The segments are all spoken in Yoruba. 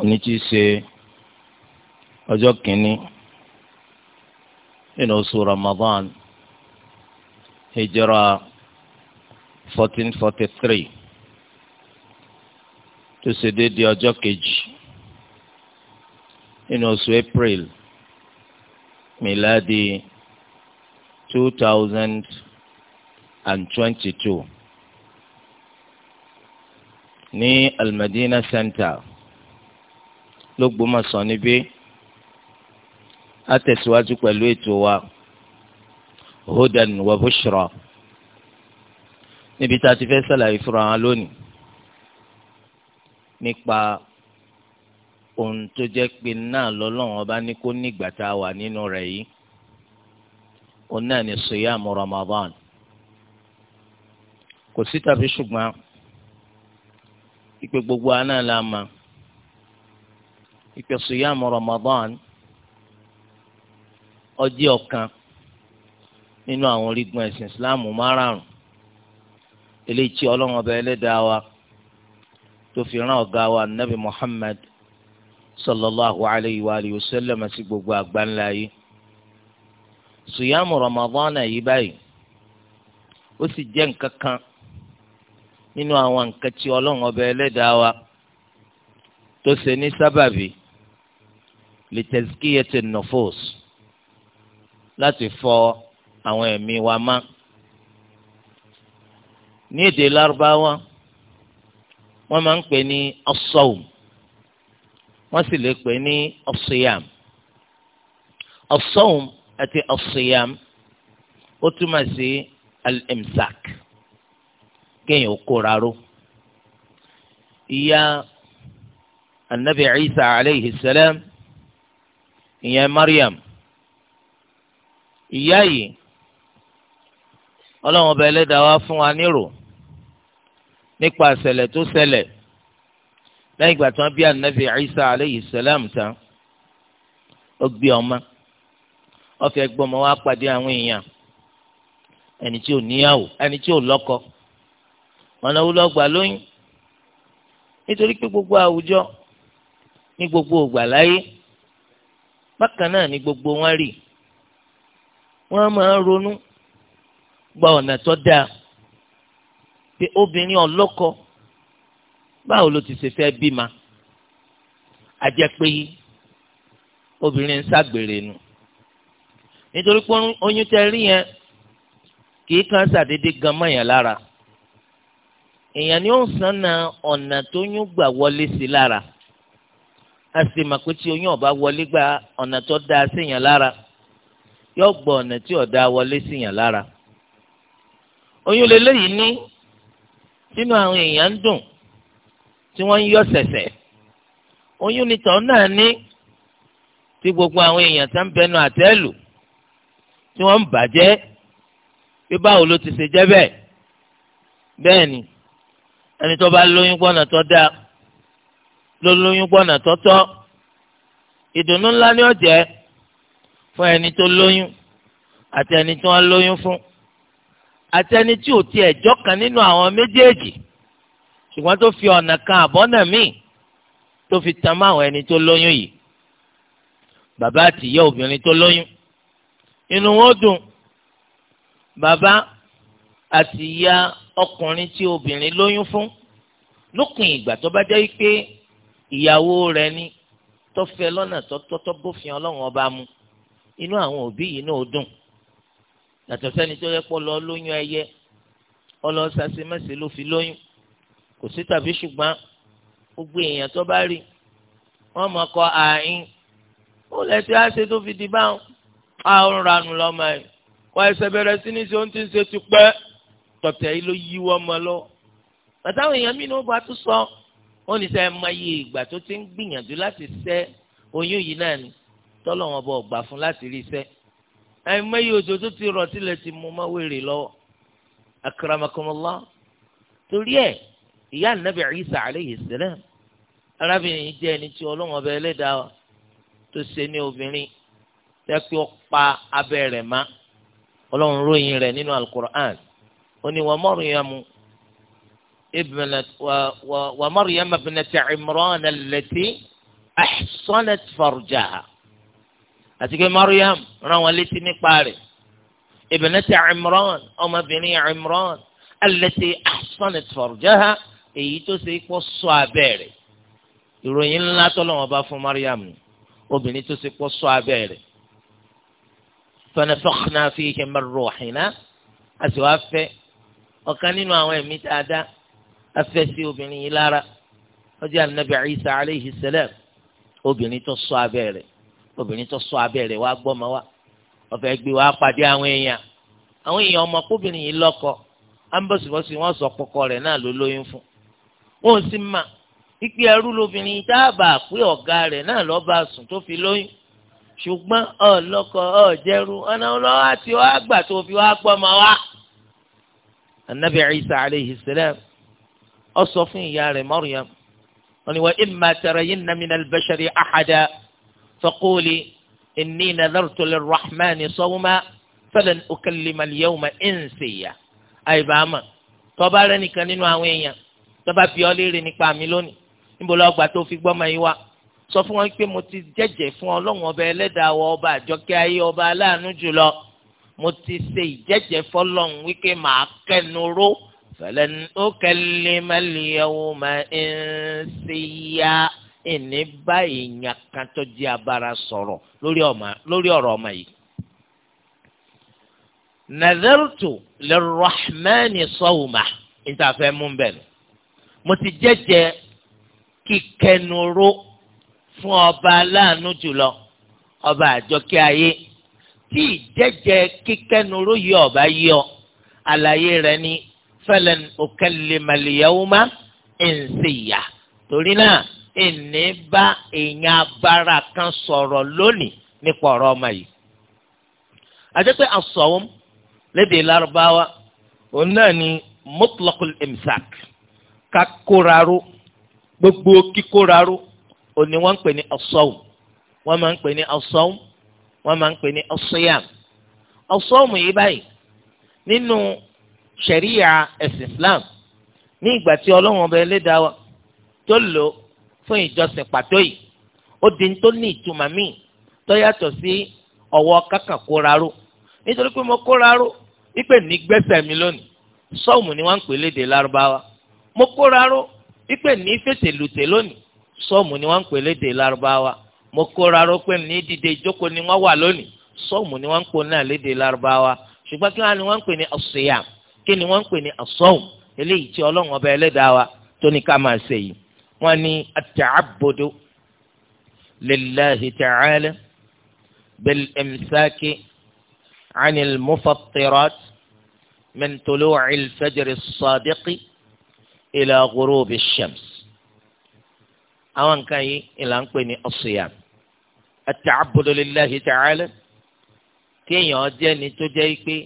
òní ti ṣe ọjọ́ kìíní nínú oṣù Ramadan hijira fourteen forty three tó ṣe déédé ọjọ́ kejì nínú oṣù April miladi two ní Almadina Center l'Ógbómọ̀ṣọ́ níbí a tẹ̀síwájú pẹ̀lú ètò wa hudan wa bushra níbi tá a ti fẹ́ sàlàyé fúnra wọn lónìí nípa ohun tó jẹ́ pé náà lọ́lọ́run ọba ní kó nígbà tá a wà nínú rẹ̀ yìí òun náà ni siyam Ramadan kò sí tàbí ṣùgbọ́n ìpè gbogbo aná la máa ìpè siyam Ramadan ọjọ́ ọ̀kan nínú àwọn orígun ẹ̀sìn Ìsìláàmù márààrún eléyìí tí Ọlọ́run ọba ẹlẹ́dàá wa tó fi rán ọ̀gá wa Nabi Muhammad sallallahu alayhi wa alihi wa sallam sí gbogbo àgbáńlá yìí siyam Ramadan yìí báyìí ó sì jẹ́ nǹkan kan nínú àwọn nǹkan tí Ọlọ́run ọba ẹlẹ́dàá wa tó ṣe ní sábàbí litazkiyati nufus láti fọ àwọn ẹ̀mí wa má. ní èdè lárúbáwá wọ́n máa ń pè ní as-sawm wọ́n sì lè pè ní as-siyam. as-sawm àti as ó túmọ̀ sí al-imsak kéèyàn ó kóra ró. ìyá anabi Isa aleyhi salam ìyẹn Mariam ìyá yìí ọlọ́run ọba ẹlẹ́dàá wá fún wa nírò nípa ìṣẹ̀lẹ̀ tó ṣẹlẹ̀ lẹ́yìn ìgbà tí wọ́n bí anabi Isa aleyhi salam tán ó gbé ọmọ ó fẹ́ gbọ́mọ wá pàdé àwọn èèyàn ẹni tí ò níyàwó ẹni tí ò lọ́kọ ọ̀nà wo lọ́gbà lóyún nítorí pé gbogbo àwùjọ ní gbogbo ògbà láyé bákan náà ni gbogbo wọn rí wọn máa ń ronú gba ọ̀nà tó dáa pé obìnrin ọlọ́kọ báwo ló ti ṣe fẹ́ bímọ àjẹ́ pé obìnrin ń ṣàgbèrè nu nítorí pé oyún tẹ rí yẹn kì í kan ṣàdédé gan mọ́yàn lára èèyàn ni ó ń sanna ọ̀nà tó yún gbà wọlé sí lára. a sì mà pé tí oyún ọba wọlé gba ọ̀nà tó dáa síyàn lára yóò gbọ́ ọ̀nà tí ọ̀dà wọlé síyàn lára oyún lélẹ́yìí ní sínú àwọn èèyàn ń dùn tí wọ́n ń yọ sẹ̀sẹ̀ oyún nìtọ̀ náà ní tí gbogbo àwọn èèyàn tá bẹnu àtẹ́lù tí wọ́n ń bàjẹ́ bí báwo ló ti ṣe jẹ́ bẹ́ẹ̀ bẹ́ẹ̀ ni ẹni tó bá lóyún gbọ́nà tó dáa ló lóyún gbọ́nà tọ́tọ́ ìdùnnú ńlá ni ó jẹ́ fún ẹni tó lóyún àti ẹni tí wọ́n lóyún fún àti ẹni tí ò tiẹ̀ jọ́kan nínú àwọn méjèèjì ṣùgbọ́n tó fi ọ̀nà kan àbọ́nà míì tó fi tan mọ́ àwọn ẹni tó lóyún yìí bàbá àti ìyá obìnrin tó lóyún inú wọn dùn bàbá àti ìyá ọkùnrin tí obìnrin lóyún fún lókun ìgbà tó bá jẹ́ pé ìyàwó rẹ̀ ni tó fẹ́ lọ́nà tọ́tọ́ tó bófin ọlọ́run ọba mu inú àwọn òbí yìí náà dùn yàtọ̀ sẹ́ni tó yẹ pọ̀ lọ lóyún ẹyẹ ọlọ́sàsì mẹ́sì ló fi lóyún kò sí tàbí ṣùgbọ́n gbogbo èèyàn tó bá rí wọ́n mọ̀ kọ́ ààyìn ó lẹ́sẹ̀ á ṣe tó fi di báwọn àrùn ranù lọ́mọ ẹ̀ kọ́ ẹsẹ̀ bẹ̀rẹ̀ sí ní ṣe ó ń ṣe ti pẹ́ yìí ló yí wọ́n mọ́ lọ. bàtàwọn èèyàn mí ni ó bá tún sọ wọ́n ní sẹ́ máa yí ìgbà tó ti ń gbìyànjú láti ṣẹ́ oyún yìí náà ni tọ́lọ̀ wọn bọ̀ gbà fún láti rí iṣẹ́ àìmọye òjò tó ti rọ̀ tilẹ̀ ti mú máa wèrè lọ́wọ́ akramakumullah torí ẹ̀ ìyá nàbì Isa alayhi salam arábìnrin yìí jẹ́ ẹni tí ọlọ́wọ́n bẹ ẹlẹ́dàá tó ṣe ní obìnrin tẹ́ pé ó pa abẹ́ rẹ̀ má ọlọ́run ròyìn rẹ̀ nínú al-Qur'an ó ní wa Maryamu ابنة ومريم ابنة عمران التي أحصنت فرجها أتيك مريم روالتي نقاري ابنة عمران أم بني عمران التي أحصنت فرجها إيتو سيكو الصابري يروين لا تلوم bá fún mariam obìnrin tó ṣe pọ́ sọ abẹ́ rẹ̀ fanafakhna fihi min ruhina afẹ́sí obìnrin yìí lára ó jẹ́ anabi isa aleyhi salam obìnrin tó sọ abẹ́ rẹ̀ obìnrin tó sọ abẹ́ rẹ̀ wá gbọ́mọ wá ọ̀fẹ́ gbé wá pàdé àwọn èèyàn àwọn èèyàn ọmọkùnrin yìí lọ́kọ ambọ̀sibọ́sì wọ́n sọ pọkọ rẹ̀ náà ló lóyún fún wọn ò sì mà pípé ẹrú lobìnrin dábàá pé ọ̀gá rẹ̀ náà lọ́ọ́ bá sùn tó fi lóyún ṣùgbọ́n ọlọ́kọ ọ̀jẹ̀rú ọ̀nà ọlọ́wọ́ àti ọ̀gbà tó fi wá gbọ́mọ wá. anabi isa aleyhi salam ó يا fún ìyá rẹ̀ Maryam ó ní wa imma tarayinna minal bashari ahada faquli inni nadartu lirrahmani sawma falan ukallima al-yawma insiya àìbámà tó bá rẹ nìkan nínú àwọn èèyàn tó bá bi ọ́ léèrè nípa mi lónìí níbo lọ gbà tó sọ fún wọn pé mo ti jẹ́jẹ́ fún ọlọ́run ọba ẹlẹ́dàá wa ọba àjọkẹ́ ayé ọba aláàánú jùlọ mo ti ṣe ìjẹ́jẹ́ fọlọ́run wípé màá kẹnu ró falan ukallima al-yawma insiya ìní bá èèyàn kan tó di abara sọ̀rọ̀ lórí ọ̀rọ̀ ọmọ yìí. nazartu lirrahmani sawma níta fẹ́ mú bẹ́ẹ̀ ni mo ti jẹ́jẹ́ kíkẹnuró fún ọba aláàánú jùlọ ọba àjọkẹ́ ayé tí ìjẹ́jẹ́ kíkẹnuró yìí ọba yìí ọ àlàyé rẹ̀ ni falan ukallima al-yawma insiya torí náà ìní bá èèyàn abára kan sọ̀rọ̀ lónìí nípa ọ̀rọ̀ ọmọ yìí. àti pé as-sawm lédè lárúbáwá òun náà ni mutlaqul imsak kakóraró gbogbo kíkóraró òun ni wọ́n ń pè ní as wọ́n máa ń pè ní as wọ́n máa ń pè ní as-siyam yìí báyìí nínú ṣẹ̀ríyà ẹ̀sìn Islam ní ìgbà tí ọlọ́run ọba ẹlẹ́dàá wa tó lò fún ìjọsìn pàtó yìí ó di tó ní ìtumọ̀ míì tó yàtọ̀ sí ọ̀wọ́ kákan kóraró nítorí pé mo kóraró wípé ní gbẹ́sẹ̀ mi lónìí sọ́ọ̀mù ni wọ́n ń pè léde lárúbáwá mo kóraró wípé ní fèsì lùtẹ̀ lónìí sọ́ọ̀mù ni wọ́n ń pè léde lárúbáwá mo kóraró pé ní dìde ìjókòó ni wọ́n wà lónìí sọ́ọ̀mù ni wọ́n ń pè náà léde lárúbáwá ṣùgbọ́n kí wọ́n á wọ́n ń pè ní ọ̀sùnyàmù kí ni wọ́n ń pè ní asọ́wù eléyìí tí ọlọ́run ọba ẹlẹ́dàá wa tó ní ká máa ṣe yìí wọ́n ní ata'abudu lillahi ta'ala bil imsaki anil mufattirat min tulu'il fajri sadiqi ila ghurubi shams àwọn nǹkan yìí ìlà ń pè ní as-siyam ata'abudu lillahi ta'ala kéèyàn jẹ́ ni tó jẹ́ pé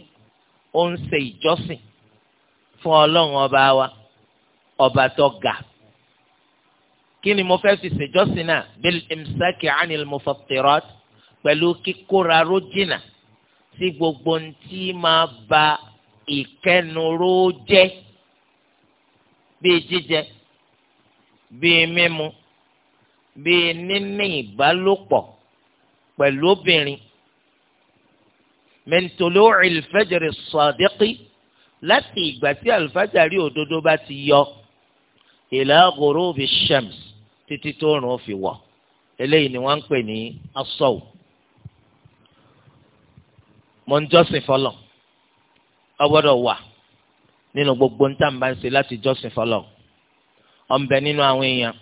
ó ń ṣe ìjọsìn fún ọlọ́run ọba wa ọba tó ga kí ni mo fẹ́ fi ṣèjọ́sìn náà bil imsaki anil mufattirat pẹ̀lú kíkóra rójìnà sí gbogbo ntí máa ba ìkẹnuró jẹ́ bíi jíjẹ bíi mímu bíi níní ìbálòpọ̀ pẹ̀lú obìnrin min tulu'il fajri sadiqi láti ìgbà tí àlùfáàjàrí òdodo bá ti yọ ìlà ghurubi shams títí tó rùn ó fi wọ̀ eléyìí ni wọ́n ń pè ní asọ́wò mọ̀ ń jọ́sìn fọlọ́ ọ gbọ́dọ̀ wà nínú gbogbo ń tàǹbà ń ṣe láti jọ́sìn fọlọ́ ọ̀nbẹ nínú àwọn èèyàn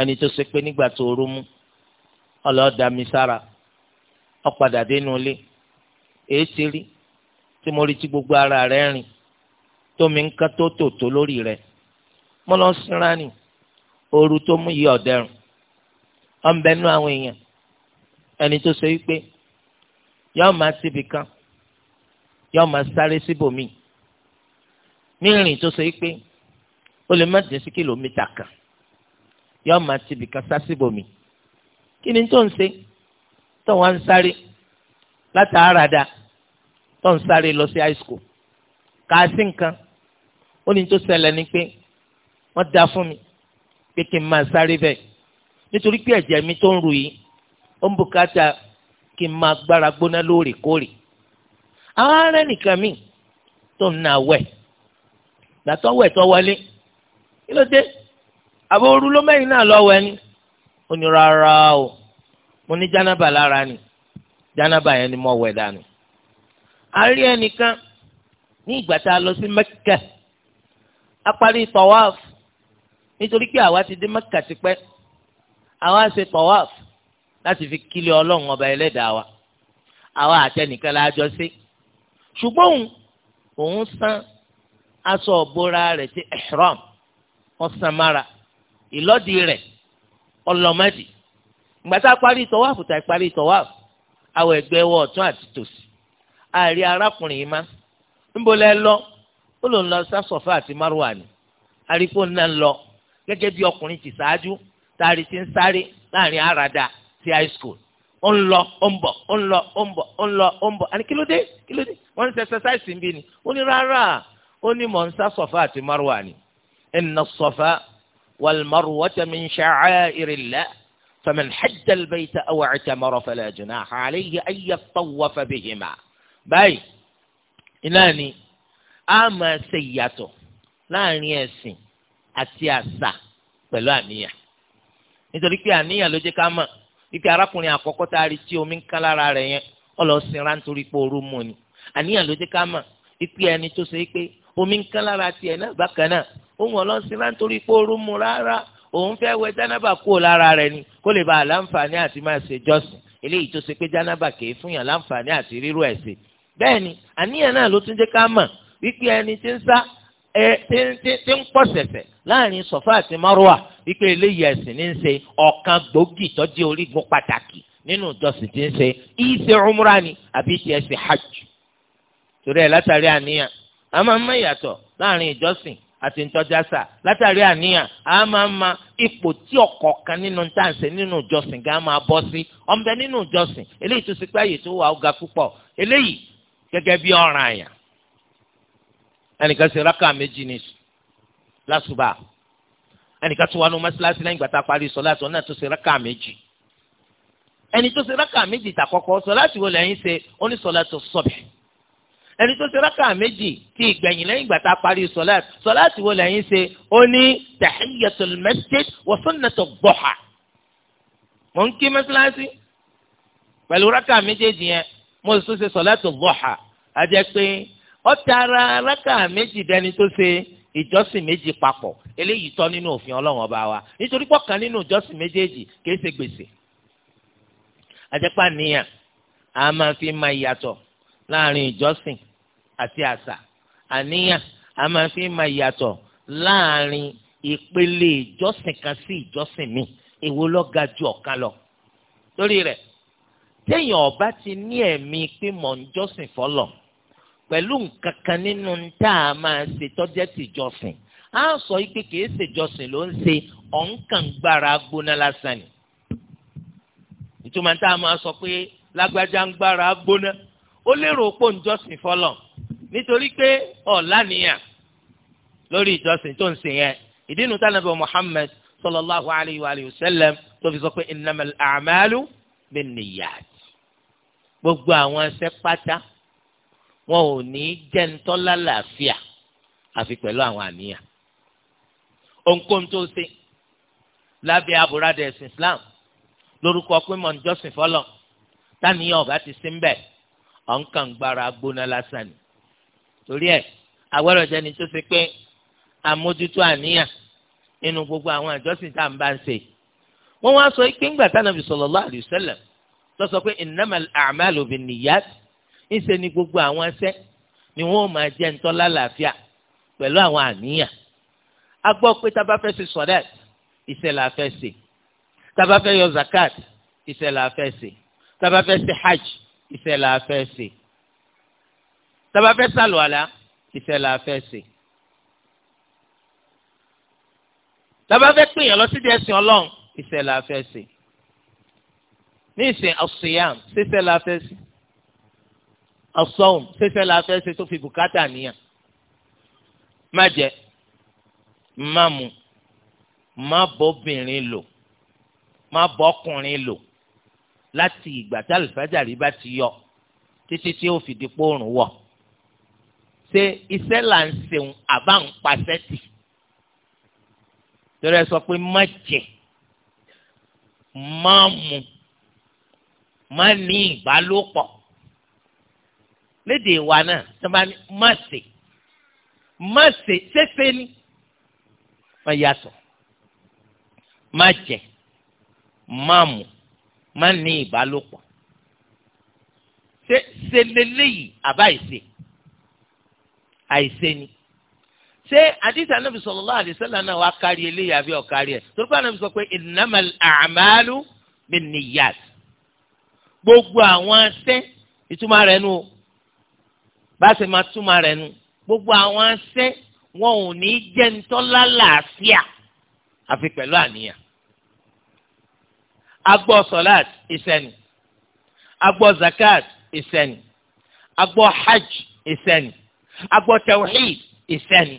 ẹni tó ṣe pé nígbà tó rú mú ọlọ́ọ̀dà ọ̀padà dénú ilé èé ti rí tí mo rí tí gbogbo ara rẹ rìn tómi nǹkan tó tòótó lórí rẹ mo lọ sinra ni ooru tó mú yìí ọ̀dẹ̀rùn ọ̀nbẹ́nu àwọn èèyàn ẹni tó ṣe wípé yọ́ọ́ máa síbi kan yọ́ọ́ máa sáré síbòmíì ní ìrìn tó ṣe wípé ó lè má dín sí kìlómítà kan yọ́ọ́ máa síbi kan sá síbòmíì kí ni tó ń ṣe tó wọ́n ń sáré látàárà dáa tó ń sáré lọ sí high school kàásì nǹkan ó ní tó ṣẹlẹ̀ ni pé wọ́n da fún mi pé kí n máa sáré bẹ́ẹ̀ nítorí pé ẹ̀jẹ̀ mi tó ń ru yìí ó ń bùkátà kí n máa gbára gbóná lóòrèkóòrè àwọn ará nìkan mi tó ń na wẹ̀ gbàtọ́ wẹ̀ tó wọlé kí ló dé àbò ooru ló mẹ́rin náà lọ wẹ̀ ni ó ní rárá o mo ní jánábà lára ni jánábà yẹn ni mo wẹ̀ dànù a rí ẹnìkan ní ìgbà tá a lọ sí Mẹ́kà a parí tọ́wáf nítorí pé àwa ti dé Mẹ́kà tipẹ́ àwa ṣe tọ́wáf láti fi kílè ọlọ́run ọba ẹlẹ́dàá wa àwa àtẹnìkan la jọ sí ṣùgbọ́n òun san aṣọ òbora rẹ̀ sí ihram ọ̀sán ìlọ́dì rẹ̀ ọlọ́mọdì ìgbà tá a parí tọ́wáf tá a parí tọ́wáf àwọn ẹgbẹ́ wọ ọ̀tún àti tòsí àárí arákùnrin yìí má níbo lẹ lọ ó lòun lọ sásọfà àti márùwà ni àríkò náà lọ gẹ́gẹ́ bí ọkùnrin ti ṣáájú tààrí ti ń sáré láàrin àràdà sí high school ó ń lọ ó ń bọ̀ ó ń lọ ó ń bọ̀ ó ń lọ ó ń bọ̀ àní kílódé kílódé wọ́n ń ṣe exercise ń bí ni ó ní rárá ó ní mọ̀ ń sá àti márùwà ni inna sọ̀fà والمروة من شعائر الله فمن حج البيت أو اعتمر فلا جناح عليه أن يطوف بهما báyìí iná ni a máa ṣe ìyàtọ̀ láàrin ẹ̀sìn àti àṣà pẹ̀lú àníyàn nítorí pé àníyàn ló jẹ́ ká mọ̀ wípé arákùnrin àkọ́kọ́ tá a rí tí omi ń kán lára rẹ̀ yẹn ọlọ́ sinra nítorí pé ooru mú ni àníyàn ló jẹ́ ká mọ̀ wípé ẹni tó ṣe pé omi ń kán lára tiẹ̀ náà bákan náà òun ọlọ́ sinra nítorí pé ooru mú rárá òun fẹ́ wẹ jánábà kúrò lára rẹ̀ ni kó lè ba àlàǹfààní àti máa ṣe jọ́sìn eléyìí tó ṣe pé jánábà kìí fún yàn láǹfààní àti rírú ẹ̀ bẹ́ẹ̀ ni àníyàn náà ló tún jẹ́ ká mọ̀ wípé ẹni tí ń sá ẹ tí ń tí ń pọ̀ sẹ̀sẹ̀ láàrin sọ̀fà àti márùwà wípé eléyìí ẹ̀sìn ní ń ṣe ọ̀kan gbòógì tó jẹ́ orígun pàtàkì nínú ìjọsìn tí ń ṣe ìṣe umra ni àbí ti ẹ̀sìn hajj torí ẹ̀ látàrí àníyàn a máa ń mọ ìyàtọ̀ láàrin ìjọsìn àti ìtọ́jàsà látàrí àníyàn a máa ń mọ ipò tí ọ̀kọ̀ọ̀kan nínú táǹsẹ̀ nínú ìjọsìn gan máa bọ́ sí ọ̀nbẹ nínú ìjọsìn eléyìí tó ṣe pé àyè tó wà ó ga púpọ̀ eléyìí gẹ́gẹ́ bí ọ̀ràn àyàn ẹnìkan ṣe rákà méjì ní lásùbà ẹnìkan tó wà ní mọ́ṣáláṣí lẹ́yìn ìgbà tá a parí sọ láti ọ̀nà tó ṣe rákà méjì ẹni tó ṣe rákà méjì tàkọ́kọ́ sọ láti wọlé ẹ̀yìn ṣe oníṣọ́lá tó sọ̀bẹ̀ ẹni tó ṣe rákà méjì tí ìgbẹ̀yìn lẹ́yìn ìgbà parí sọ láti sọ láti wọlé ẹ̀yìn ṣe ó ní tahiyyatul masjid wa sunnatul duha mọ̀ ń kí mọ́ṣáláṣí pẹ̀lú rákà méjèèjì yẹn mo sì tún ṣe sọ̀látù dúhà á jẹ́ pé ó tara rákà méjì dẹni tó ṣe ìjọsìn méjì papọ̀ eléyìí tọ́ nínú òfin ọlọ́run ọba wa nítorí pọ̀ kan nínú ìjọsìn méjèèjì kìí ṣe gbèsè ajẹ́pà níyàn a máa fi máa yàtọ̀ láàrin ìjọsìn àti àṣà àníyàn a máa fi máa yàtọ̀ láàrin ìpele ìjọsìn kan sí ìjọsìn míì èwo ló ga ju ọ̀kan lọ torí rẹ̀ téèyàn ọba ti ní ẹ̀mí pé mọ̀ ń jọ́sìn fọlọ̀ pẹ̀lú nǹkan kan nínú tá a máa ṣe tọ́jẹ́ tìjọsìn á sọ pé kìí ṣèjọsìn ló ń ṣe ọ̀nkàngbára gbóná lásán ni ìtumọ̀ tá a máa sọ pé lágbájá ń gbára gbóná ó lérò pò ń jọ́sìn fọlọ̀ nítorí pé ọ̀la nìyà lórí ìjọsìn tó ń ṣe yẹn ìdí nu tánàbí Muhammad sallallahu alayhi wa sallam tó fi sọ pé innamal a'malu bin niyyat gbogbo àwọn ẹsẹ̀ pátá wọn ò ní jẹ́ ńtọ́lá làáfíà àfi pẹ̀lú àwọn àníyàn ohunkóhun tó ṣe lábẹ́ àbúradà ẹ̀sìn Islam lórúkọ pé mọ̀ ń jọ́sìn fọlọ̀ táníyàn ọ̀gá ti sí ń bẹ̀ ọ̀nkàn gbára gbóná lásán ni torí ẹ̀ àwẹ̀rọ̀ jẹ́ni tó ṣe pé àmójútó àníyàn nínú gbogbo àwọn àjọsìn tá à ń bá ń ṣe wọ́n wá sọ pé ńgbà tánàbì sallallahu alaihi lọ́sọ pé innamal a'malu binniyat ńṣe ni gbogbo àwọn ẹsẹ̀ ni wọ́n máa jẹ́ ńtọ́lá làáfíà pẹ̀lú àwọn àníyàn a gbọ́ pé tá bá fẹ́ ṣe sọ̀dẹ́t iṣẹ́ la fẹ́ ṣe tá bá fẹ́ yọ zakat iṣẹ́ la fẹ́ fẹ́ ṣe hajj iṣẹ́ la fẹ́ fẹ́ sàlùwàlà iṣẹ́ la fẹ́ fẹ́ pèèyàn ọlọ́run iṣẹ́ la fẹ́ ní ìsìn asiyam ṣíṣe la fẹ́ sí asọ́hùn ṣíṣe la fẹ́ sí tó fi bùkátà níyàn má jẹ má mu má bọ́bìnrin lò má bọ́kùnrin lò láti ìgbà tí àlùfáàjàrí bá ti yọ títí tí ó fi di pòrùn wọ̀ ṣé iṣẹ́ là ń ṣeun àbá ń paṣẹ́ tì torí sọ pé má jẹ má mu má ní ìbálòpọ̀ lédè wa náà tó bá ní má ṣe má ṣe ṣẹṣẹ ni má yàtọ̀ má jẹ má mu má ní ìbálòpọ̀ ṣe ṣe lélẹ́yìí àbá ìṣe àìṣe ni ṣé àdìsí anábì sallallahu alaihi wasallam náà wàá kárí eléyìí àbí ọ̀kárí ẹ̀ torí pé sọ pé innamal a'malu binniyat gbogbo àwọn asẹ́ ìtumọ̀ rẹ̀ nu o bá a ṣe máa túmọ̀ rẹ̀ nu gbogbo àwọn asẹ́ wọn ò ní jẹ́ ntọ́lá làásìá àfi pẹ̀lú àníyàn agbọ́ sọ̀láàt ìsẹ́ni agbọ́ zakat ìsẹ́ni agbọ́ hajj ìsẹ́ni agbọ́ tawhid ìsẹ́ni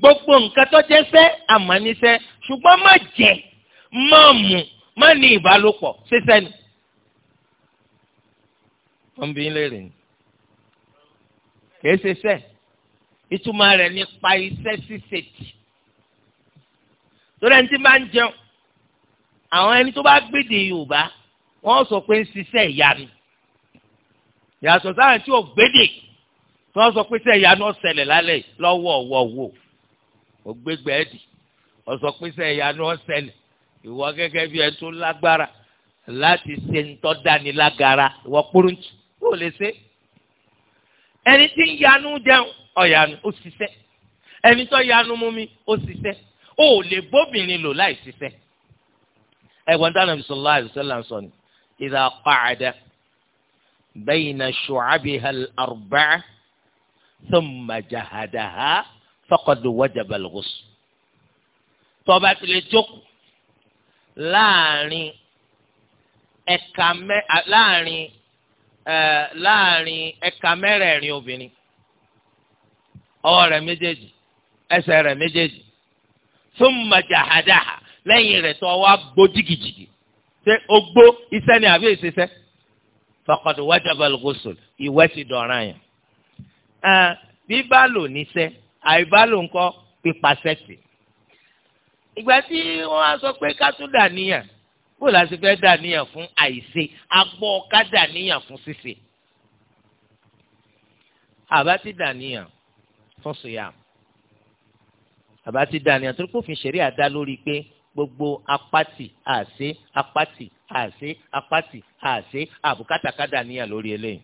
gbogbo nǹkan tó jẹ́ sẹ́ àmọ́ níṣẹ́ ṣùgbọ́n má jẹ má mu má ní ìbálòpọ̀ ṣíṣẹ́ ni. wọ́n bí léèrè ni kìí ṣe sẹ́ ìtumọ̀ rẹ̀ nípa iṣẹ́ ṣíṣe tì torí ẹni tí máa ń jẹun àwọn ẹni tó bá gbèdè Yorùbá wọ́n sọ pé ń ṣiṣẹ́ ìyanu yàtọ̀ sáwọn tí ò gbèdè tí wọ́n sọ pé ṣe ìyanu ọ̀sẹ̀lẹ̀ lálẹ́ lọ́wọ́ ọ̀wọ́ wò ó gbégbé ẹ̀dì ọ̀sọ̀ pé ṣe ìyanu ọ̀sẹ̀lẹ̀ ìwọ gẹ́gẹ́ bí ẹ tó lágbára láti ṣe ńtọ́ dání lágara ìwọ kúrúntù ó lè ṣe. ẹni tí ń yanu jẹun ọ̀yanu ó ṣiṣẹ́ ẹni tó yanu mú mi ó ṣiṣẹ́ ó lè bóbìnrin lò láì ṣiṣẹ́. ẹ̀gbọ́n tí Ànábì sallallahu alaihi wasallam sọ ni idha qa'ada bayna shu'abiha al-arba'a thumma jahadaha faqad wajaba al-ghusl. tọ́ba tilẹ̀ jókòó láàrin ẹ̀ka mẹ́ láàrin ẹ̀ láàrin ẹ̀ka mẹ́rẹ̀ẹ̀rin obìnrin ọwọ́ rẹ̀ méjèèjì ẹsẹ̀ rẹ̀ méjèèjì fún màjàhádáhà lẹ́yìn rẹ̀ tó wá gbó jìgìjìgì ṣé o gbó iṣẹ́ ni àbí ìṣiṣẹ́ faqad wajaba al-ghusl ìwẹ̀ ti dọ̀ràn yẹn. bíbá lò níṣẹ́ àìbá lò ńkọ́ pípa sẹ́sì ìgbà tí wọ́n á sọ pé ká tún dàníyàn bó la ṣe fẹ́ dàníyàn fún àìṣe agbọ́ ká dàníyàn fún ṣíṣe àbá ti dàníyàn fún sùyàm àbá ti dàníyàn torí kófin ṣẹ̀rí àdá lórí pé gbogbo apáti àṣe apáti àṣe apáti àṣe àbùkátà ká dàníyàn lórí eléyìí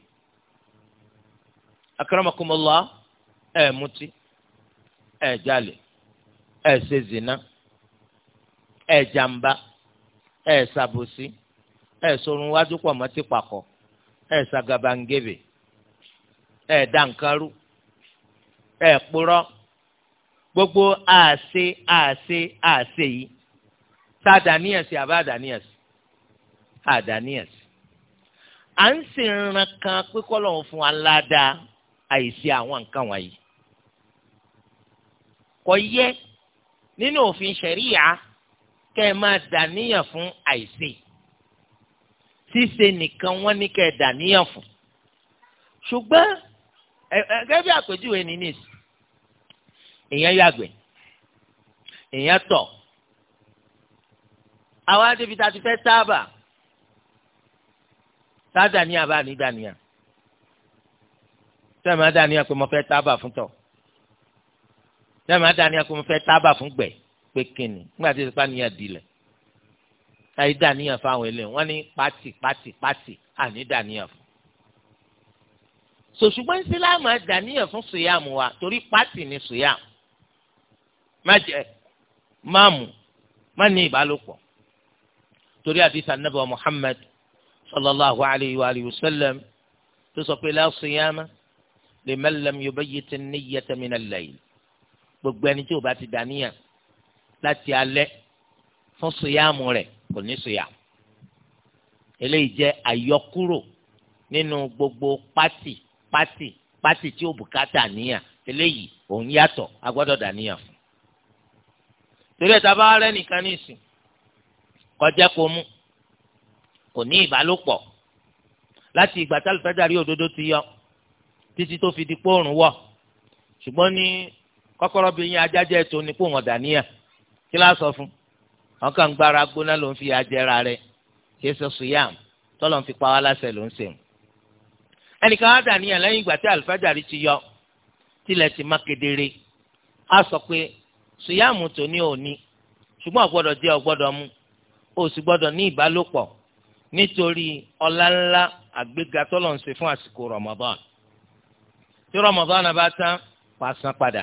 akaramakumọlá ẹ mutí ẹ jalè ẹ ṣe zina ẹ jàmbá ẹ ṣàbòsí ẹ sorun wájú pọ̀ mọ́ ti pàkọ́ ẹ ṣàgàbàǹgebè ẹ dànkárú ẹ purọ́ gbogbo àṣe àṣe àṣe yìí tá a dà níyàsí àbá dà níyàsí àdà níyàsí à ń sì ran kan pé kọ́lọ́hún fún wa ládàá àìsí àwọn nǹkan wọ̀nyí kò yẹ nínú òfin ṣẹ̀ríyà kẹ́ ẹ máa dàníyàn fún àìsè ṣíṣe nìkan wọ́n ní kẹ́ ẹ dàníyàn fún ṣùgbọ́n gẹ́gẹ́ bí àpèjúwe ní nìs èèyàn yàgbẹ́ èèyàn tọ̀ àwa débi tá a ti fẹ́ sábà sáàdà ní àbá ní dàníyà sẹ́ẹ̀ máa pé mo fẹ́ sábà fún tọ̀ sẹ́ẹ̀ máa pé mo fẹ́ sábà fún gbẹ̀ẹ́ pé kínni nígbà tí ìsìnkú àníyàn dilẹ̀ àìdàníyàn fáwọn eléyìí wọ́n ní pátì pátì pátì ànídàníyàn fún. sòṣùgbọ́n ìsìláàmù àdàníyàn fún sùyàmù wa torí pátì ni sùyàmù má jẹ má mu má ní ìbálòpọ̀ torí àdìsí anábì wa Muhammad sallallahu alayhi wa alihi wa sallam tó sọ pé la siyama liman lam yubayyit an-niyyata min al-layl gbogbo ẹni tí ó bá ti dàníyàn láti alẹ́ fún sùyàmù rẹ̀ kò ní sùyàmù eléyìí jẹ́ àyọkúrò nínú gbogbo pátì pátì pátì tí ó bùkátà níyà eléyìí òun yàtọ̀ agbọ́dọ̀ dàníyà fún torí ẹ̀ta bá rẹ́ nìkan ní ìsìn kọjá kó mú kò ní ìbálòpọ̀ láti ìgbà tá alùpàdà rí òdodo ti yọ títí tó fi di pòrùn wọ̀ ṣùgbọ́n ní kọ́kọ́rọ́ bí yín ajájẹ́ tó ní pòrùn ọ̀dà níyà kí la sọ fún wọn kàn gbára gbóná ló ń fi àjẹra rẹ kí ẹsẹ suyam tọ́lọ̀ ń fi pa wá láṣẹ ló ń sè ń. ẹnìkan á dà níyàn lẹ́yìn ìgbà tí àlùfájàrí ti yọ tilẹ̀ ti má kedere á sọ pé suyam tòní òní ṣùgbọ́n ọ̀gbọ́dọ̀ jẹ́ ọ̀gbọ́dọ̀ mu ó sì gbọ́dọ̀ ní ìbálòpọ̀ nítorí ọlá àgbéga tọ́lọ̀ ń ṣe fún àsìkò Ramadan tí Ramadan bá tán pàṣán padà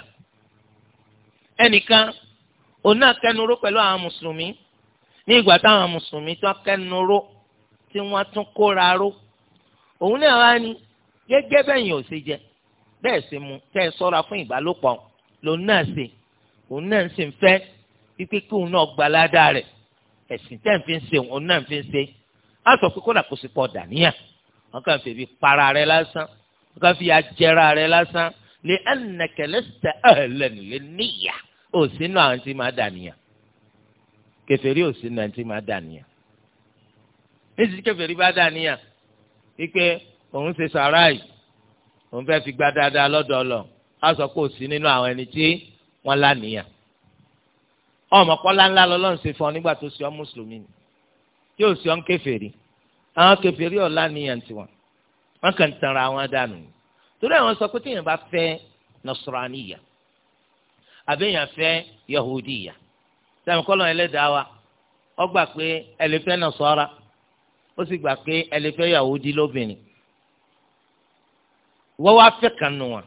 ẹnìkan òun náà kẹnuró pẹ̀lú àwọn mùsùlùmí ní ìgbà táwọn mùsùlùmí tó kẹnuró tí wọ́n tún kóra ró òun náà wá ní gẹ́gẹ́ bẹ́yìn ò ṣe jẹ bẹ́ẹ̀ sì mu tẹ́ ẹ sọ́ra fún ìbálòpọ̀ lòun náà ṣe òun náà sì ń fẹ́ pípé kí òun náà gba ládàá rẹ̀ ẹ̀sìn tẹ́ ń fi ṣe òun náà ń fi á sọ pé kódà kò sí pọ̀ dàníyà wọ́n kàn fi para rẹ̀ lásán wọ́n kàn fi ajẹ́ra rẹ̀ lásán lè ẹnìkẹ́lẹ́sẹ̀ ẹ̀hẹ́lẹ́ni níyà ò sínú àwọn tí máa dànìyàn kèfèrí ò sínú àwọn tí máa dànìyàn níṣìṣẹ́ kèfèrí bá dànìyàn wípé òun ṣe sàráì òun fẹ́ fi gba dáadáa lọ́dọ̀ ọlọ á sọ pé ò sí nínú àwọn ẹni tí wọ́n lánìyàn ọmọ kọ́lá ńlá lọ́lọ́run ṣe fún ọ nígbà tó ṣe ọ́ mùsùlùmí ni tí ò ṣe ọ́ ń kèfèrí àwọn kèfèrí ọ̀ lánìyàn tiwọn wọ́n kàn tanra wọn dànù torí àwọn sọ pé téèyàn bá fẹ́ nasraniya àbẹ̀yàn fẹ́ yahudiya sẹ́mi kọ́lọ́ ẹlẹ́dàá wa ó wa, pé ẹlẹ́fẹ́ nasara ó sì gbà pé ẹlẹ́fẹ́ yahudi lóbìnrin wọ́n wá fẹ́ kan nù wọn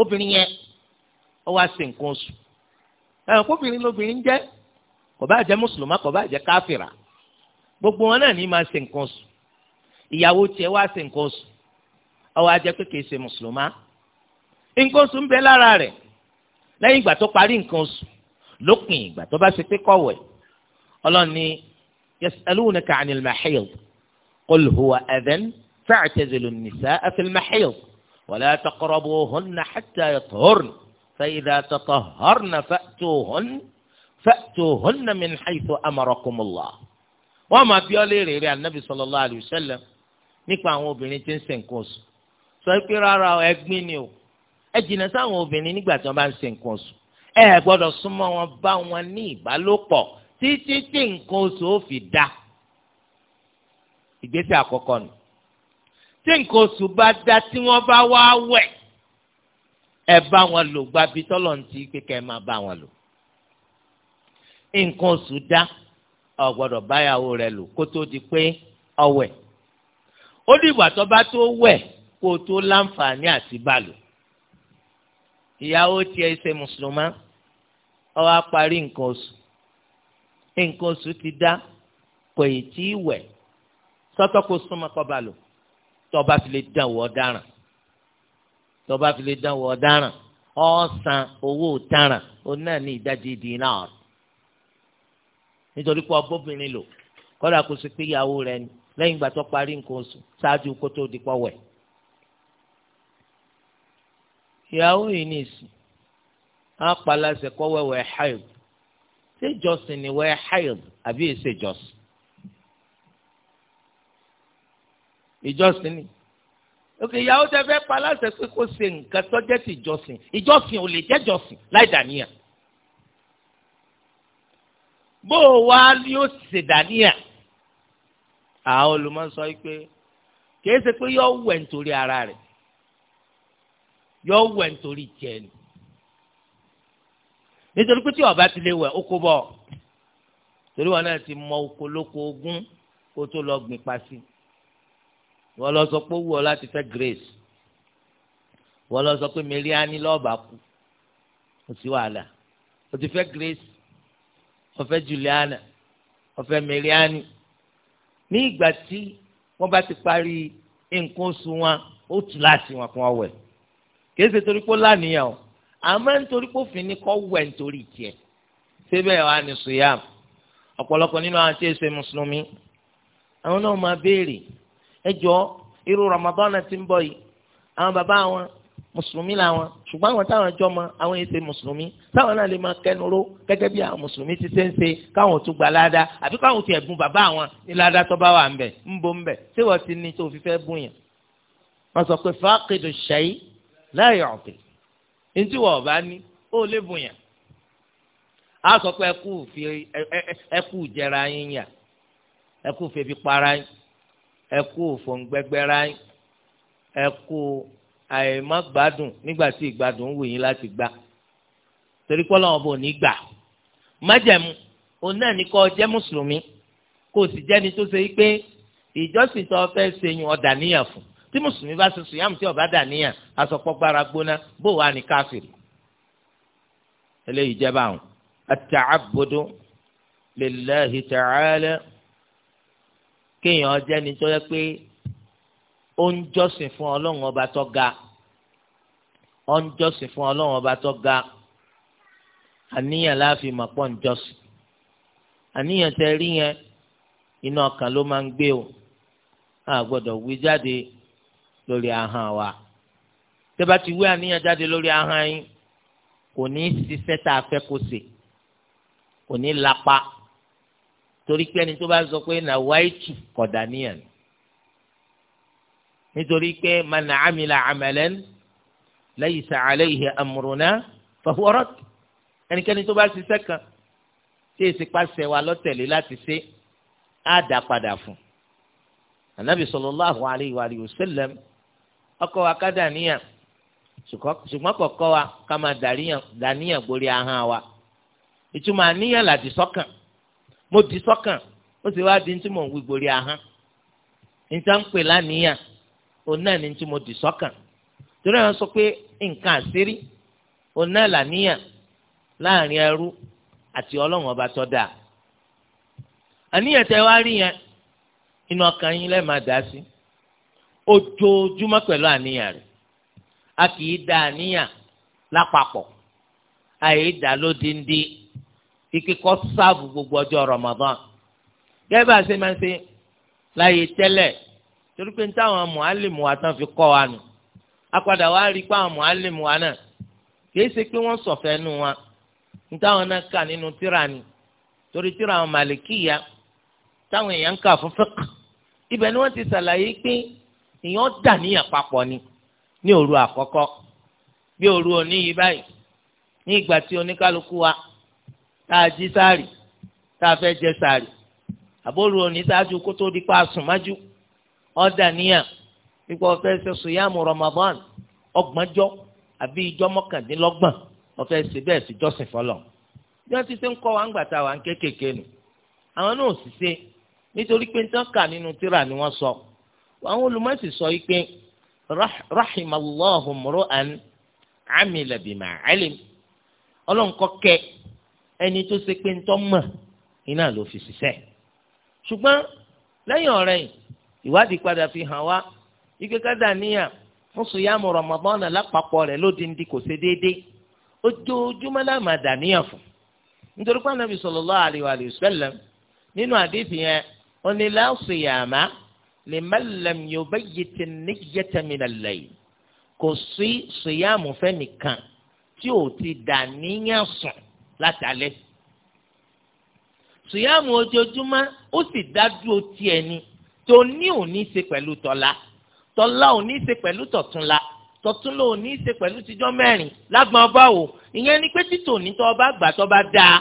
obìnrin yẹn ó wá sí nǹkan oṣù ẹ̀rọ kóbìnrin lóbìnrin jẹ́ kò bá jẹ́ mùsùlùmá kò bá jẹ́ káfìrà gbogbo wọn náà ní máa ṣe nǹkan oṣù ìyàwó tiẹ̀ wá ṣe nǹkan oṣù ó wá jẹ́ pé mùsùlùmá nǹkan oṣù ń bẹ lára rẹ̀ lẹ́yìn ìgbà tó parí nǹkan oṣù lópin ìgbà tó bá ṣe pé kọ̀wẹ̀ ọlọ́run ní yasalunaka anil mahiyid qul huwa adhan fa'tazilu an-nisaa fil mahiyid wala taqrabuhunna hatta yatahurna فإذا تطهرن فأتوهن فأتوهن من حيث أمركم الله wọ́n máa bí ọlẹ́rẹ̀ rẹ̀ anabi sallallahu alayhi wa sallam nípa àwọn obìnrin tí ń ṣe sọ ẹ jìnnà sáwọn obìnrin nígbà tí wọ́n bá ń ṣe nǹkan oṣù ẹ gbọ́dọ̀ súnmọ́ wọn bá wọn ní ìbálòpọ̀ títí tí nǹkan oṣù ó fi dá ìgbésẹ̀ àkọ́kọ́ nù tí nǹkan oṣù bá dá tí wọ́n bá wá wẹ̀ ẹ bá wọn lò gbabi tọ́lọ̀ ń ti kékeré máa bá wọn lò nǹkan oṣù dá ọ gbọ́dọ̀ báyàwó rẹ lò kó tó di pé ọwẹ ó dìgbà tó bá tó wẹ̀ kó tó láǹfààní àti bá lò ìyàwó tiẹ̀ ṣe mùsùlùmá ó wá parí nǹkan oṣù nǹkan oṣù ti dá kò ì tí ì wẹ̀ sọ́tọ̀ kó súnmọ́ kó bá lò tọ́ba fi lè dán wọ́ dáràn tọ́ba fi lè dán wọ́ dáràn ó owó táràn ó náà ní ìdajì dínárì nítorí pé ọbọ̀bìnrin lò kọ́dà kó sì pé ìyàwó rẹ̀ ni lẹ́yìn ìgbà tó parí nǹkan oṣù ṣáájú kó tó di pọ̀ wẹ̀ ìyàwó yìí ní ìsìn á palasẹ̀ kọ́ wẹ́wẹ́ haid ṣèjọsìn ni wẹ́ haid àbí ìṣèjọsìn ìjọsìn ni òkè ìyàwó tẹ fẹ́ palasẹ̀ pé kó ṣe nǹkan tọ́jẹ́ ti ìjọsìn ìjọsìn ò lè jẹ́ jọsìn láì dàníyàn bó o wá ní ó ṣe dàníyàn àwọn olùmọ̀ sọ pé kìí ṣe pé yọ wẹ̀ nítorí ara rẹ̀ yọ wẹ̀ nítorí tiẹ̀ ni nítorí pé tí ọba ti lè wẹ̀ oko bọ̀ torí wọn náà ti mọ oko lóko ogún kó tó lọ gbìn pa sí wọ́n lọ sọ pé wù ọ́ láti fẹ́ grace wọ́n lọ sọ pé mẹ́ríání lọ́ọ̀bà kú kò sí wàhálà o ti fẹ́ grace o fẹ́ juliana o fẹ́ mẹ́ríání ní ìgbà tí wọ́n bá ti parí nǹkan oṣù wọn ó tù láti wọn kún ọwẹ́ kìí ṣe torí pé ó lánìyàn o àmọ́ nítorí pé òfin ni kọ́ wẹ̀ nítorí tiẹ̀ síbẹ̀ wà ní suyam ọ̀pọ̀lọpọ̀ nínú àwọn tí ì ṣe mùsùlùmí àwọn náà máa béèrè ẹ irú Ramadan ti ń bọ̀ yìí àwọn bàbá wọn mùsùlùmí làwọn ṣùgbọ́n àwọn táwọn jọ mọ àwọn èsè mùsùlùmí táwọn náà lè máa kẹnuró gẹ́gẹ́ bí àwọn mùsùlùmí ti ṣe ń ṣe káwọn tún gba ládá àbí káwọn ti ẹ̀bùn bàbá àwọn ní ládá tó bá wà ń bẹ̀ ń bo ń bẹ̀ ṣé wọ́n ti ní tó fi fẹ́ bùn yàn. wọ́n sọ pé fáàkìdù ṣẹ́yí láàyè ọ̀pẹ ntí wọ́n bá ní ó lè bùnyàn á sọ pé ẹkú fi ẹkú jẹra yín yà ẹkú febi para yín ẹkú fòǹgbẹ́gbẹ́ra yín ẹkú àìmọ́gbádùn nígbà tí ìgbádùn wù yín láti gbà torí pọ́lọ́ wọn bò ní gbà májẹ̀mú òun náà ní kọ́ jẹ́ mùsùlùmí kò sì jẹ́ni tó ṣe wípé ìjọsìn tó fẹ́ ṣe yun ọ̀dà níyàn fún un tí mùsùlùmí bá ṣe sùn yàmùtí ọ̀bá dàníyàn asọ̀pọ̀ gbára gbóná bó wà ní káfíìrì eléyìí jẹ́ báwọn àtàbọ̀dọ̀ lillahi ta'ala kéèyàn jẹ́ ni tó yẹ pé ó ń jọ́sìn fún ọlọ́run ọba tó ga ó ń jọ́sìn fún ọlọ́run ọba tó ga àníyàn láàfin mọ̀pọ̀ ń jọ́sìn àníyàn tẹ rí yẹn inú ọkàn ló máa ń gbé o a wí jáde lórí ahọ́n wa tẹ́bá ti wí àníyàn jáde lórí ahọ́n yín kò ní í ṣiṣẹ́ tá a fẹ́ kó ṣe kò ní í lapa torí pé ẹni tó bá sọ pé nà wáìtù kọ̀dà níyàn nítorí pé man amila amalan laysa alayhi amruna fahuwa radd ẹnikẹ́ni tó bá ṣiṣẹ́ kan tí èsì pàṣẹ wa lọ́tẹ̀lé láti ṣe á dá padà fún un anabi sallallahu alayhi wa sallam. ọkọ wa ká dàníyàn ṣùgbọ́n kọ̀ọ̀kọ́ wa ká máa dàníyàn gborí ahọ́n wa ìtumọ̀ àníyàn là di sọ́kàn mo di sọ́kàn ó sì wá di ní tí mò ń wí gborí ahọ́n níta pè láníyàn òun náà tí mo di sọ́kàn torí àwọn sọ pé nǹkan àṣírí òun náà láàrin ẹrú àti ọlọ́run ọba tó dáa àníyàn tẹ wá rí yẹn inú ọkàn yín ojoojúmọ́ pẹ̀lú àníyàn rẹ̀ a kì í da àníyàn lápapọ̀ àyè dá lódindi ìkíkọ́ sáàbù gbogbo ọjọ́ gẹ́gẹ́ bá a ṣe máa ń ṣe láyé tẹ́lẹ̀ torí pé táwọn mùálìmù wa tán fi kọ́ wa nù apàdà wa rí i pé àwọn mùálìmù wa náà kìí ṣe pé wọ́n sọ̀fẹ́ nu wa táwọn náà kà nínú tíra ni torí tíra àwọn màlìkíyà táwọn èèyàn ń ni wọ́n ti ṣàlàyé ìyẹn dà níyàn papọ̀ ni ní òru àkọ́kọ́ bí òru òní yìí báyìí ní ìgbà tí oníkálukú wa tá a jí sáàrì tá a fẹ́ jẹ sáàrì àbóru òní sáájú kó tó di pa àsùnmájú ọ̀dà níyàn pípọ̀ fẹ́ ṣe sùyàmù Ramadan ọgbọ̀njọ́ àbí ìjọ mọ́kàndínlọ́gbọ̀n ọ̀fẹ́ ṣe bẹ́ẹ̀ fi jọ́sìn fọlọ́ bí wọ́n ti ṣe ń kọ́ wa ń gbà tá a wà ń kékèké nù àwọn náà sì ṣe nítorí pé ń tán kà nínú tírà ni wọ́n sọ. So àwọn olùmọ̀sí sọ yìí pé rahimallahu mru'an amila bima alim ẹni tó ṣe pé ńtọ́ mọ̀ iná ló fi ṣiṣẹ́ ṣùgbọ́n lẹ́yìn ọ̀rẹ́ ìwádìí fi hàn wá ike kádà níyà mùsùlùmí Ramadan lápapọ̀ rẹ̀ ló di ndí kò ṣe déédéé ojoojúmọ́ náà máa dà níyà fún nítorí nínú àdéhùn yẹn liman lam yubayyit an-niyyata min al-layl kò sí sùyàmù fẹ́nìkan tí ò ti dà níyàn sùn látàlẹ́ sùyàmù ojoojúmọ́ ó sì dádúró tiẹ̀ ni tó ní ò ní ṣe pẹ̀lú tọ́lá tọ́lá ò ní ṣe pẹ̀lú tọ̀túnla tọ̀túnla ò ní ṣe pẹ̀lú tíjọ́ mẹ́rin lágbọ̀n ọba o ìyẹn ni pé títò ní tọ́ ọba gbà tọ́ bá dáa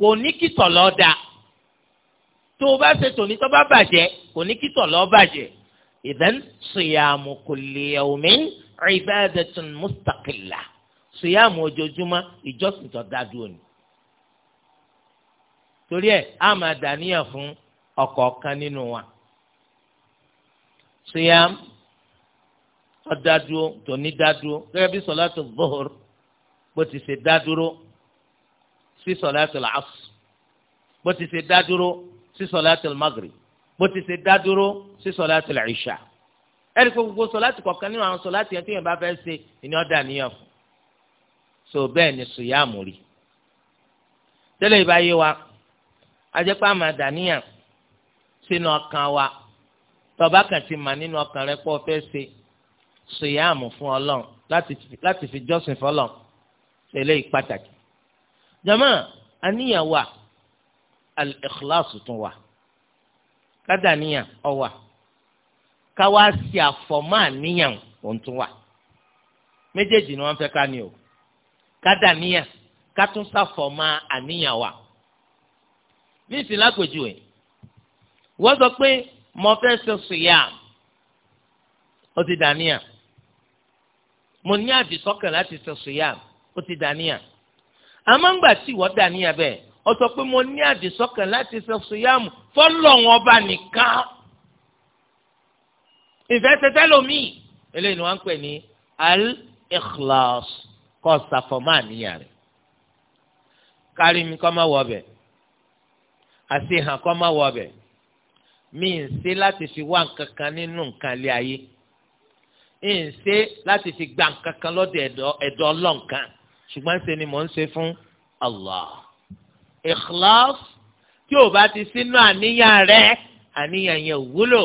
kò ní kí tọ̀lọ́ dáa tó o bá ṣe tòní tó bá bàjẹ́ kò ní kí tọ̀lọ́ bàjẹ́ ìdán ṣìyàmù kulli yawmin ibadatun mustaqilla ṣìyàmù ojoojúmọ́ ìjọsìn tó dájú òní. torí ẹ̀ á máa dàníyàn fún ọ̀kọ̀ọ̀kan nínú wa. ṣìyàmù ọdádúró tòní dádúró gẹ́gẹ́ bí sọ̀látù zuhur bó ti ṣe dádúró sí sọ̀látù làásù bó ti ṣe dádúró sí sọláàtì maghrib bó ti ṣe dá dúró sí sọláàtì ìṣà ẹni pé gbogbo sọláàtì kọ̀ọ̀kan nínú àwọn sọláàtì yẹn tí yẹn bá fẹ́ ṣe ìní ọ̀dà níyàn fún so bẹ́ẹ̀ ni sùyàmù rí tẹ́lẹ̀ ìbáyé wa ajẹ́pá àmà dàníyàn sínú ọkàn wa tọba kan ti mà nínú ọkàn rẹ pọ̀ fẹ́ ṣe sùyàmù fún ọlọ́run láti fi jọ́sìn fọlọ́run tẹ́lẹ̀ ìpàtàkì jọ̀mọ́ àníyàn wà al-ikhlasu tún wà kádàníyàn ó wà káwá sí àfọ̀mọ́ àníyàn òun tún wà méjèèjì ni wọ́n fẹ́ ká ní o kádàníyàn kátún sàfọ̀mọ́ àníyàn wà ní ìsìn lápèjúwe wọ́n sọ pé mo fẹ́ sọ sùyà ó ti dàníyàn mo ní àdìsọ́kàn láti sọ sùyà ó ti dàníyàn àmọ́ ńgbà tí ìwọ dàníyàn bẹ́ẹ̀ ó sọ pé mo ní àdìsọ́kàn láti ṣe sùyàmù fọ́lọ́hun ọba nìkan ìfẹ́ tẹ́tẹ́ lomi eléyìí ni wọ́n ń pè ní al-ikhlas kọ́ ṣàfọ̀mọ́ àníyàn rẹ̀ kárí mi kọ́ máa wọ ọbẹ̀ àṣehàn kọ́ máa wọ ọbẹ̀ mi ń ṣe láti fi wá nǹkan kan nínú nǹkan ilé ayé ń ṣe láti fi gba nǹkan kan lọ́dọ̀ ẹ̀dọ́ ọlọ́nkan ṣùgbọ́n ṣe ni mò ń ṣe fún Allah ikhlas tí o bá ti sínú àníyàn rẹ àníyàn yẹn wúlò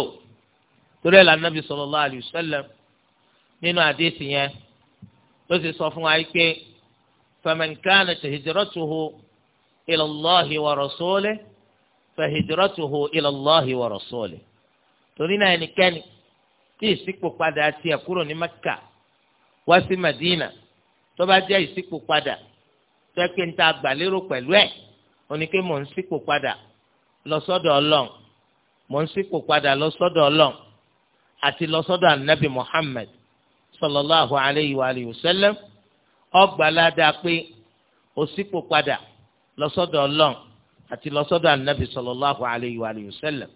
torí ẹ̀ la Nabi sallallahu alayhi wa sallam nínú àdéhìsì yẹn ló ti sọ fún wa pé faman kanat hijratuhu ila Allahi wa rasulihi fa hijratuhu ila Allahi wa rasulihi torí náà ẹnikẹ́ni tí ìsìnkú padà tiẹ̀ kúrò ní Mẹ́kà wá sí Madina tó bá jẹ́ ìsìnkú padà tó ẹ pé ń ta àgbàlérò pẹ̀lú ẹ̀ òní pé mò ń sípò padà lọ sọ́dọ̀ ọlọ́n mò ń sípò padà lọ sọ́dọ̀ ọlọ́n àti lọ sọ́dọ̀ anabi muhammed sallallahu alayhi wa alihi wa sallam ọgbàládà pé ó sípò padà lọ sọ́dọ̀ ọlọ́n àti lọ sọ́dọ̀ anabi sallallahu alayhi wa alihi wa sallam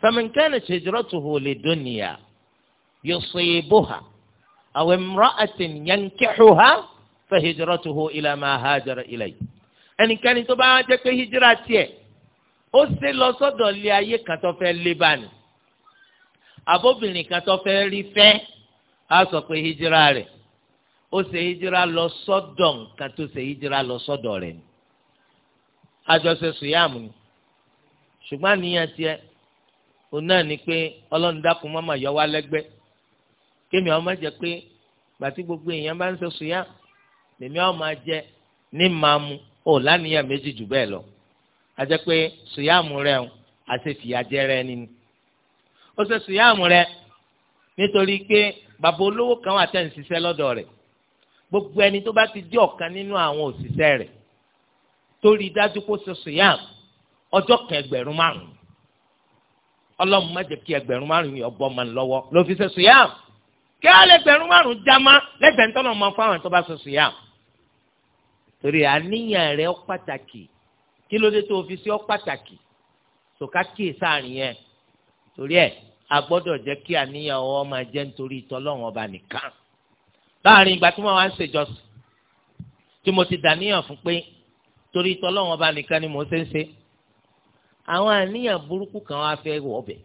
faman kanat hijratuhu lidunya yusibuha aw imra'atin yankihuha fahijratuhu ila ma hajara ilayhi. ẹnikẹ́ni tó bá jẹ́ pé hijira tiẹ̀ ó ṣe lọ sọ́dọ̀ ilé ayé kan tó fẹ́ lé bani abóbìnrin kan tó fẹ́ sọ pé hijira rẹ̀ ó ṣe hijira lọ sọ́dọ̀ nǹkan tó ṣe hijira lọ sọ́dọ̀ rẹ̀ ni àjọṣe sùyàmù ni ṣùgbọ́n àníyàn tiẹ̀ òun náà ni pé ọlọ́run dákun mọ́mọ́ yọ wá lẹ́gbẹ́ kémi àwọn máa jẹ pé gbogbo èèyàn bá ń ṣe sùyà àwọn máa jẹ ní O lánìyàn méjì jù bẹ́ẹ̀ lọ àti pé sùyàmù rẹ ń àṣefìyàjẹ rẹ ni ó ṣe sùyàmù rẹ nítorí pé bàbá olówó kan wà tẹ̀ ń ṣiṣẹ́ lọ́dọ̀ rẹ̀ gbogbo ẹni tó bá ti jẹ́ ọ̀kan nínú àwọn òṣìṣẹ́ rẹ̀ tó rí dájú kó ṣe sùyàm ọjọ́ kan ẹgbẹ̀rún márùn ọlọ́run má jẹ́ kí ẹgbẹ̀rún márùn yìí ọgbọ́n máa ń lọ́wọ́ ló fi ṣe sùyàm kí á lẹ́gbẹ̀rún márùn já má máa fáwọn tó bá ṣe sùyàm torí àníyàn rẹ ọ pàtàkì kí ló dé tó fi sí ọ pàtàkì sòká kìí sáàrin yẹn torí ẹ a gbọ́dọ̀ jẹ́ kí àníyàn ọ máa jẹ́ nítorí ìtọ́lọ́run ọba nìkan láàrin ìgbà tí mo wá ń ṣèjọsìn tí mo ti dàníyàn fún pé torí ìtọ́lọ́run ọba nìkan ni mo ṣe ń ṣe àwọn àníyàn burúkú kan wá fẹ́ wọ̀ ọbẹ̀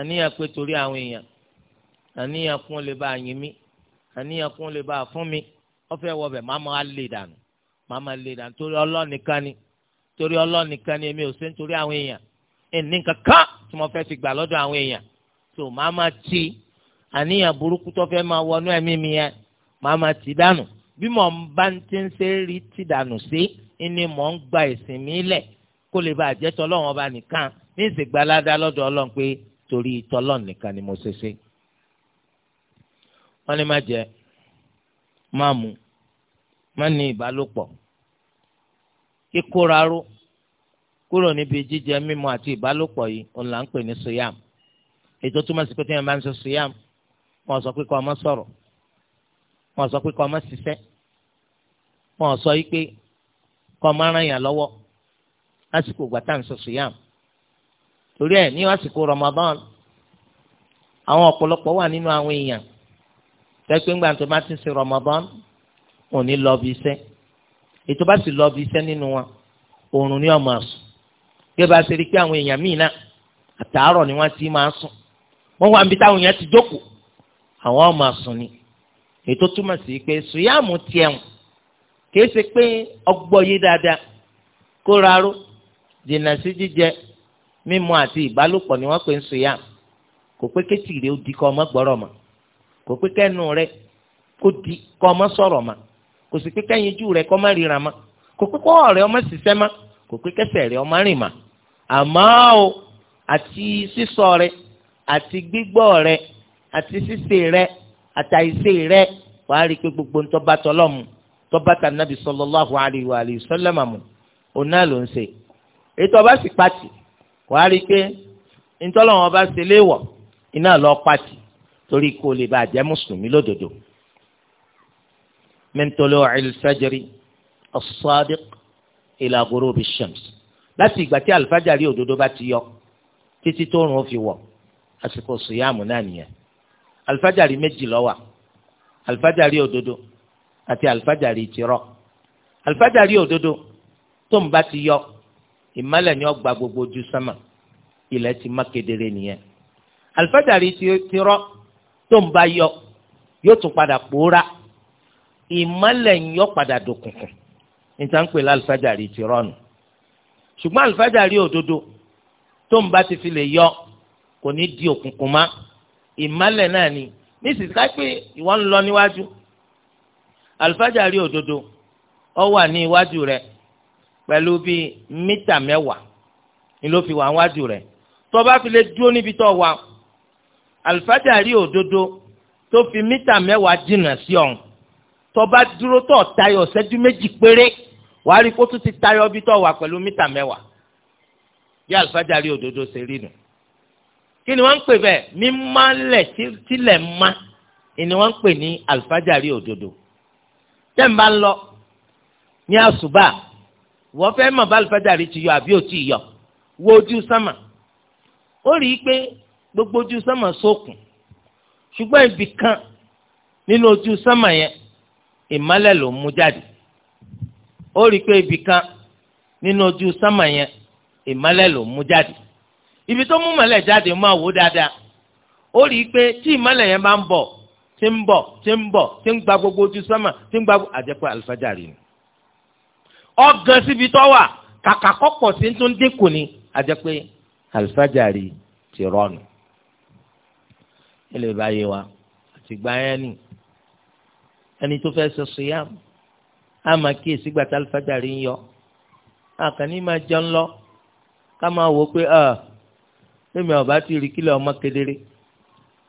àníyàn pé torí àwọn èèyàn àníyàn kún lè bá yín mi àníyàn kún lè bá fún mi ọfẹ́ wọbẹ̀ màmá alẹ́ dànù màmá alẹ́ dànù torí Ọlọ́run nìkan ni torí Ọlọ́run nìkan ni èmi ò ṣe nítorí àwọn èèyàn ẹni kankan tí mo fẹ́ fi gbà lọ́dọ̀ àwọn èèyàn tó màmá ti àníyàn burúkú tó fẹ́ máa wọnú ẹ̀mí mi yẹn màmá ti dànù bí mò ń bá ti ń ṣe rí ti dànù sí ni mò ń gba ìsìn mi lẹ̀ kó lè bá àjẹtọ́ Ọlọ́run ọba nìkan ní ìsìgbàládá lọ́dọ̀ Ọlọ́run pé torí tọ́lọ́n nìkan ni mo ṣe ṣe wọ́n ní má jẹ má mu má ní ìbálòpọ̀ kíkóraró kúrò níbi jíjẹ mímu àti ìbálòpọ̀ yìí òun là ń pè ní suyam ètò túmọ̀ sí pé tí wọ́n bá ń sọ suyam wọ́n sọ pé kọ́ ọmọ sọ̀rọ̀ wọ́n sọ pé kọ́ ọmọ ṣiṣẹ́ wọ́n sọ yìí pé kọ́ ọmọ ara yàn lọ́wọ́ lásìkò gbàtà ń sọ suyam torí ẹ̀ ní àsìkò Ramadan àwọn ọ̀pọ̀lọpọ̀ wà nínú àwọn èèyàn tẹ́gbẹ́ngbà tó bá ti ń ṣe Ramadan. wọn ní lọ bí iṣẹ́ ètò bá sì lọ iṣẹ́ nínú wọn oorun ni ọmọ àsùn bí bá ṣe rí pé àwọn èèyàn míì náà àtàárọ̀ ni wọ́n ti máa sùn wọ́n wà níbi táwọn èèyàn ti jókòó àwọn ọmọ ni ètò túmọ̀ sí pé sùyàmù tiẹ̀hùn kìí ṣe pé ọgbọ́ yé dáadáa kó rárú dènà sí jíjẹ mímu àti ìbálòpọ̀ ni wọ́n pè ń kò pé ó di kọ́ ọmọ gbọ́rọ̀ mọ́ kò pé kò sì pé kẹ́yinjú rẹ̀ kọ́ má ríra ma kò pé kọ́ ọ̀rẹ́ ọmọ ṣiṣẹ́ ma kò pé kẹsẹ̀ rẹ̀ ọmọ rìn ma àmọ́ o àti sísọ rẹ̀ àti gbígbọ́ rẹ̀ àti ṣíṣe rẹ̀ àtàìṣe rẹ̀ wàá rí i pé gbogbo ń tọ́ba tọlọ́mu tọ́ba tà nàbì sallallahu alayhi wa alihi sallam mu òun náà ló ń ṣe ètò ọba sì pàtì wàá rí i pé ntọ́lọ́wọ́n ọba ṣe léèwọ̀ iná lọ́ọ́ pàtì torí kó lè bàjẹ́ mùsùlùmí lódodo min tulu'i al-fajri as-sadiq ila ghurubi ash-shams láti ìgbà tí alifájàrí òdodo bá ti yọ títí tó rùn ó fi wọ̀ àsìkò sùyàmù náà nìyẹn alifájàrí méjì ló wà alifájàrí òdodo àti alifájàrí tìrọ alifájàrí òdodo tó ń bá ti yọ ìmálẹ̀ ni ó gba gbogbo ojú sánmà ilẹ̀ ti má kedere nìyẹn alifájàrí tìrọ tó ń bá yọ yóò tún padà pòórá ìmọ́lẹ̀ ń yọ padà dòkùnkùn níta ń pè lálùfájàrí ti rọ́ọ̀nù ṣùgbọ́n àlùfájàrí òdodo tó ń bá ti fi lè yọ kò ní di òkùnkùn má ìmọ́lẹ̀ náà ni nísìsiyìí kápẹ́ ìwọ ń lọ níwájú àlùfájàrí òdodo ó wà ní iwájú rẹ pẹ̀lú bíi mítà mẹ́wàá ni ló fi wà níwájú rẹ tó bá fi lè dúró níbi tó wà àlùfájàrí òdodo tó fi mítà mẹ́wàá jìnnà sí ọ̀hún tó bá dúró tó tayọ ṣẹ́jú méjì péré wàá rí kó tún ti tayọ bí tó wà pẹ̀lú mítà mẹ́wàá bí àlùfáàjárí òdodo ṣe rí nù kí ni wọ́n ń pè bẹ́ẹ̀ mímálẹ̀ tílẹ̀ má ni wọ́n ń pè ní àlùfáàjárí òdodo tẹ́ ń bá ń lọ ní àṣùbà wọ́n fẹ́ mọ̀ bá àlùfáàjárí ti yọ àbí ò tí yọ wo ojú sánmà ó rí i pé gbogbo ojú sánmà sókùn ṣùgbọ́n ibì kan nínú ojú sánmà yẹn ìmálẹ̀ ló mú jáde ó rí i pé ibì kan nínú ojú sánmà yẹn ìmálẹ̀ ló mú jáde ibi tó mú mọ́lẹ̀ jáde máa wò dáadáa ó rí i pé tí ìmálẹ̀ yẹn bá ń bọ̀ tí ń bọ̀ tí ń bọ̀ tí ń gba gbogbo ojú sánmà tí ń gba àjẹpẹ́ àlùfájàrí ni ọ̀gàn síbi tó wà kàkà kọ́pọ̀ sí tó ń dínkù ni àjẹpẹ́ àlùfájàrí ti rọ̀nù ilé ìbáyé wa àtìgbà yẹn ni ẹni tó fẹ́ ṣe siyam á máa kíyèsí gbàtà alifájàrí ń yọ àkànní máa jẹun lọ ká máa wò ó pé ẹ ah, lèmi ọba ti rí kílẹ̀ ọmọ kedere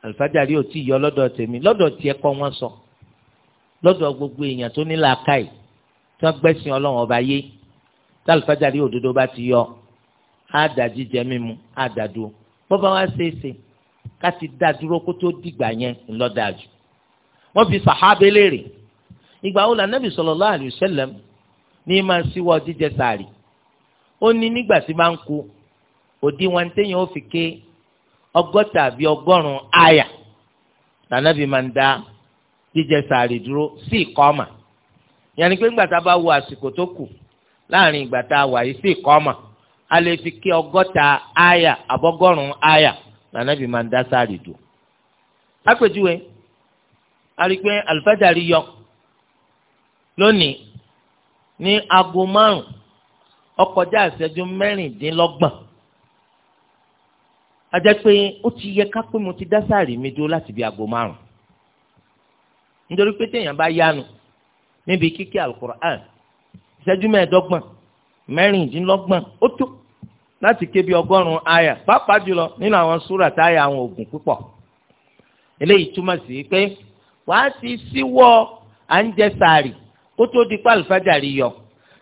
alifájàrí ò tí ì yọ lọ́dọ̀ tèmi lọ́dọ̀ tiẹ̀ kọ́ wọ́n sọ lọ́dọ̀ gbogbo èèyàn tó ní làákàyè tí wọ́n gbẹ́sìn ọlọ́run ọba yé tí alifájàrí òdodo bá ti yọ á dà jíjẹ mímu á dà dúró bọ́ba wá ṣeéṣe ká ti dá dúró kó tó dìgbà yẹn ńlọ́dà jù wọ́n fi sàhábé léèrè ìgbà wo lànàbì sallallahu alayhi wa sallam ní máa síwọ́ jíjẹ sàárì ó ní nígbà tí máa ń kú òdiwọ̀n téèyàn ó fi ké ọgọ́ta àbí ọgọ́rùn-ún àyà lànàbì máa ń dá jíjẹ sàárì dúró sí ìkọ́mà yẹn ni pé ńgbà tá a bá wo àsìkò tó kù láàrin ìgbà tá a wà yìí sí ìkọ́mà a lè fi ké ọgọ́ta àyà àbọ́gọ́rùn-ún àyà lànàbì máa ń dá sàárì dúró. lápèjúwe arikpe alifajari yọ lónìí ní aago márùn ọkọjá ìṣẹ́jú mẹ́rìndínlọ́gbọ̀n ajẹ́ pé ó ti yẹ ká pé mo ti dá sáàrì mi dúró láti bí aago márùn nítorí pé téèyàn bá yánu níbi kíkí alukur'an ìṣẹ́jú mẹ́ẹ̀ẹ́dọ́gbọ̀n mẹ́rìndínlọ́gbọ̀n ó tó láti kébi ọgọ́rùn-ún àyà pàápàá jùlọ nínú àwọn súrà táyà àwọn oògùn púpọ̀ eléyìí túmọ̀ sí pé wàá ti síwọ́ à ń jẹ sàárì kó tó di pa àlùfájàrí yọ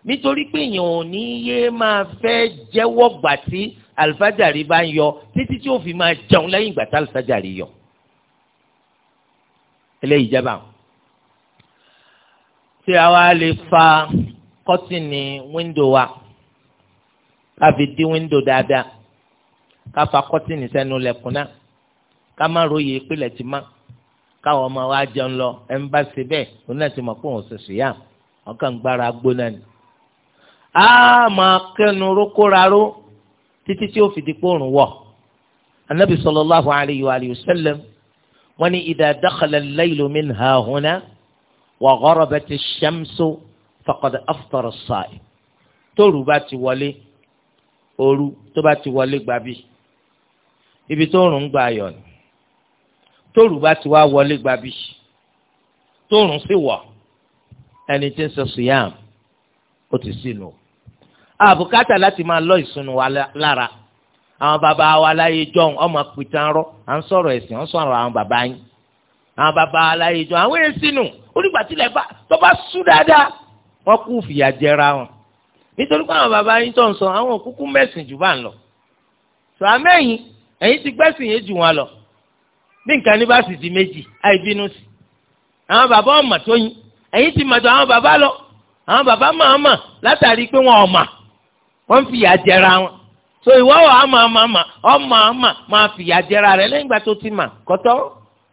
nítorí pé èèyàn ò ní yé máa fẹ́ jẹ́wọ́ gbà tí àlùfájàrí bá ń yọ títí tí ó fi máa jẹun lẹ́yìn ìgbà tí àlùfájàrí yọ eléyìí jẹ́ báwọn. tí a lè fa kọ́tìnì wíńdò wa ká fi dí wíńdò dáadáa ká fa kọ́tìnì sẹ́nu lẹ̀kùn náà ká má ròyè ìpìlẹ̀ tì má káwọn ọmọ wa jẹun lọ ẹ ń bá ṣe bẹ́ẹ̀ òun náà ti mọ̀ pé òun ṣe ṣìyà ọkàn gbára gbóná ni. a máa kẹnu rókóraró títí tí ó fi di pòrùn wọ̀ anabi sallallahu alayhi wa sallam wọn ni idha dakhala al-laylu minha huna wa gharabat ash-shamsu faqad aftara as-sa'im tóru bá ti wọlé òru tó bá ti wọlé gbàbí ibi tó rùn ń gbà yọ ni tóòrù bá ti wá wọlé gbabi tóòrùn sì wọ̀ ẹni tí ń sọ sùyàm ó ti sínú àbùkátà láti máa lọ ìsúnú wa lára àwọn bàbá wa láyé jọ̀hún ọmọ pìtàn rọ à ń sọ̀rọ̀ ẹ̀sìn à ń sọ̀rọ̀ àwọn bàbá yín àwọn bàbá wa láyé jọ̀hún àwọn èèyàn sínú onígbà tilẹ̀ bá tó bá sú dáadáa wọ́n kú fìyà jẹra wọn nítorí pé àwọn bàbá yín tó ń sọ àwọn òkúkú mẹ́sìn jù bá ń lọ sọ bí nǹkan ní bá sì di méjì àìbínú sí àwọn bàbá ọmọ tó yin ẹ̀yin ti mọ̀tò àwọn bàbá lọ àwọn bàbá màmá látàrí pé wọn ọmọ wọn fìyà jẹra wọn so ìwọ wà á máa máa máa ọmọ àmà máa fìyà jẹra rẹ lẹ́yìn ìgbà tó ti mà kọtọ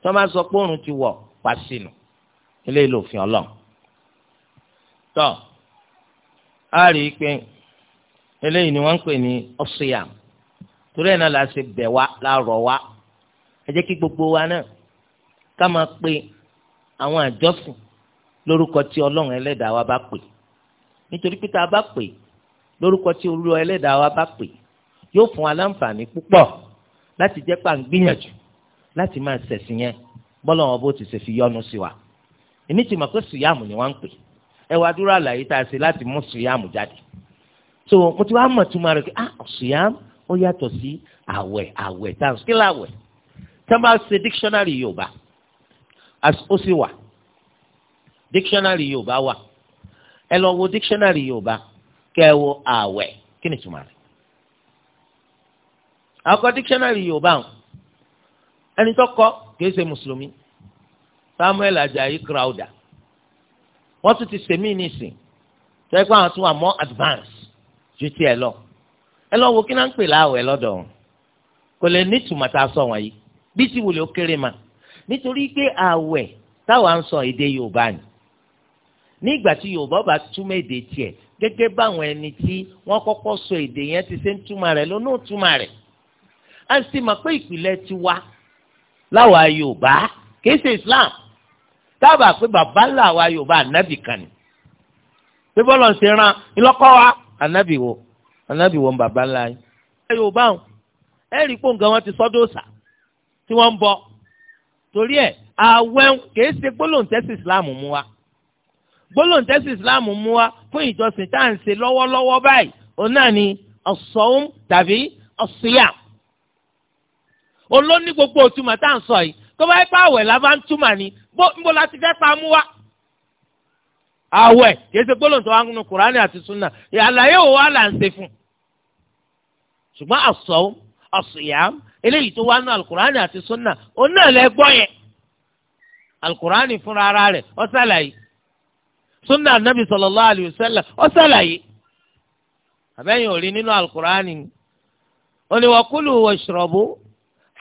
tó máa sọ pé òun ti wọ pàṣínù ilé ìlòfin Ọlọ́run tọ a rí i pé eléyìí ni wọn ń pè ní ọsùyàm torí ẹ̀ náà la ṣe wa la láàrọ̀ wa. ẹ jẹ́ kí gbogbo wa náà ká máa pe àwọn àjọsìn lórúkọ tí ọlọ́run ẹlẹ́dàá wa bá pè nítorí pé tá a bá pè lórúkọ tí olúwa ẹlẹ́dàá wa bá pè yóò fún wa láǹfààní púpọ̀ láti jẹ́ pà ń gbìyànjú láti máa ṣẹ̀sìn yẹn bọ́lá wọn bó ti ṣe fi yọ́nú sí wa èmi ti mọ̀ pé sùyàmù ni wọ́n ń pè ẹ wá dúró àlàyé tá a ṣe láti mú sùyàmù jáde so mo ti wá mọ̀ túmọ̀ rẹ̀ pé ah sùyàmù ó yàtọ̀ sí àwẹ̀ àwẹ̀ táwọn kí láwẹ̀ tá a máa ṣe dictionary yorùbá ó sì wà dictionary yorùbá wà ẹ lọ wo dictionary yorùbá kẹ ẹ wo ààwẹ̀ kí ni túmọ̀ rẹ̀ àkọ dictionary yorùbá ẹni tó kọ kìí ṣe mùsùlùmí samuel ajayi crowder wọ́n tún ti sèmí nísìn tó ẹ pé àwọn tún wà more advanced ju tiẹ̀ lọ ẹ lọ wo kí náà ń pè láàwẹ̀ lọ́dọ̀ kò lè ní ìtumọ̀ tá a sọ wọ̀nyí bí ti wùlé ó kéré ma nítorí pé àwẹ̀ táwa ń sọ èdè yorùbá ni nígbà tí yorùbá bá túmọ̀ èdè tiẹ̀ gẹ́gẹ́ báwọn ẹni tí wọ́n kọ́kọ́ sọ èdè yẹn ti ṣe ń túmọ̀ rẹ̀ lónà túmọ̀ rẹ̀ a sì mọ̀ pé ìpìlẹ̀ ti wá láwa yorùbá kìí ṣe islam dábàá pé bàbá ńlá wa yorùbá ànábì kan ni pé bọ́lọ̀ ń ṣe rán ìlọ́kọ́ wa ànábì wo ànábì wo ń bàbá ńlá yín. yorùbá ẹ rí i pé nǹkan wọn ti sọ́dọ̀ ọ̀sà tí wọ́n ń bọ torí ẹ̀ àwẹ̀ kìí ṣe gbólóǹtẹ́sì islam mú wa gbólóǹtẹ́sì islam mú wa fún ìjọsìn tá à ń ṣe lọ́wọ́lọ́wọ́ báyìí òun náà ni as-sawm tàbí as-siyam olóní gbogbo òtúmọ̀ tá à ń sọ yìí tó bá yẹ pé àwẹ̀ la bá ń túmọ̀ ni níbo la ti fẹ́ pa mú wa àwẹ̀ kìí ṣe gbólóǹtẹ́ wa nínú kùránì àti súnà àlàyé wo wa là ń ṣe fún ṣùgbọ́n as as-siyam eléyìí tó wá nù alukur'ani àti sunna òun náà lẹ gbọ́ yẹn alukur'ani fúnra ara rẹ̀ ó ṣàlàyé sunna anabi sallallahu alayhi wa sallam ó ṣàlàyé àbẹ́yìn òrí nínú alukur'ani ó ní wa kulu washrabu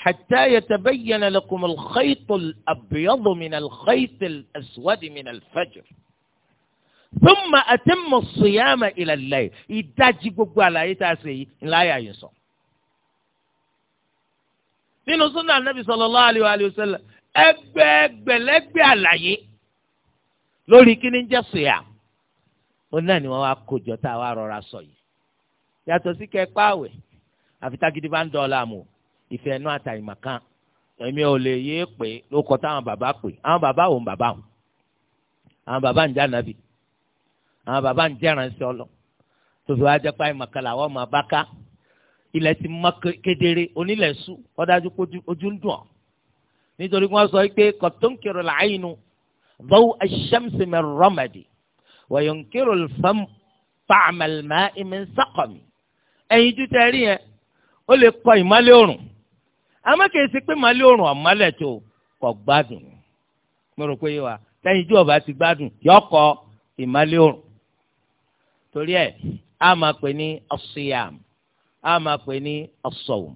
hatta yatabayyana lakum al-khayt al-abyad min al-khayt al-aswad min al-fajr thumma atimmu as-siyama gbogbo àlàyé tá a ṣe yìí ńlá yà nínú súnà nàbì sallallahu alaihi wa sallam ẹgbẹgbẹlẹgbẹ alaye lórí kíní jẹ́ sòyà òun náà ni wọ́n wá kójọ tá a wá rọra sọ yìí yàtọ̀ sí kẹpá àwẹ̀ àfi tágídí bá ń dọ́ọ̀la mọ̀ ìfẹ́ ẹnu àtàyìmọ̀ kan èmi ò lè yé pé ló kọ́ táwọn bàbá pè àwọn bàbá òun bàbá òun àwọn bàbá ń jànàbì àwọn bàbá ń jẹ́ránṣẹ́ ọlọ tó fi wá kan làwọn ọmọ ká ilẹ̀ ti mọ́ kedere onílẹ̀ sùn ó dájú pé ojú ń dùn ọ́ nítorí wọ́n sọ pé kọ̀tọ́nkìrò làáyínú báwo aṣẹ́mùsìmì rọ́màdì wọ̀yọ̀nkìrò fẹ́m fàmàlmá ìmì sàkọ̀mì ẹ̀yin ju tẹ́ rí yẹn ó lè kọ ìmálẹ̀ òrùn àmọ́ kìí ṣe pé ìmálẹ̀ òrùn ọ̀málẹ̀ tó kọ̀ gbádùn mo rò pé wa tẹ́yin ju ọba ti gbádùn yọ kọ a máa pè ní as-sawm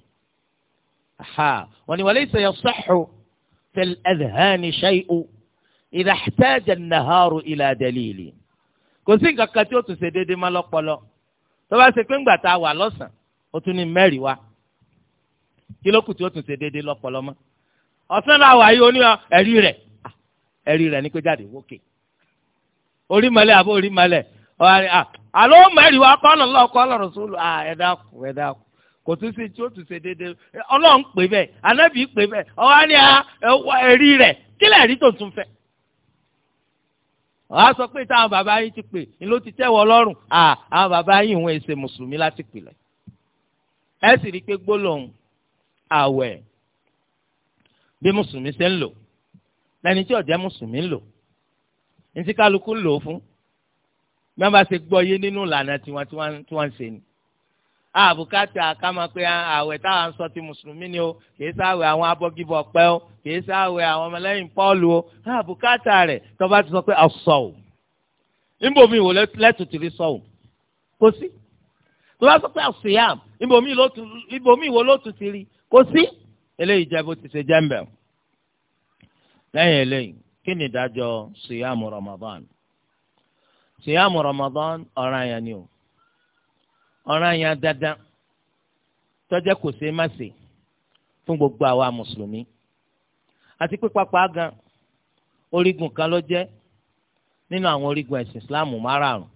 wọ́n ní wa laysa yasihhu fil adhhani shay'un idha ihtaja an-naharu ila dalili kò sí nǹkan kan tí ó tún ṣe déédéé má lọ́pọlọ tó bá ṣe pé ńgbà tá a wà lọ́sàn ó tún ní mẹ́rin wa kí ló kù tí ó tún ṣe déédéé lọ́pọlọ mọ́ ọ̀sán la wà yìí ní ah, ẹ̀rí rẹ̀ ah, ẹ̀rí rẹ̀ ní pé jáde wókè orí mọ́lẹ̀ àbó orí mọ́lẹ̀ Ah, àlọ́ mẹ́rin wa kọ́nà lọ́wọ́ kọ́nà rọ̀ṣọ́lù ah, ẹ̀dá kù ẹ̀dá kù kò tún sí tí ó tún ṣe déédéé ọlọ́run pè bẹ́ẹ̀ anábì pè bẹ́ẹ̀ ọwọ́ ni ẹ̀rí rẹ̀ kílẹ̀ rí tó tún fẹ́. wàá sọ pé táwọn bàbá yín ti pè ní ló ti tẹ́wọ́ ọlọ́run ah, àwọn bàbá yín ìwọ̀n ẹ̀sẹ̀ mùsùlùmí láti pìlẹ̀. ẹ sì rí i pé gbólóhùn àwẹ̀ bí mùsùlùmí ṣe ń lò lẹ́ni tí ọ̀jẹ̀ mùsùlùmí ń bí wọ́n bá ṣe gbọ́ yé nínú ìlànà tiwọn tí wọ́n ń ṣe ni. àbùkátà ká máa àwẹ̀ táwọn sọ ti mùsùlùmí ni o kì í sáwẹ̀ àwọn abọ́gibọ̀ pẹ́ o kì í sáwẹ̀ àwọn ọmọlẹ́yìn pọ́ọ̀lù o àbùkátà rẹ̀ tó bá ti sọ pé ọ̀sọ̀ o níbomi ìwò lẹ́tù ti rí sọ o kò sí tó bá sọ pé ọ̀sìyàm níbomi ìwò lótú ti rí kò sí eléyìí jẹ́ bó ti ṣe jẹ́ ń bẹ̀ lẹ́yìn eléyìí Ramadan siyamu Ramadan ọ̀ràn àyàn ni o ọ̀ràn àyàn dandan tọ́jẹ́ kò ṣe má ṣe fún gbogbo àwa mùsùlùmí àti pé pápá gan orígun kan ló jẹ́ nínú àwọn orígun ẹ̀sìn islamu márààrún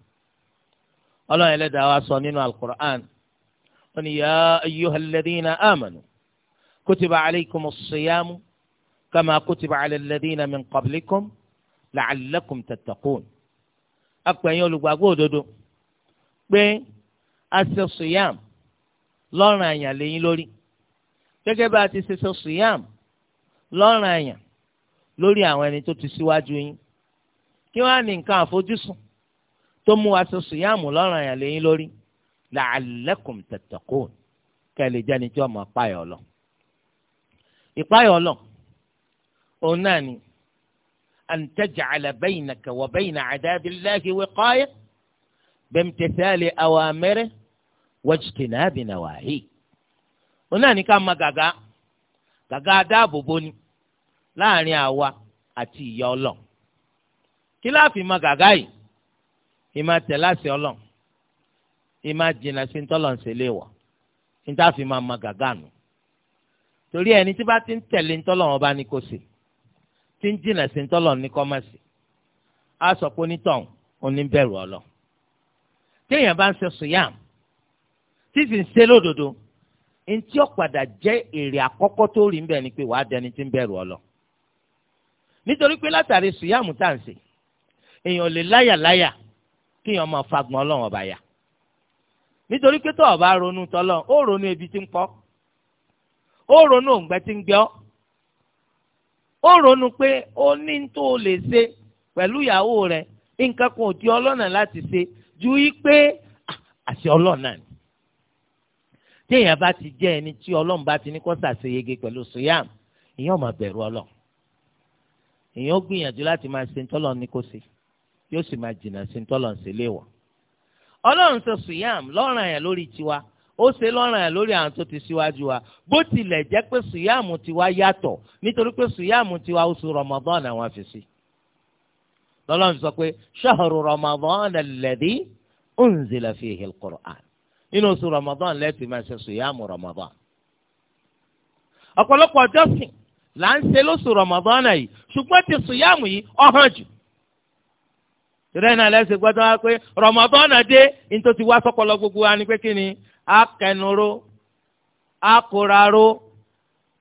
ọlọ́run ẹlẹ́dàá wa sọ nínú alukur'an ó ní ya ayyuhal ladhina amanu kutiba alaykumus siyamu kama kutiba alal ladhina min qablikum apẹ̀yìn olùgbàgbọ́ òdodo pé aṣọ suyam lọ́rùn àyàn lẹ́yìn lórí gẹ́gẹ́ bá a ti ṣe sọ suyam lọ́rùn àyàn lórí àwọn ẹni tó ti síwájú yín kí wọ́n á ní nǹkan àfojúsùn tó mú aṣọ suyam lọ́rùn àyàn lẹ́yìn lórí la'allakum tattaqun kẹ́lẹ̀ jẹ́ni tí wọ́n máa pààyàn lọ. ìpààyàn lọ òun náà ni أن تجعل بينك وبين عذاب الله وقاية بامتثال أوامره واجتناب نواهيه ọ̀nà ni ká ma gàgà gàgà adáàbòbò ni láàrin àwa àti ìyà ọlọ kí la fi ma gàgà yìí ìmà tẹ̀láṣẹ ọlọ ìmà jìnnà sí ntọ́lọ̀ ńṣẹlẹ̀ wọ̀ níta fi ma ma gàgà nù torí ẹni tí bá ti ń tẹ̀lé ntọ́lọ̀ wọn bá ní kó ṣe tí ń jìnà sí tọ́lọ̀ ní kọ́mọ̀sì á sọ pé onítàn oníbẹ̀rù ọlọ. téèyàn bá ń ṣe sùyàm tí sì ń ṣe lódodo ntí ó padà jẹ́ èrè àkọ́kọ́ tó rí nbẹ̀ ni pé wàá dẹni tí ń bẹ̀rù ọlọ. nítorí pé látàrí sùyàmù tá à ń ṣe èèyàn lè láyàláyà kéèyàn máa fagbọn ọlọ́run ọba yà. nítorí pé tó o bá ronú tọ́lọ́ ó ronú ebi tí ń pọ́ ó ronú òǹgbẹ tí ń gbẹ́ ọ́ ó ronú pé ó ní tó o lè ṣe pẹ̀lú ìyàwó rẹ̀ nǹkan kan ò di ọlọ́nà láti ṣe ju yí pé àṣẹ ọlọ́nà ni téèyàn bá ti jẹ́ ẹni tí ọlọ́run bá ti ní kó ṣàṣeyege pẹ̀lú suyam èèyàn máa bẹ̀rù ọlọ́run èèyàn gbìyànjú láti máa ṣe ntọ́lọ́ ní kó ṣe yóò sì máa jìnnà ṣe ntọ́lọ́ ṣe léèwọ̀ ọlọ́run ṣe suyam lọ́ranyàn lórí tiwa ó ṣe lọ́ràn ẹ̀ lórí àwọn tó ti síwájú wa bó tilẹ̀ jẹ́ pé sùyàmù tiwa yàtọ̀ nítorí pé sùyàmù tiwa oṣù na àwọn fi sí. lọ́lọ́run sọ pé ṣahru rọmọdán alladhi unzila fihi al-Qur'an nínú oṣù rọmọdán lẹ́tì máa ṣe sùyàmù ọ̀pọ̀lọpọ̀ ọjọ́sìn là ń ṣe lóṣù yìí ṣùgbọ́n ti sùyàmù yìí jù gbọ́dọ̀ wá pé dé ní tó ti wá gbogbo wa ni pé kí ni akẹnuró akoraró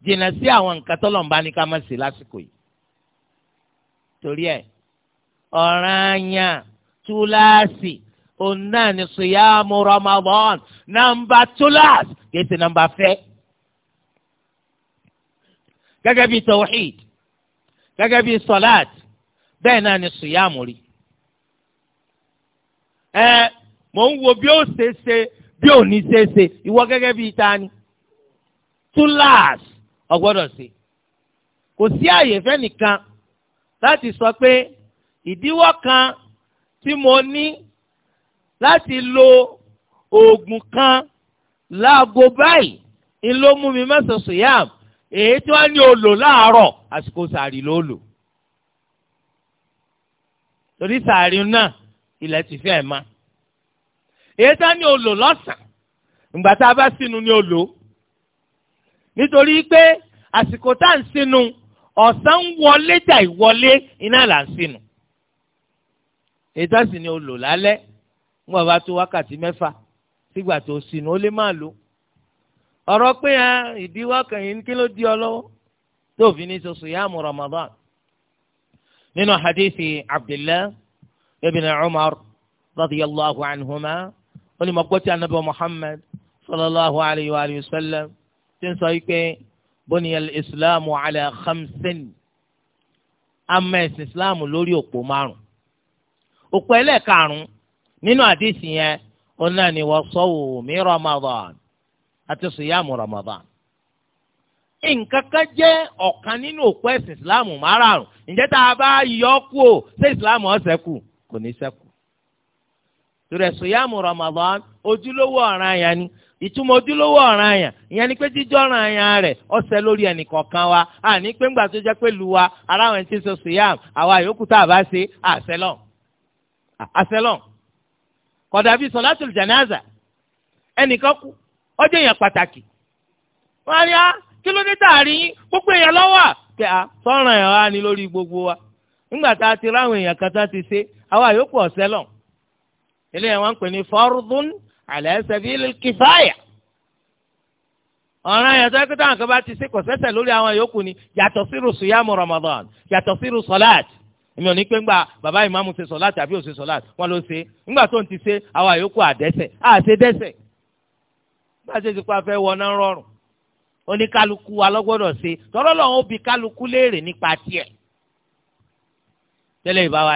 jìnnà sí àwọn nǹkan tó lọ́nba ní ká má ṣe lásìkò yìí torí ẹ̀ ọ̀ranyàn túláàsì òun náà ní sùyàmù Ramadan nàmbà túláàsì kìí ṣe nàmbà fẹ́ gẹ́gẹ́ bíi tawhid gẹ́gẹ́ bíi sọláàt bẹ́ẹ̀ náà ni sùyàmù rí ẹ mò ń wo bí ó ṣe ṣe bí ò ní ṣe é ṣe ìwọ gẹ́gẹ́ bíi ta ni túláàs ọgbọ́dọ̀ sí kò sí àyè fẹ́nìkan láti sọ pé ìdíwọ́ kan tí mo ní láti lo oògùn kan láago báyìí ń ló mú mi mẹ́sàn-án sùyàm èyí tí wọ́n ní o lò láàárọ̀ àsìkò sàárì ló lò torí sàárì náà ilẹ̀ ti fẹ́ ẹ̀ máa. èédá ni olò lọ́sàn ìgbà tá a bá sínú ni olò nítorí pé àsìkò tá à ń sínú ọ̀sán wọlé dà ìwọlé iná là ń sínú sì ni olò lálẹ́ ńgbà bá tó wákàtí mẹ́fà sígbà tó sínú ó lè má lò ọ̀rọ̀ pé ìdíwọ́ kan yìí kí ló di ọ lọ́wọ́ tó fi ní soso yá mu Ramadan nínú hadithi ibn Umar ó ní mo gbọ́ tí anabi muhammed sallallahu alayhi wa sallam ti ń sọ wípé boniyal islamu ala khamsin ama ẹ̀sìn islam lórí òpó márùn òpó ẹlẹ́ẹ̀karùn nínú àdìsí yẹn ó náà ní wọ́n sọ́wọ́ mi ramadan àti sùyàmù ramadan nǹkan kan jẹ́ ọ̀kan nínú òpó ẹ̀sìn islam márùn-ún ǹjẹ́ tá a bá yọ ọ́ kú o ṣé islam ó ṣẹ́kù kò ní ṣẹ́kù rẹ̀ sùyàmù Ramadan ojúlówó ọ̀ràn àyàn ni ìtumọ̀ ojúlówó ọ̀ràn àyàn ìyẹn ni pé jíjọ́ ọ̀ràn àyàn rẹ̀ ọ̀sẹ̀ lórí ẹnìkọ̀ọ̀kan wa àní pé ńgbà tó jẹ́ pé lu wa aráwọn ti sọ sùyàmù àwa yòókù tá a bá ṣe àṣẹlọ̀ àṣẹlọ̀ kódà bíi sọ̀látùl jánásà ẹnìkan kú ọjọ́ èèyàn pàtàkì wọ́n á rí a kí ló dé yín gbogbo èèyàn lọ́wọ́ wa ni lórí gbogbo wa ńgbà tá a ti ráwọn eléyà wọn ń pè ní fardun ala sabilil kifaya ọ̀ràn yẹn tó yẹ kí táwọn kan bá ti ṣe kò sẹ́sẹ̀ lórí àwọn yòókù ni yàtọ̀ sírù sùyàmù Ramadan yàtọ̀ sírù sọláàtì èmi ò ní pé ńgbà bàbá ìmáàmù ṣe sọláàtì àbí ò ṣe sọláàtì wọn ló ṣe ńgbà tó ń ti ṣe àwọn yòókù àdẹ́sẹ̀ àṣẹ dẹ́sẹ̀ bá a ṣe ti pa fẹ́ wọná rọrùn oníkálukú alọ́gbọ́dọ̀ ṣe tọ́lọ́ lọ́wọ́ bí kálukú léèrè nípa tiẹ̀ tẹ́lẹ̀ ìbáwá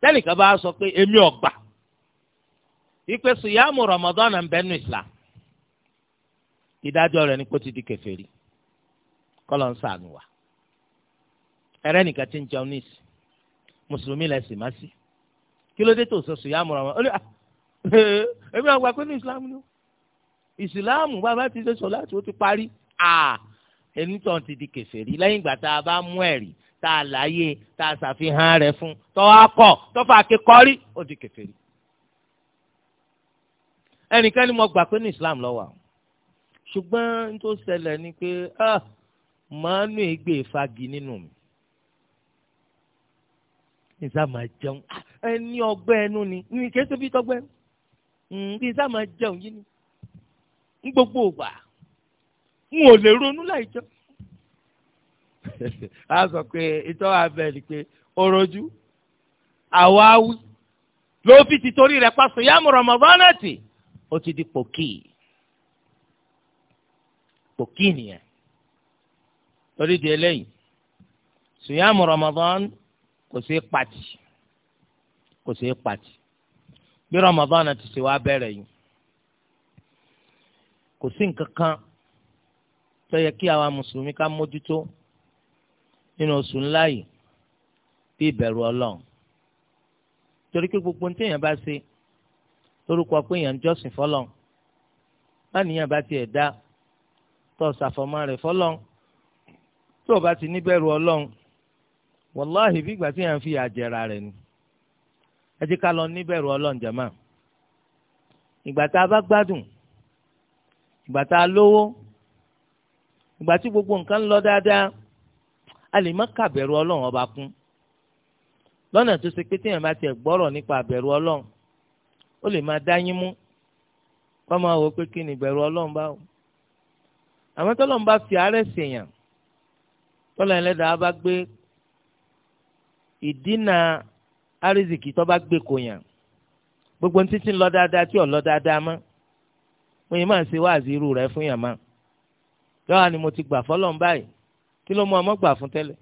tẹ́nìkan bá sọ pé èmi ọ̀gbà ìpè sùyàmù Ramadan ń bẹ́nu Islam ìdájọ́ rẹ̀ ni kó ti di kèfèrí kọ́lọ̀ ń sàánù wa ẹ̀rẹ́ nìkan ti ń jẹun ní ìsìn mùsùlùmí lẹ̀ sì má sí kí ló dé tó sọ sùyàmù Ramadan ó ah, lè èmi ọ̀gbà pé ní Islam ni ìsìláàmù bàbá ti ṣe sọ láti ó ti parí à ah, ẹnitọ́ ti di kèfèrí lẹ́yìn ìgbà tá a bá mú ẹ̀rí tá a láyé tá a ṣàfihàn rẹ̀ fún tọ́wọ́ akọ tọ́fà akẹ́kọ̀ọ́rí ó di kèfèrí. ẹnìkan ni mo gbà pé ní Islam ló wà ṣùgbọ́n tó ṣẹlẹ̀ ni pé màá nù égbè fagi nínú mi nìsá máa jẹun ah, ẹni ọgbẹ́ ẹnu ni ní kéésì bí tọgbẹ́ nìsá hmm, máa jẹun yìí ni ní gbogbo ògbà n ò lè ronú láì jẹun a sọ pé ìtọ́ abẹ́ ni pé orojú àwáwí ló fi ti torí rẹ̀ pàṣẹ yá mọ̀ rọ̀mọ̀bọ́nẹ́tì ó ti di pòkì pòkì nìyẹn torí di eléyìí sùyàmù Ramadan kò sí pati kò sí pati bí Ramadan ti ṣe wá bẹ̀rẹ̀ yìí kò sí nǹkan kan tó yẹ kí àwa mùsùlùmí ká mójútó nínú oṣù ńlá yìí bí ìbẹ̀rù ọlọ́run torí pé gbogbo ní téèyàn bá ṣe lórúkọ pé èèyàn ń jọ́sìn fọlọ́n báníyàn bá tiẹ̀ dá tó o ṣàfọ̀mọ́ rẹ̀ fọlọ́n tó o bá ti níbẹ̀rù ọlọ́run wàláhì bí ìgbà tí èèyàn fi àjẹrà rẹ̀ ni ẹ jẹ́ ká lọ níbẹ̀rù ọlọ́run jàmá ìgbà tá a bá gbádùn ìgbà tá a lówó ìgbà tí gbogbo nǹkan ń lọ dáadáa a lè má kàbẹ̀rù ọlọ́run ọba kún lọ́nà tó ṣe pé téèyàn bá tiẹ̀ gbọ́rọ̀ nípa àbẹ̀rù ọlọ́run ó lè máa dá mú kó máa pé kí ni ìbẹ̀rù ọlọ́run bá wò àmọ́ tọ́lọ́run bá fi àárẹ̀ sèèyàn tọ́lọ́ ẹlẹ́dàá bá gbé ìdínà àrísìkì tó bá gbé kò yàn gbogbo títí lọ dáadáa tí ò lọ dáadáa mọ́ wọ́n yìí máa ń ṣe wáàzì irú rẹ̀ fún yàn má yọ́wọ́ ni mo ti gbà fọ́lọ́run báyìí kí ló mú ọmọ gbà fún tẹ́lẹ̀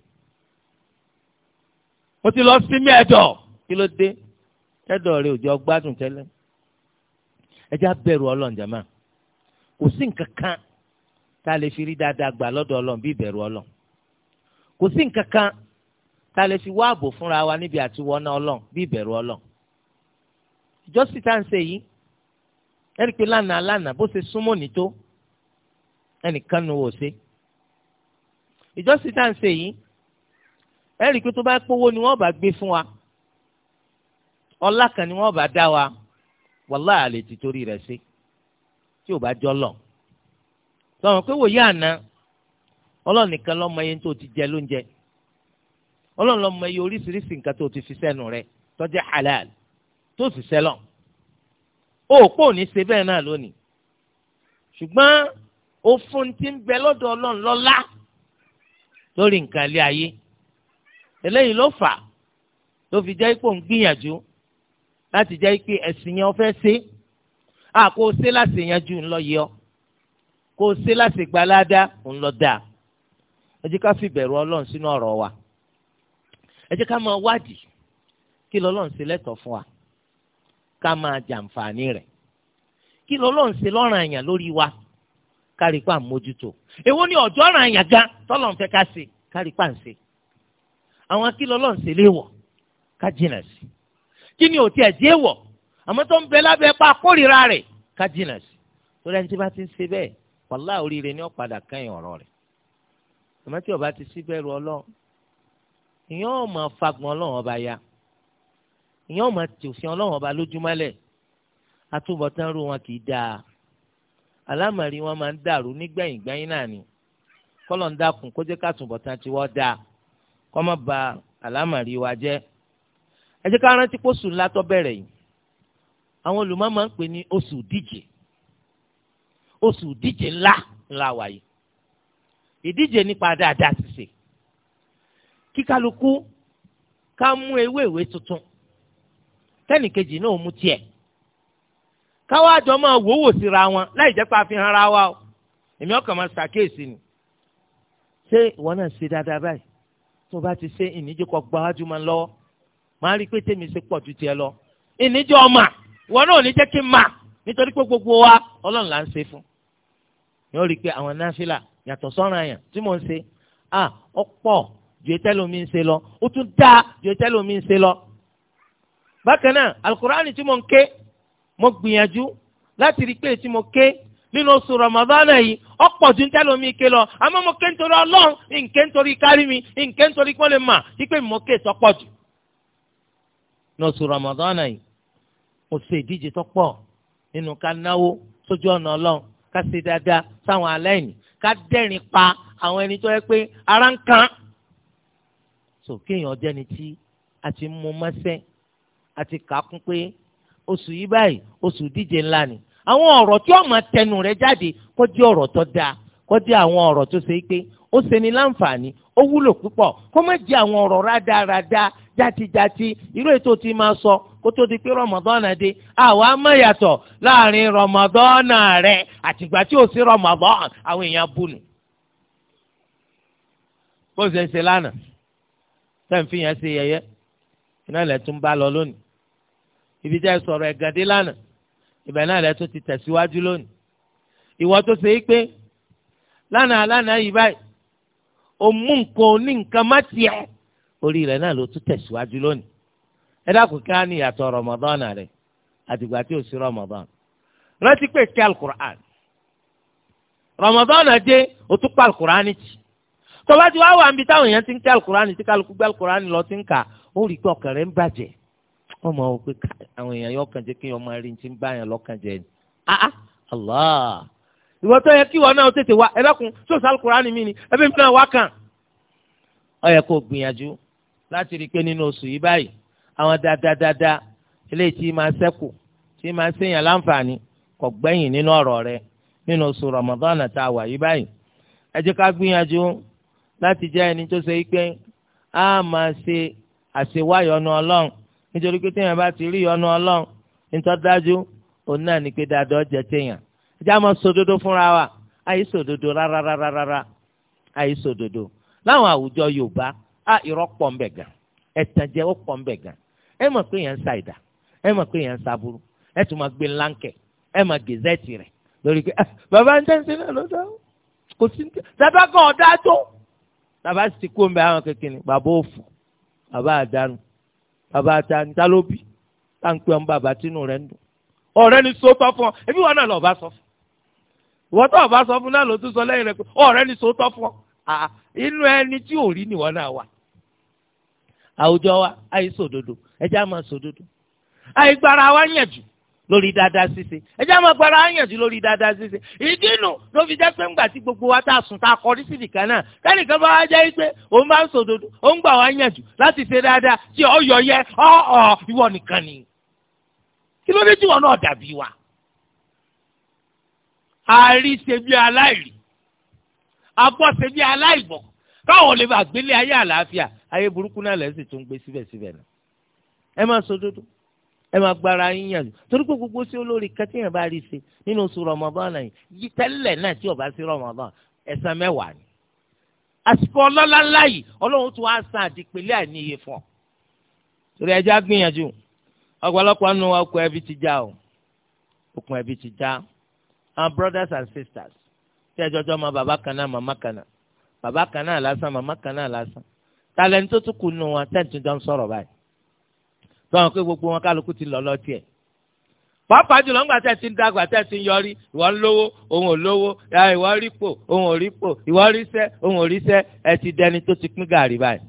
mo ti lọ sí mi ẹ̀dọ̀ kí ló dé ẹ̀dọ̀ rẹ òjò gbádùn tẹ́lẹ̀ ẹjẹ́ abẹ́rù ọlọ́njàmá kò sí nǹkan kan tá a lè fi rí dáadáa gbà lọ́dọ̀ ọlọ́run bí ìbẹ̀rù ọlọ́run kò sí nǹkan kan tá a lè fi wá ààbò fúnra wa níbi àti wọná ọlọ́run bí ìbẹ̀rù ọlọ́run ìjọsìn tá à ń ṣe yìí ẹ̀rí pé lánàá lánàá bó ṣe súnmọ́ nító ẹnìkan nu wò ṣe ìjọsìn tá à ń ṣe yìí ẹ rí i pé tó bá pówó ni wọ́n bá gbé fún wa ọlá kan ni wọ́n bá dá wa wàláhì àlè ti torí rẹ̀ sí tí ò bá jọ lọ sọ̀rọ̀ pé wòye àná ọlọ́run nìkan lọ́mọ iye tó ti jẹ lóúnjẹ ọlọ́run lọ́mọ iye oríṣiríṣi nǹkan tó ti fi sẹ́nu rẹ̀ tó halal tó sì sẹ́lọ̀ òpó ò ní ṣe bẹ́ẹ̀ náà lónìí ṣùgbọ́n òfun ti ń bẹ lọ́dọ̀ ọlọ́run lọ́lá lórí nǹkan ilé ayé eléyìí ló fà ló fi jẹ́ ipò ń gbìyànjú láti jẹ́ pé ẹ̀sìn yẹn fẹ́ ṣe à kó o ṣe láti yanjú ńlọ yọ kó o ṣe láti gbalada ńlọ dà ẹ jẹ́ ká fi bẹ̀rù ọlọ́run sínú ọ̀rọ̀ wa ẹ ká máa wádìí kí lọ́lọ́run ṣe lẹ́tọ̀ọ́ fún wa ká máa jàǹfààní rẹ̀ kí lọ́lọ́run ṣe lọ́ràn àyàn lórí wa kárí pa àmójútó èwo ni ọjọ́ ọ̀ràn àyàgá tọ́lọ̀ ń fẹ́ ká ṣe kárí pa ń ṣe àwọn akílọ̀ lọ́n ṣe léwọ̀ ká jìnà sí kí ni òtí ẹ̀ jẹ́ wọ̀ àmọ́ tó ń bẹ lábẹ́ pa kórìíra rẹ̀ ká jìnà sí torí ẹni tí bá ti ń ṣe bẹ́ẹ̀ wàlá oríire ni ó padà kẹ́yìn ọ̀rọ̀ rẹ̀ àmọ́ tí ọba ti sí bẹ́ẹ̀rù ọlọ́run ìyẹn ò máa fagbọn ọlọ́run ọba ya ìyẹn ò máa tòfin ọlọ́run ọba lójúmọ́lẹ̀ atúbọ̀tán rú wọn kì alámàrí wọn máa ń dàrú nígbẹ̀yìn gbẹ̀yìn náà ni kọ́lọ̀ ń dákun kó jẹ́ ká túnbọ̀ tán tiwọ́ dáa kọ́ má ba alámàrí wa jẹ́ ẹ jẹ́ ká rántí pé oṣù ńlá tó bẹ̀rẹ̀ yìí àwọn olùmọ̀ máa ń pè ní oṣù díje oṣù díje ńlá ńlá wa ìdíje nípa dáadáa ṣiṣe kíkálukú ká mú ewé tuntun kẹ́nìkejì náà mú tiẹ̀ káwájọ máa wòwò síra wọn láì jẹ́ pé a fi hàn ra wa o èmi ọkàn máa ṣàkíyèsí ni ṣé ìwọ náà ṣe dáadáa báyìí tó bá ti ṣe ìníjẹ kọ gbáwájú máa ń lọ́wọ́ máa rí i pé tèmi ṣe pọ̀ ju tiẹ̀ lọ ìníjẹ ọmọ ìwọ náà ò ní jẹ́ kí n mà nítorí pé gbogbo wa ọlọ́run là ń ṣe fún yóò rí i pé àwọn náfìlà yàtọ̀ sọ́ràn àyàn tí mò ń ṣe à ọ̀pọ̀ ju etẹ́lómi ń ṣe lọ ó tún dáa ju etẹ́lómi ń ṣe lọ bákan náà alukur'ani mo gbìyànjú láti rí pé tí mo ké nínú oṣù Ramadan yìí ọ̀pọ̀ ju tẹ́lómi ké lọ àmọ́ mo ké nítorí ọlọ́run nké nítorí kárí mi nké nítorí kí wọ́n lè mà wípé mo ké sọ́pọ̀ jù. nínú oṣù Ramadan yìí mo ṣe ìdíje tó pọ̀ nínú ká náwó sójú ọ̀nà ọlọ́run ká ṣe dáadáa sáwọn aláìní ká dẹ́rìn pa àwọn ẹni tó yẹ pé ara ń kan. sọ kéèyàn jẹ́ni tí a ti mú mọ́sẹ́ a ti kà á kún pé oṣù yìí báyìí oṣù díje ńlá ni àwọn ọ̀rọ̀ tí tẹnu rẹ jáde kó jẹ́ ọ̀rọ̀ tó dáa kó jẹ́ àwọn ọ̀rọ̀ tó ṣe pé ó ṣeni láǹfààní ó wúlò púpọ̀ kó má jẹ́ àwọn ọ̀rọ̀ rádaràda játijàti irú ètò tí máa sọ kó tó di pé rọmọdọ́nà dé àwa má yàtọ̀ láàrin rọmọdọ́nà rẹ àtìgbà tí ò sí àwọn èèyàn ibi tẹ́ sọ̀rọ̀ ẹ̀gàdé lánàá ibẹ̀ náà lẹ tún ti tẹ̀síwájú lónìí ìwọ tó ṣe é pé lánàá lánàá yìí báyìí o mú nǹkan ní nǹkan má tiẹ̀ orí rẹ̀ náà ló tún tẹ̀síwájú lónìí ẹ dákun ká ní ìyàtọ̀ Ramadan rẹ àtìgbà tí ò sí Ramadan rántí pé kí alukur'an Ramadan dé o tún pa alukur'an jì tọ́ba ti wá wà níbi táwọn èèyàn ti ń kí alukur'an tí kálukú gbé alukur'an lọ ti ń kà ó rí i pé ọkàn rẹ̀ ń bàjẹ́ wọ́n máa wò pé àwọn èèyàn yóò kàn jẹ́ kí ọmọ rìn ti ń bá yàn lọ́kàn jẹ́ ni ah, ah, allah ìwọ tó yẹ kí wọn náà tètè wá ẹ lọ́kùn tó sàlùkùránì mi ni ẹbí mi náà wá kàn. yẹ kó gbìyànjú láti rí i pé nínú oṣù yìí báyìí àwọn eléyìí tí máa tí máa kò nínú ọ̀rọ̀ rẹ nínú oṣù tá a wà yìí báyìí ẹ jẹ́ ká gbìyànjú láti jẹ́ ẹni tó ṣe a máa ṣe àṣewáyọ̀ ọ̀nà ọlọ́run nítorí pé téèyàn bá ti rí ọ̀nà ọlọ́run nítorí òun náà ní pé dáadọ́ jẹ téèyàn fúnra wa àyè sòdodo àyè sòdodo láwọn àwùjọ Yorùbá á irọ́ pọ̀ ń bẹ̀ gan ẹ̀tànjẹ ó pọ̀ ń bẹ̀ gan ẹ mọ̀ pé yẹn ń sa ìdá ẹ mọ̀ pé yẹn ń ẹ tún máa gbé ah, bàbá ń tẹ́sí bàbá ta ní ta ló bì tá n pè ọ́n bàbá tínú rẹ̀ ń dùn ọ̀rẹ́ ni sóòótọ́ fún ọ ẹbí wọn náà lọ́ọ́ bá sọ fún ìwọ́n tó ọ̀bá sọ fún náà ló tún sọ lẹ́yìn rẹ̀ pé ọ̀rẹ́ ni sóòótọ́ fún ọ inú ẹni tí ò rí nìwọ náà wà àwùjọ wa àìsòdodo ẹjẹ́ á máa sòdodo àìgbára wa yẹn jù lórí dada ṣíṣe ẹjẹ àwọn agbára àyànjú lórí dada ṣíṣe ìdí nù ló fi jẹ́ pé ńgbà tí gbogbo wa tá a sùn tá a kọrí sí nìkan náà kẹ́nìkan bá wá jẹ́ pé òun bá ń sòdodo ó ń gbà wá yànjú láti ṣe dáadáa tí ọyọ yẹ ọ ọ ìwọ nìkan ni kí ló dé tí wọn náà dàbí wa. àárí ṣe bí aláìrí abọ́ ṣe bí aláìgbọ́ káwọn lè bá gbélé ayé àlàáfíà ayé burúkú náà lẹ́sìn tó ń gbé síbẹ̀síbẹ̀ náà ẹ máa sòdodo ẹ máa gbára yín yàn torí pé gbogbo sí olórí kẹtíyàn bá rí ṣe nínú oṣù Ramadan náà yìí tẹ́lẹ̀ náà tí ó sí Ramadan ẹ̀san mẹ́wàá ni. àsìkò ọlọ́lá ńlá yìí ọlọ́run tún á san àdìpẹ́lẹ́ àìníye fún ọ. torí ẹjẹ́ á gbìyànjú ọ̀pọ̀lọpọ̀ nínú ọkọ̀ ẹbí ti já o okùn ẹbí ti já our brothers and sisters tí ẹjọ́ jọ́ ma bàbá kan náà màmá kan náà bàbá kan náà lásán màmá kan náà lásán tàlẹ́ni tó sọ̀rọ̀ pé gbogbo wọn kálukú ti lọ lọ́ọ́ tiẹ̀ pàápàá jùlọ ńgbà tẹ́ ti ń dàgbà tẹ́ ti ń yọrí ìwọ ń lówó òun ò lówó ìwọ rí pò òun ò rí pò ìwọ rí sẹ́ òun ò rí sẹ́ ẹ ti dẹni tó ti pín gàrí báyìí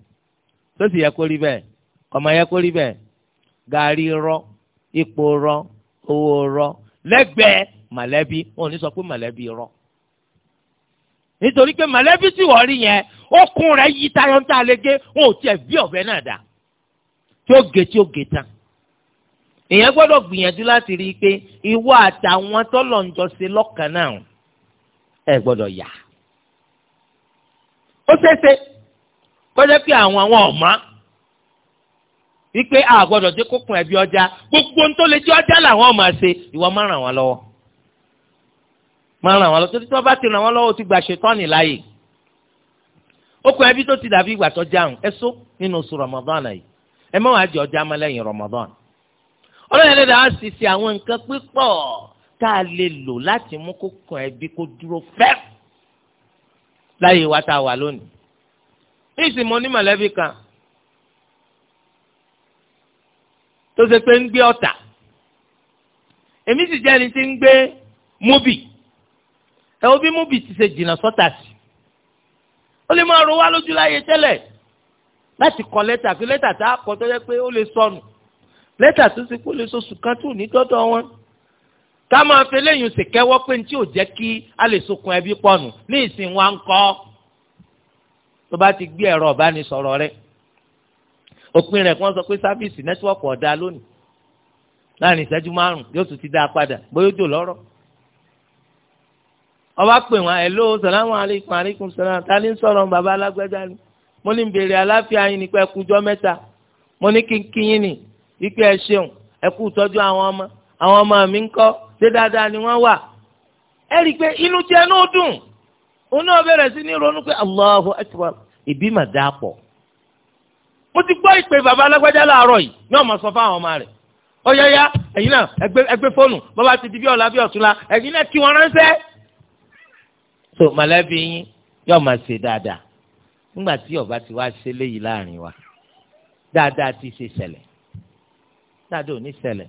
tó sì yẹ kó rí bẹ́ẹ̀ kọ̀mọ yẹ kó rí bẹ́ẹ̀ gàrí rọ ipò rọ owó rọ lẹ́gbẹ̀ẹ́ mọ̀lẹ́bí òun ní sọ pé mọ̀lẹ́bí rọ nítorí pé mọ̀lẹ́bí sì wọ́n rí yẹn okùn rẹ̀ yí tayọ̀ ń tà ò tiẹ̀ bí ọ̀bẹ náà dáa tí ó gé tí ó gé tán èèyàn gbọ́dọ̀ gbìyànjú láti rí i pé ìwọ àtàwọn tọ́lọ̀ ń jọ ṣe náà ẹ gbọ́dọ̀ yà ó ṣeéṣe kọjá pé àwọn àwọn ọ̀mọ́ wípé a gbọ́dọ̀ dé kókun ẹ̀bí ọjà gbogbo ń tó lè jẹ́ ọjà làwọn ọmọ ṣe ìwọ má ràn wọ́n lọ́wọ́ má ràn wọ́n lọ́wọ́ tó ti tọ́ bá ti ràn wọ́n lọ́wọ́ ti gbà ṣètọ́nì láàyè ó kọ ẹbí tó ti dàbí ìgbà tó jáàrùn ẹ só nínú oṣù yìí ẹ má wàá jẹ ọjà mọ́lẹ́yìn Ramadan ọlọ́run ẹlẹ́dàá á sì ṣe àwọn nǹkan pípọ̀ tá a lè lò láti mú kókò ẹbí kó dúró fẹ́ láyé wa tá a wà lónìí níìsín mo ní mọ̀lẹ́bí kan tó ṣe pé ń gbé ọ̀tà èmi sì jẹ́ ẹni tí ń gbé múbì ẹ̀ wo bí múbì ti ṣe jìnnà sọ́tà sí ó lè máa ro wá lójú láyé tẹ́lẹ̀ láti kọ lẹ́tà pé lẹ́tà tá a kọ tó yẹ pé ó lè sọnù lẹ́tà tó ti kó lè sọ̀sù kan tó ní dọ́dọ̀ wọn ká máa fi lẹ́yìn sì kẹ́wọ́ pé ní tí ò jẹ́ kí a lè sokun ẹbí pọ̀nù ní ìsìn wa ń kọ́ tó bá ti gbé ẹ̀rọ ọ̀bánisọ̀rọ̀ rẹ̀ òpin rẹ̀ kí wọ́n sọ pé sáfíìsì nẹ́tíwọ̀kì ọ̀dà lónìí láàrin ìṣẹ́jú márùn yóò tún ti dá a padà bóyá jò lọ́rọ̀ ọba pè wọn hello salamu aleykum aleykum salam ta ni sọ̀rọ̀ baba alágbẹ́dá ni mo ní béèrè àlàáfíà yín nípa ẹkùjọ́ mẹ́ta mo ní ni wípé ẹ ṣeun ẹ kú àwọn ọmọ àwọn mi ń kọ́ ṣé ni wọn wà. ẹ rí i pé inú jẹ́ inú dùn òun náà bẹ̀rẹ̀ sí ní ronú pé Allahu akbar ìbí mo ti gbọ́ ìpè bàbá alágbájá láàárọ̀ yìí ní ọmọ sọ fáwọn ọmọ rẹ̀ ọ̀yọ́yá ẹ̀yin náà ẹgbẹ́ fóònù bàbá ti di bí ọ̀la bí ọ̀túnla ẹ̀yin náà kí ránṣẹ́. so mọ̀lẹ́bí yín yóò máa ṣe dáadáa nígbà tí ọba ti wá ṣe léyìí láàrin wa dáadáa ti ṣe ṣẹlẹ̀ dáadáa ò ní ṣẹlẹ̀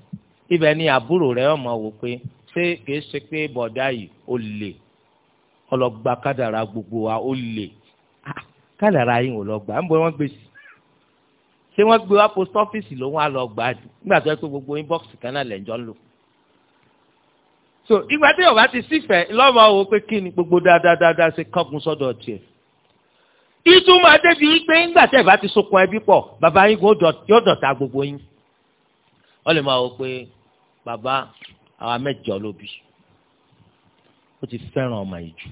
ibẹ̀ ni àbúrò rẹ̀ ọmọ wò pé ṣé kìí ṣe pé bọ̀dá yìí ó lè ọlọ́gba kádàrá gbogbo wa ó lè ah, kádàrá yìí ò lọ́gba ń bọ wọ́n gbé sí ṣé wọ́n gbé wá post office ló wọ́n á lọ gbà á nígbà tó yẹ pé gbogbo inbox kan náà lẹ́jọ́ ń lò so ìgbà tí ọba ti sífẹ̀ẹ́ lọ́mọ wò pé kí ni gbogbo dáadáa ṣe kángun sọ́dọ̀ tiẹ̀ ìtumọ̀ débi pé ńgbà tẹ́ bá ti sokun ẹbí pọ̀ bàbá yín yóò dọ̀tá gbogbo yín wọ́n lè máa wọ pé bàbá àwa mẹ́jọ ló bí ó ti fẹ́ràn ọmọ yìí jù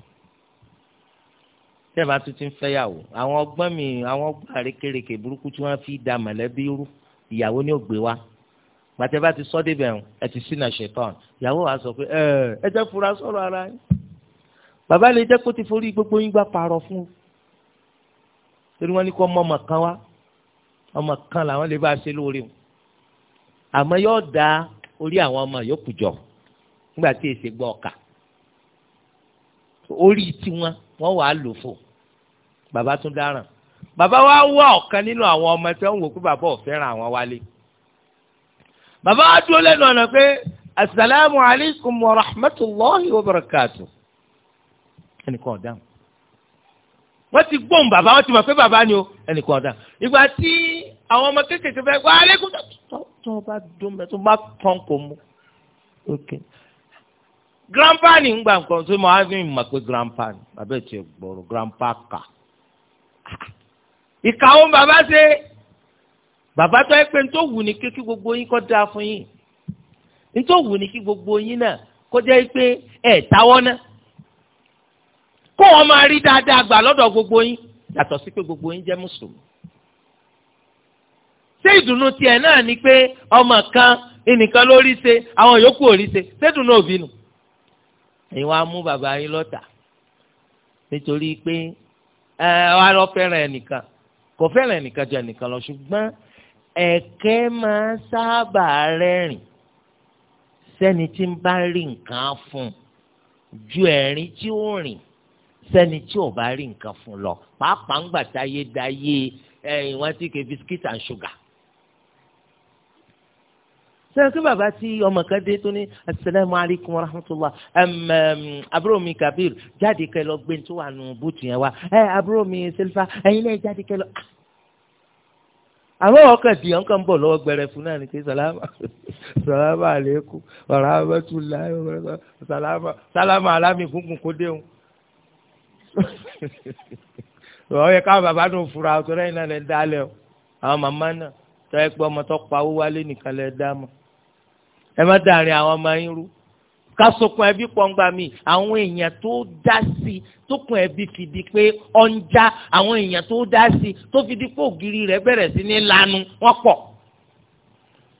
tẹ́ bá tún ti ń fẹ́yàwó àwọn ọgbọ́n mi àwọn ọgbọ́n àrékèrèké burúkú tí wọ́n fi da mọ̀lẹ́bí rú ìyàwó ni ó gbé wa gbàtẹ́ bá ti sọ́ débẹ̀ ẹ ti sínú ṣetán ìyàwó wa sọ pé ẹ ẹ jẹ́ fura sọ̀rọ̀ ara yín bàbá lè jẹ́ kó ti forí gbogbo yín gbà pààrọ̀ fún un torí wọ́n ní kó ọmọ ọmọ kan wá ọmọ kan làwọn lè bá ṣe lóore o àmọ́ yóò da orí àwọn ọmọ yòókù jọ nígbà tí èsè gbọ́ ọ̀kà orí tiwọn wọ́n wàá lò fò bàbá tún dáràn bàbá wa wá ọ̀kan nínú àwọn ọmọ tí wọ́n wò pé bàbá ò àwọn wálé bàbá wa dúró lẹ́nu ọ̀nà pé asalaamualeykum wa rahmatulahi wa barakatu ẹnì kan ọ̀daràn wọ́n ti gbóhùn bàbá wọ́n ti mọ̀ pé bàbá ni o ẹnìkan ọ̀dà ìgbà tí àwọn ọmọ kéékèèké fẹ́ wá alẹ́kùn tó bá dùn mẹ́ tó bá kàn kò mú. grandpa ni ń gbà nǹkan tó mọ̀ á fi mọ̀ pé grandpa ni bàbá ẹ̀ ti gbòòrò grandpa kà. ìkàwọ́ bàbá ṣe bàbá tó ẹ pé ní tó wù ní kí gbogbo yín kọ́ dáa fún yín ní tó wù ní kí gbogbo yín náà kó jẹ́ pé ẹ̀ táwọ́ náà kó wọn máa rí dáadáa gbà lọ́dọ̀ gbogbo yín yàtọ̀ sí pé gbogbo yín jẹ́ mùsùlùmí. ṣé ìdùnnú tiẹ̀ náà ni pé ọmọ kan ẹnìkan ló rí ṣe àwọn yòókù ò rí ṣe ṣé ìdùnnú òbí nù. ẹ̀yin wàá mú bàbá yín lọ́tà nítorí pé ẹ wàá fẹ́ràn ẹnìkan kò fẹ́ràn ẹnìkan ju ẹnìkan lọ ṣùgbọ́n ẹ̀kẹ́ máa sábà rẹ́rìn sẹ́ni tí ń bá rí nǹkan fún ju ẹ̀rín tí ó rìn sẹ́ni tí ò bá rí nǹkan fún lọ pàápàá ńgbà táyé dáyé ẹ̀yìn wọn ti ké bisikíìtì and sugar. sẹ́ni kí bàbá tí ọmọ kan dé tó ní asalaamu alaykum wa rahmatulah àbúrò mi kabir jáde kẹ lọ gbé tó wà nù bùtù yẹn wa ẹ àbúrò mi sẹlifà ẹ̀yin náà jáde kẹ lọ. Ah! àwọn ọkàn di ọkàn ń bọ̀ lọ́wọ́ gbẹrẹ fún náà ní pé salama salama aleikum wa rahmatulah salama salama alami gungun kó déhùn. ọ yẹ káwọn bàbá náà fura ọtọ lẹ́yìn náà lẹ dá o àwọn màmá náà tọ ẹ pé ọmọ tó pa owó wálé nìkan lẹ dá mọ ẹ má dàrin àwọn ọmọ yín rú kásokun ẹbí pọ̀ngbà mi àwọn èèyàn tó dá sí i tó kun ẹbí fi di pé ọ̀njà àwọn èèyàn tó dá sí i tó fi di pé ògiri rẹ̀ bẹ̀rẹ̀ sí ní lanu wọ́n pọ̀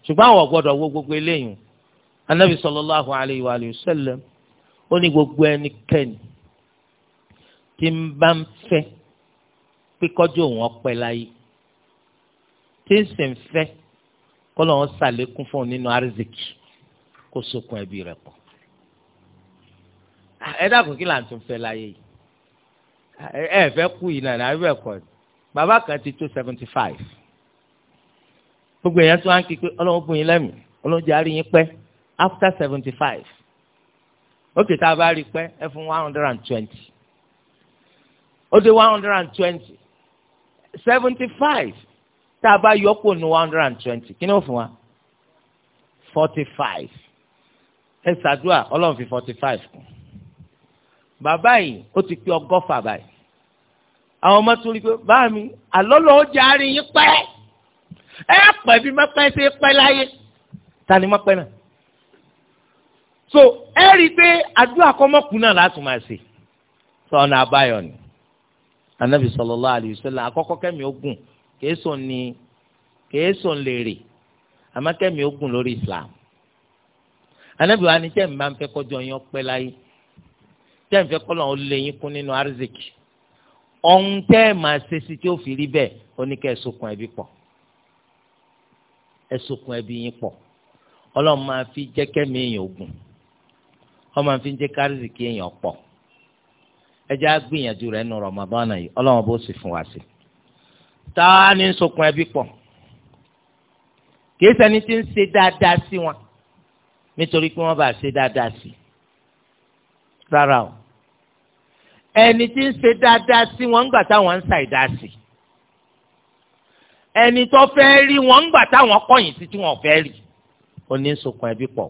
ṣùgbọ́n àwọn gbọ́dọ̀ wo gbogbo eléyìí anabi sallallahu alayhi wa sallam ó ní gbogbo ẹnikẹ́ni tí ń bá ń fẹ́ pé kọ́jú òun ọpẹ́ láyé tí ń sì ń fẹ́ kọ́lọ́ wọn ṣàlékún fún un nínú arzikì kó sokun ẹbí rẹ̀ pọ̀ ẹ dákun kí là ń fẹ́ láyé yìí ẹ fẹ́ kú yìí náà àbí bẹ́ẹ̀ kọ́ bàbá kan ti tó seventy five gbogbo èèyàn tó wá ń kí pé ọlọ́run bùn yín lẹ́mìí ọlọ́run jẹ́ àárín yín pẹ́ after seventy five ó kì í tá a bá rí pẹ́ ẹ fún one hundred and twenty ó dé one hundred and twenty seventy five tá a bá yọpọ̀ ní one hundred and twenty kí ni ó fún wa forty five ẹ ṣàdúrà ọlọ́run fi forty five kù bàbá yìí ó ti pé ọgọ́fà báyìí àwọn ọmọ tó rí i pé báà mi àlọ́lọ́ ó jẹ́ àárín yín pẹ́ ẹ pẹ́ bí mọ́pẹ́ ṣe pẹ́ láyé ta ni mọ́pẹ́ náà so ẹ rí i pé àdúrà kọ́mọ́kùn náà láti máa ṣe sọ ọ̀nà àbáyọ ni. So, anabi sallallahu alayhi wa sallam àkọ́kọ́ kẹmi ogun kèésò ní kèésò lèrè àmọ́ kẹmi ogun lórí islam anabi wa ni sẹmi máa ń fẹ́ kọjọ yín ọpẹ́ láyé sẹmi fẹ́ kọlọ ọ lè yín kún nínú arziki ọ̀hún tẹ́ ẹ̀ máa ṣe sí tí ó fi rí bẹ́ẹ̀ ó ní kẹ́ ẹ sokùn ẹbí pọ̀ ẹ sokùn ẹbí yín pọ̀ ọlọ́run máa fi jẹ́ kẹ́mi èèyàn ogun ọ máa fi jẹ́ kárìsìkì èèyàn pọ̀ ẹjẹ́ á gbìyànjú rẹ̀ nù Ramadan yìí ọlọ́run bó sì fún wa sí. tá a ní sokun ẹbí pọ̀ kìí ṣẹni tí ń ṣe dáadáa sí wọn nítorí pé wọ́n bá ṣe dáadáa sí rárá o ẹni tí ń ṣe dáadáa sí wọn ńgbà táwọn ń ṣàìdá sí ẹni tó fẹ́ rí wọn ńgbà táwọn kọ̀yìn sí tí wọ́n fẹ́ rí oní ẹbí pọ̀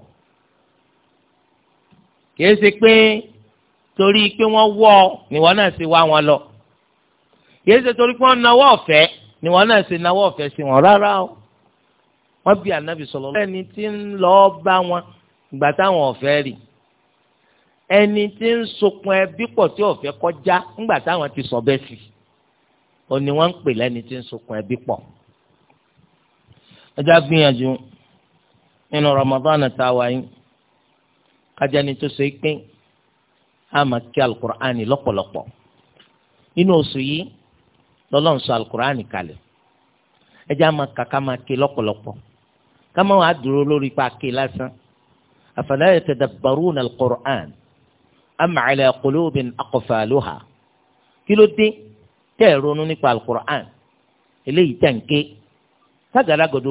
kìí ṣe pé. torí pé wọ́n wọ́ ọ níwọ náà sì wá wọn lọ yéé ṣe torí pé wọ́n nawọ́ ọ̀fẹ́ níwọ náà sì nawọ́ ọ̀fẹ́ sí wọn rárá o wọ́n bí ànábì sọ̀rọ̀ lọ́wọ́. ẹni tí ń lọ bá wọn ìgbà táwọn ọ̀fẹ́ rì ẹni tí ń sokun ẹbí pọ̀ tí ọ̀fẹ́ kọjá ńgbà táwọn ti sọ bẹ́ẹ̀ sí ó ní wọ́n ń pè lẹ́ni tí ń sokun ẹbí pọ̀ ẹjọ́ gbìyànjú nínú Ramadan tá a wáyé kájẹ́ni tó ṣe é pín a máa kí alukur'ani lọ́pọ̀lọpọ̀ nínú oṣù yìí lọ́lọ́run sọ alukur'ani kalẹ̀ ẹ jẹ́ a máa kà ká máa ké lọ́pọ̀lọpọ̀ ká máa wàá dúró lórí ipa ké lásán afala yatadabbaruna alukur'an am ala qulubin aqfaluha kí ló dé tẹ́ ronú nípa alukur'an eléyìí tẹ̀ ń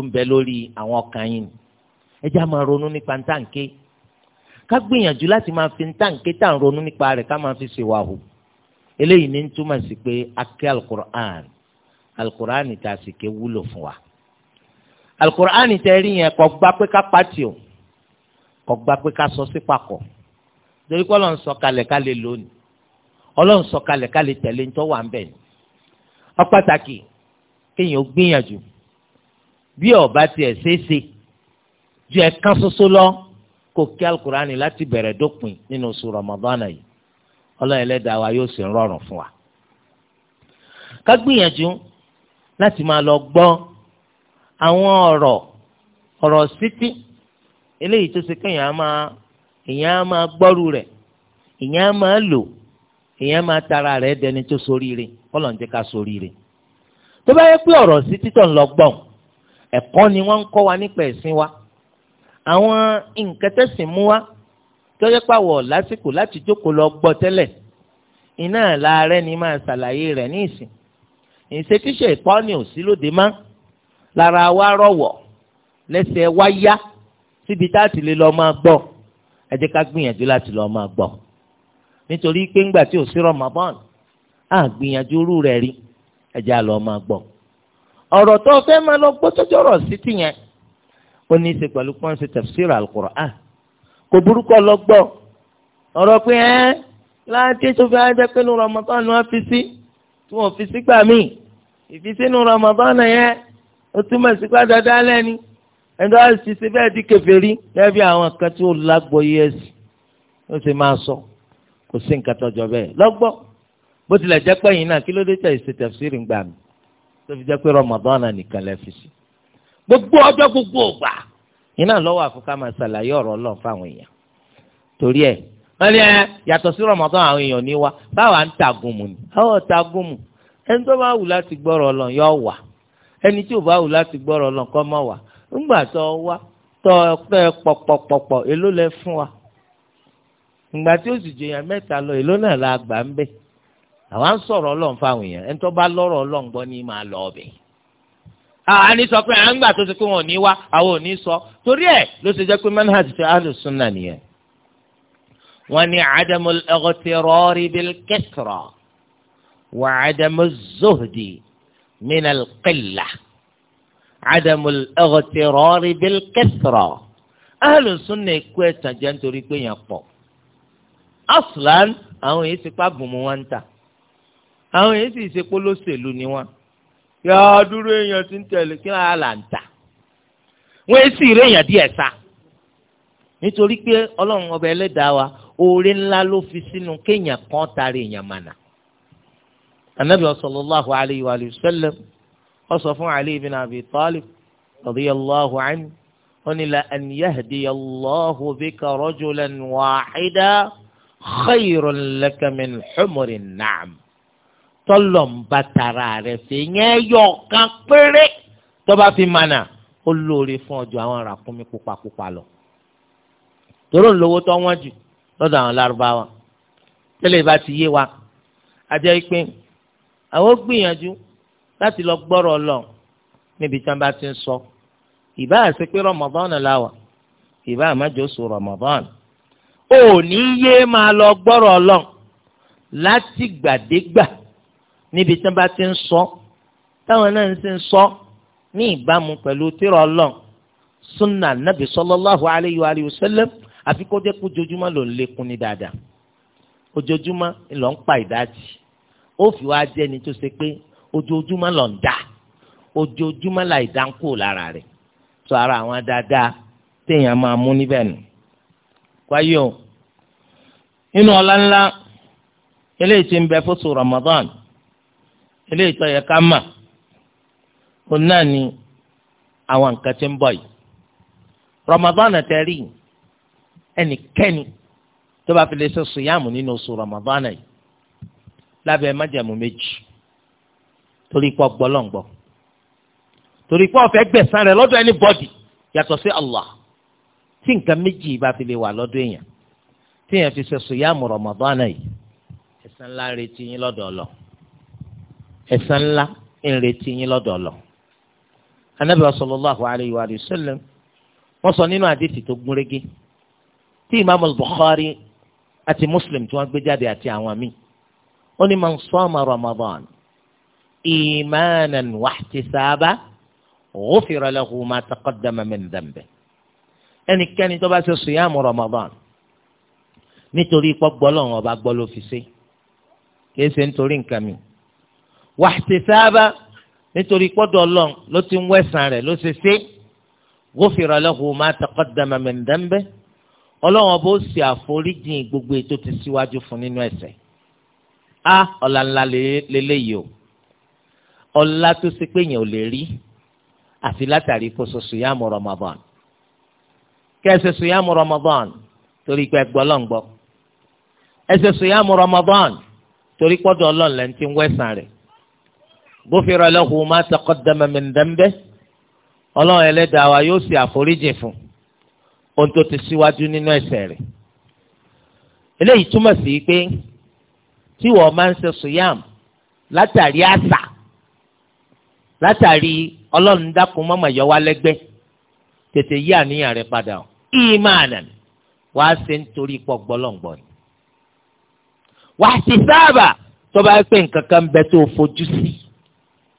ń bẹ lórí àwọn ọkàn yìí ẹ jẹ́ ronú nípa ntànké ká gbìyànjú láti máa fi ntànké tà ń ronú nípa rẹ̀ ká máa fi ṣèwà hù eléyìí ní túmọ̀ sí pé akẹ́ alukur'an alukur'an ta sì ké wúlò fún wa alukur'an tẹ rí yẹn kò gbà pé ká pàtì o kò gbà pé ká sọ sí papọ̀ torí pé ọlọ́run sọ kalẹ̀ ká lè lónìí ọlọ́run sọ kalẹ̀ ká lè tẹ̀lé ń tọ́ wà ń bẹ̀ ni ó pàtàkì kéèyàn gbìyànjú bí ó tiẹ̀ ṣeéṣe ju ẹ̀kan ṣoṣo lọ kó kí alukurani láti bẹ̀rẹ̀ dópin nínú oṣù rọmọdánà yìí ọlọ́run ẹlẹ́dàá wa yóò sì ń rọrùn fún wa. ká láti máa lọ gbọ́ àwọn ọ̀rọ̀ ọ̀rọ̀ síkí eléyìí tó ṣe kéèyàn á máa èèyàn á máa gbọ́rù rẹ̀ tara rẹ̀ dẹni tó soríire ọlọ́run jẹ́ ká soríire. tó bá yẹ pé ọ̀rọ̀ lọ gbọ́n ẹ̀kọ́ ni wọ́n ń kọ́ àwọn nǹkan tẹ̀sìn mú wá tọ́jọ́ pàwọ̀ lásìkò láti jókòó lọ gbọ́ tẹ́lẹ̀ iná làárẹ̀ ni máa ṣàlàyé rẹ̀ ní ìsìn ìṣètíṣe ìpọ́nì ò sí lóde má lára wa rọ̀wọ̀ lẹ́sẹ̀ wa yá síbi tá a ti lè lọ máa gbọ́ ẹ jẹ́ ká gbìyànjú láti lọ máa gbọ́ nítorí pé ńgbà tí ò sí Ramadan á gbìyànjú rú rẹ̀ rí ẹ jẹ́ máa gbọ́ ọ̀rọ̀ tó fẹ́ máa lọ gbọ́ tọ́jọ́rọ̀ sí tìyẹn ó ní í ṣe pẹ̀lú pọ́n ṣe tafsir al-Qur'an kò burúkọ lọ́gbọ́ ọ̀rọ̀ pé ẹ́ láti tó fi ajẹ́ pé nu Ramadan ni wọ́n fi sí tí wọ́n fi sí gbà míì ìfisínú Ramadan yẹn ó túmọ̀ sí pé dáadáa lẹ́ni ẹ̀dọ́ àṣìṣe bẹ́ẹ̀ di kèfèrí lẹ́bi àwọn kan tí ó lágbo yẹ́sì ó sì máa sọ kò sí nǹkan tọ́jọ́ bẹ́ẹ̀ lọ́gbọ́ bó tilẹ̀ jẹ́ pé náà kí ló dé tẹ̀ ìṣe tafsir tó fi jẹ́ pé Ramadan nìkan lẹ́ fi sí gbogbo ọjọ́ gbogbo ògbà iná lọ́wọ́ àkókò máa ṣàlàyé ọ̀rọ̀ ọlọ́run fáwọn èèyàn torí ẹ wọ́n ni ẹ yàtọ̀ sí rọmọdán àwọn èèyàn ní wa báwa ń ta mu ni ọ ta mu ẹni tó bá wù láti gbọrọ ọlọ́run yọ wà ẹni tí ò bá wù láti wà ńgbà tó wá wa ńgbà tí ó sì lọ èló náà la gbà ń bẹ̀ àwa ń sọ̀rọ̀ ọlọ́run fáwọn èèyàn ẹni tó bá lọ yìí àní sọ pé à ń gbà tó ṣe pé wọn ò ní wá àwọn ò ní sọ torí ẹ̀ ló ṣe jẹ́ pé manhaj fi alu sunna nìyẹn. wọ́n ní àdàmú adamul ightirari bil kathra wa adamuz zuhdi minal qillah adamul rọrí bil kathra alu sunna kú ẹ̀tàn jẹ́ nítorí pé yẹn pọ̀ aslan àwọn yìí ti pa bùnmu wọn ta àwọn yìí sì ṣe polóṣèlú ni wọn yà á dúró èèyàn ti ń tẹ̀lé kí náà là ń tà wọ́n sì rí èèyàn díẹ̀ sá nítorí pé ọlọ́run ọba ẹlẹ́dàá wa oore ńlá ló fi sínú kéèyàn kan tari èèyàn mànà anabi sallallahu alayhi wa sallam ó sọ fún ali ibn abi talib radiyallahu anhu wọn ilà an yahdiyallahu bika rajulan wahida khayrun laka min humri na'am tọ́lọ̀ ń ba tara rẹ̀ ṣe yẹn yọ kan péré tó bá fi mànà ó lóore fún ọjọ́ àwọn ràkúnmí pupapupa lọ. tòró lówó tó wọ́n jù lọ́dọ̀ àwọn lárúbáwá tẹ́lẹ̀ bá ti yé wa ajẹ́ pé àwọn gbìyànjú láti lọ gbọ́rọ̀ lọ níbi tí wọ́n bá ti ń sọ ìbá àṣẹ pé Ramadan làwà ìbá àmàjọsọ Ramadan ò ní yé máa lọ gbọ́rọ̀ lọ láti níbi tí wọ́n bá ti ń sọ táwọn náà ń sì ń sọ ní ìbámu pẹ̀lú tírà Ọlọ́run sunna nabi sallallahu alayhi wa sallam àfi kó jẹ́ kó ojoojúmọ́ ló ń lékún ní dáadáa ojoojúmọ́ ló ń pa ìdájì ó fi wá jẹ́ ẹni tó ṣe pé ojoojúmọ́ ló ń dá ojoojúmọ́ la ìdánkù lára rẹ̀ tó ara àwọn dáadáa téèyàn máa mú níbẹ̀ nù. wáyé o inú ọlá ńlá eléyìí ti ń bẹ fóṣù Ramadan eléyìí tó yẹ ká mà òun náà ni àwọn nǹkan tí ń bọ̀ yìí Ramadan tẹ̀rí ẹnikẹ́ni tó bá fi lè ṣe sùyàmù nínú oṣù Ramadan yìí lábẹ́ májẹ̀mú méjì torí pọ̀ torí pọ̀ fẹ́ lọ́dọ̀ yàtọ̀ sí Allah tí nǹkan méjì bá fi lè wà lọ́dọ̀ èèyàn tí èèyàn fi ṣe sùyàmù Ramadan yìí ńlá retí yín ẹ̀san ńlá ń retí yín lọ́dọ̀ ọ̀lọ́ anabi sallallahu alayhi wa sallam wọ́n sọ nínú àdìsí tó gúnrégé tí imaamu bukhari àti muslim tí wọ́n gbé jáde àti àwọn míì ó ní man sama ramadan imanan wahtisaba ghufira lahu ma taqaddama min dhanbi ẹnikẹ́ni tó bá ṣe sùyàmù ramadan nítorí pọ́gbọ́lọ́wọ́n ọba gbọ́ fi ṣe kìí ṣe nítorí nǹkan mìíràn wàhísísáábà nítorí pọ́dọ̀ ọlọ́run ló ti ń wẹ̀sán rẹ̀ ló ṣe ṣe ghufira lahu ma taqaddama min dhanbi ọlọ́run ọba ó sì àforíjìn gbogbo ètò ti síwájú fún nínú ẹ̀ṣẹ̀ a ọ̀la lélẹ́yìí o ọ̀la tó ṣe pé yẹn ò lè rí àfi látàrí kó so sùyàmù Ramadan kẹsẹ̀ sùyàmù Ramadan torí pé ẹgbọ́ lọ́n gbọ́ ẹsẹ̀ sùyàmù Ramadan torí pọ́dọ̀ ọlọ́run lẹ́ni tí ń wẹ̀sán rẹ̀ غفر له ما تقدم من ذنبه ọlọ́run ẹlẹ́dàá wa yóò ṣe àforíjì fún ohun tó ti síwájú nínú ẹ̀ṣẹ̀ rẹ̀ eléyìí túmọ̀ sí pé tí wọ́n máa ń ṣe sùyàm látàrí àṣà látàrí ọlọ́run dákun mọ́mọ́ yọ wá lẹ́gbẹ́ tètè yí àníyàn rẹ̀ padà ọ̀ ìmáànà wàá ṣe nítorí ipò gbọ́lọ́ngbọ́n ni wàá ti sáàbà tó bá pé nǹkan kan bẹ tó fojú sí i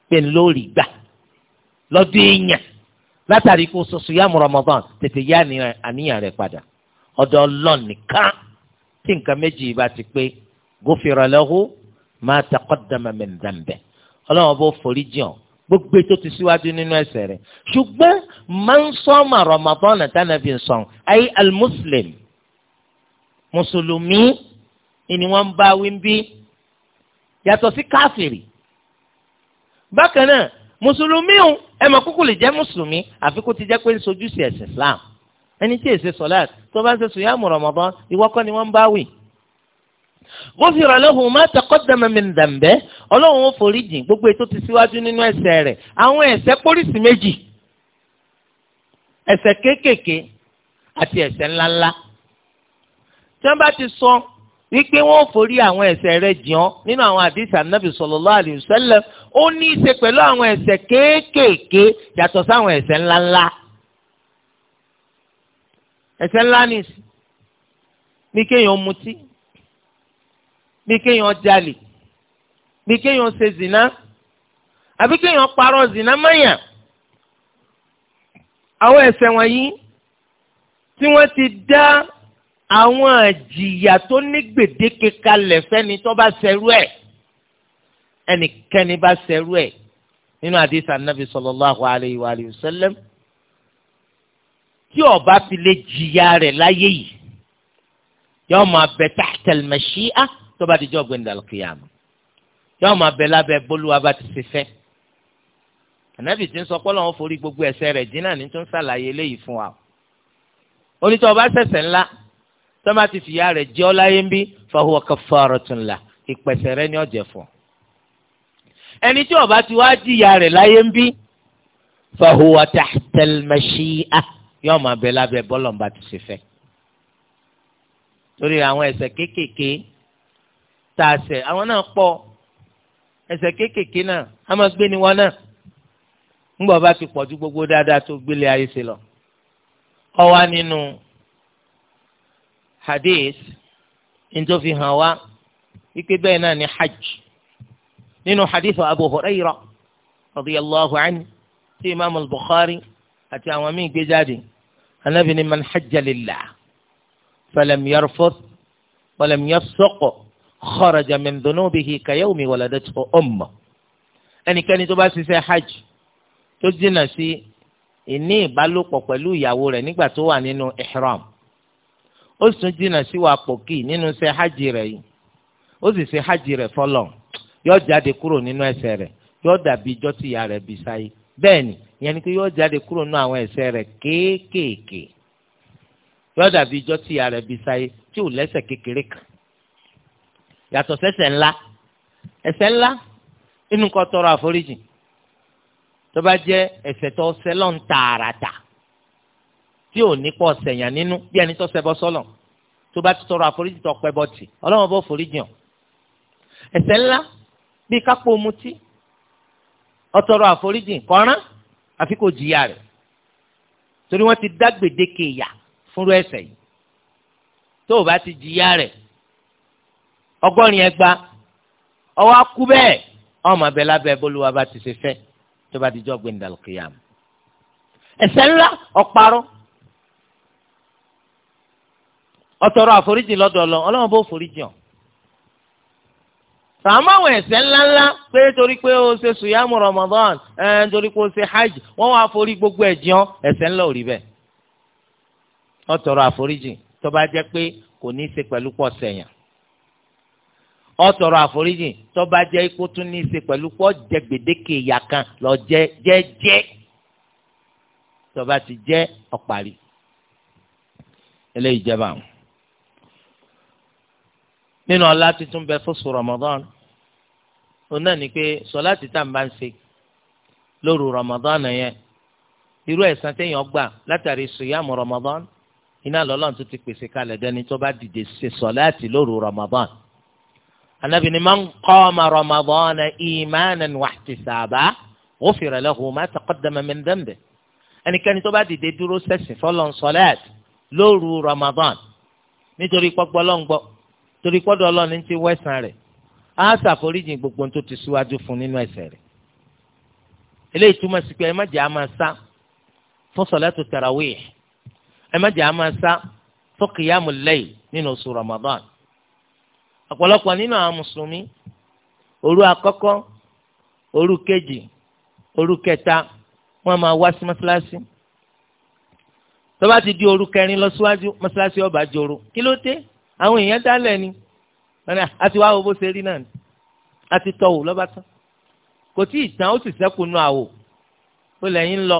pé lórí gbà lọ́dún èèyàn látàrí kó soso yá mu Ramadan tètè yá àníyàn rẹ̀ padà ọ̀dọ̀ Ọlọ́run nìkan tí nǹkan méjì yìí bá ti pé gufira lahu ma taqaddama min dhanbi Ọlọ́run bó forí jìn gbogbo ètò ti síwájú nínú ẹ̀ṣẹ̀ rẹ̀ ṣùgbọ́n máa ń sọ́mà Ramadan tánàbí sọ̀n ayé almuslim mùsùlùmí ni wọ́n ń bá wí bí yàtọ̀ sí káfìrì bákan náà mùsùlùmí ò ẹ mọ̀ kúkú lè jẹ́ mùsùlùmí àfi kó ti jẹ́ pé ń sojú sí ẹ̀sìn Islam ẹni tí èsè sọlá tó bá ń ṣe sùyàmù Ramadan ìwọ kọ́ ni wọ́n ń bá wì. غفر له ما تقدم من ذنبه ọlọ́run ó forí jìn gbogbo ètò ti síwájú nínú ẹ̀ṣẹ̀ rẹ̀ àwọn ẹ̀ṣẹ̀ pólísì méjì ẹ̀ṣẹ̀ kéékèèké àti ẹ̀ṣẹ̀ ńláńlá tí wọ́n bá ti sọ wípé wọn ò forí àwọn ẹ̀ṣẹ̀ rẹ jìn nínú àwọn àdìsí ànábì sallallahu alaihi wasallam ó ní í ṣe pẹ̀lú àwọn ẹ̀ṣẹ̀ kéékèèké yàtọ̀ sáwọn ẹ̀ṣẹ̀ ńláńlá ẹ̀ṣẹ̀ ńlá ni bí kéèyàn mutí bí kéèyàn jalè bí kéèyàn ṣe zina àbí kéèyàn parọ́ zina mọyàn àwọn ẹ̀ṣẹ̀ wọ̀nyí tí wọ́n ti dá àwọn àjìyà tó ní gbèdéke kalẹ̀ fẹ́ni tó bá ṣerú ẹ̀ ẹnikẹ́ni bá ṣerú ẹ̀ nínú àdìsá nàbì sallallahu alayhi wa alihi wa sallam tí ó bá fi lè jìyà rẹ̀ láyé yìí yóò máa bẹ tahtal mashi'a tó bá dijọ́ gbẹ̀ndàlù kìyàmù yóò máa bẹ lábẹ́ bólúwa bá ti ṣe fẹ́ ànábì tí ń sọ pé Ọlọ́run forí gbogbo ẹ̀ṣẹ̀ rẹ̀ jìnnà ní tó ń ṣàlàyé eléyìí fún wa onítọ̀ bá ṣẹ̀ṣẹ̀ ńlá tọ́mà ti fìyà rẹ̀ jẹ́ ọ́ láyé ń bí fahuwa kaffaratun la ìpẹ̀sẹ̀ rẹ̀ ni ó jẹ fún. ẹni tí ó bá ti wá jìyà rẹ̀ láyé ń bí fahuwa tahtal mashi'a yóò máa bẹ lábẹ́ bọ́lọ̀ bá ti ṣe fẹ́. torí àwọn ẹ̀ṣẹ̀ kéékèèké tá ṣẹ̀ àwọn náà pọ̀ ẹ̀ṣẹ̀ kéékèèké náà a máa gbé ni wọn náà ń bá ti pọ̀ ju gbogbo dáadáa tó gbélé ayé ṣe lọ. ó wà nínú hadith nítorí fi hàn wá wípé bẹ́ẹ̀ náà ni hajj nínú hadith abu huraira radiyallahu anhu tí imam al-bukhari àti àwọn míì gbé jáde anabi ni man hajja lillah falam yarfuth walam yafsuq kharaja min dhunubihi kayawmi waladathu ummuh ẹnikẹ́ni tó bá ṣiṣẹ́ hajj tó jìnnà sí ìní ìbálòpọ̀ pẹ̀lú ìyàwó rẹ̀ nígbà tó wà nínú ihram. ó sì jìnnà sí wa pòkì nínú ṣe hajj rẹ̀ yìí ó sì ṣe hajj rẹ̀ fọlọ́ yóò jáde kúrò nínú ẹ̀ṣẹ̀ rẹ̀ yóò dàbí ijọ́ rẹ̀ bí bẹ́ẹ̀ ni ìyẹn ni pé yóò jáde kúrò nínú àwọn ẹ̀ṣẹ̀ rẹ̀ kéékèèké dàbí rẹ̀ tí ò kékeré kan yàtọ̀ ńlá tí ò ní pọ̀ sẹ̀yàn nínú bí ẹni tó ṣẹbọ sọ́lọ̀ tó bá ti tọrọ àforíjì tó pẹ́ bọ́ tì ọlọ́run bó foríjì hàn ẹ̀ṣẹ̀ ńlá bíi kápò mutí ọtọrọ àforíjì kọ́rán àfi kò jìyà rẹ̀ torí wọ́n ti dá gbèdéke ìyà fúnrú ẹ̀ṣẹ̀ yìí tó o bá ti jìyà rẹ̀ ọgọ́rin ẹgba ọwọ́ akú bẹ́ẹ̀ ọmọ abẹ lábẹ́ bólúwa bá ti ṣe fẹ́ tó bá ti jọ́ gbẹ̀ndàlùkìyàmù ẹ̀ṣẹ̀ ńlá ọ̀parọ́ ọtọrọ àforíjì lọ́dọ̀ Ọlọ́run Ọlọ́run bó foríjì hàn sàmà àwọn ẹ̀ṣẹ̀ ńláńlá pé torí pé o ṣe sùyàmù Ramadan ẹ torí pé o ṣe hajj wọn wá forí gbogbo ẹ̀jẹ̀ hàn ẹ̀ṣẹ̀ ńlá ò rí bẹ́ẹ̀ ọtọrọ àforíjì tó bá jẹ́ pé kò ní í ṣe pẹ̀lú pọ̀ sẹ̀yàn ọtọrọ àforíjì tó bá jẹ́ ikú tún ní í ṣe pẹ̀lú pọ̀ jẹ gbèdéke ìyà kan lọ jẹ jẹjẹ tó bá ti jẹ ọparí eléyìí jẹba àwọn nínú ọlá tuntun bẹ fún sùn Ramadan òun náà ni pé sọlá títà ń bá ń ṣe lóru Ramadan yẹn irú ẹ̀san téèyàn gbà látàrí sùyàmù Ramadan iná lọ́lọ́run tó ti pèsè kalẹ̀ dẹni tó bá dìde ṣe sọ̀láàtì lóru Ramadan. Ànábì ní man qama Ramadana imanan wahtisaban ghufira lahu ma taqaddama min dhanbi. ẹnikẹ́ni tó bá dìde dúró sẹ́sìn fọlọ́n sọ̀láàtì lóru Ramadan nítorí pọ́gbọ́lọ́ngbọ́ torí pọ́dọ̀ ọlọ́run ti wẹ́sàn rẹ̀ á ṣàforíjì gbogbo tó ti síwájú fún nínú ẹ̀ṣẹ̀ rẹ̀ eléyìí túmọ̀ sí pé ẹ má jẹ́ á máa sá fún sọ̀lẹ́tù tarawih ẹ má jẹ́ á sá fún kìyàmù lẹ́yìn nínú oṣù Ramadan ọ̀pọ̀lọpọ̀ nínú àwọn mùsùlùmí òru àkọ́kọ́ òru kejì òru kẹta wọ́n máa wá sí mọ́ṣáláṣí tó bá ti di òru kẹrin lọ síwájú mọ́ṣáláṣí ó bá kí ló dé àwọn èèyàn dálẹ̀ ni àti wàá wo bó ṣe rí náà ni àti tọ̀wò lọ́ba tán kò tí ì tán ó sì sẹ́kù nù àwò ó lẹ́yìn lọ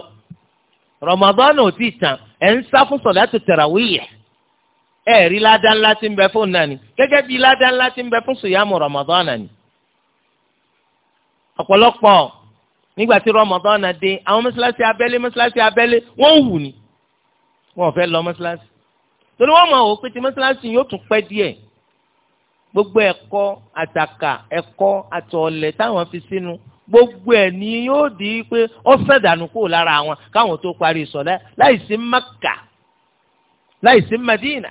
rọmọdọ́nù ò tí ì tán ẹ̀ ń sá fún sọ̀dá tó tẹ̀ràwíyẹ̀ ẹ̀ rí ládá ńlá tí ń bẹ fún nàní gẹ́gẹ́ bí ládá ńlá tí ń bẹ fún sùyàmù rọmọdọ́nù ni ọ̀pọ̀lọpọ̀ nígbà tí rọmọdọ́nù dé àwọn mọ́ṣáláṣí abẹ́lé mọ́ṣáláṣí abẹ́lé wọ́n wù ní wọ́n fẹ́ lọ mọ́ṣáláṣí torí wọ́n mọ̀ ọ́ pé ti mọ́sálásí yóò tún pẹ́ díẹ̀ gbogbo ẹ̀kọ́ àtàkà ẹ̀kọ́ àtọ̀ọ̀lẹ̀ táwọn fi sínú gbogbo ẹ̀ ni yóò di pé ó sẹ̀dánù kúrò lára àwọn káwọn tó parí sọ̀lẹ́ láìsí Mẹ́kà láìsí Mẹ́dínà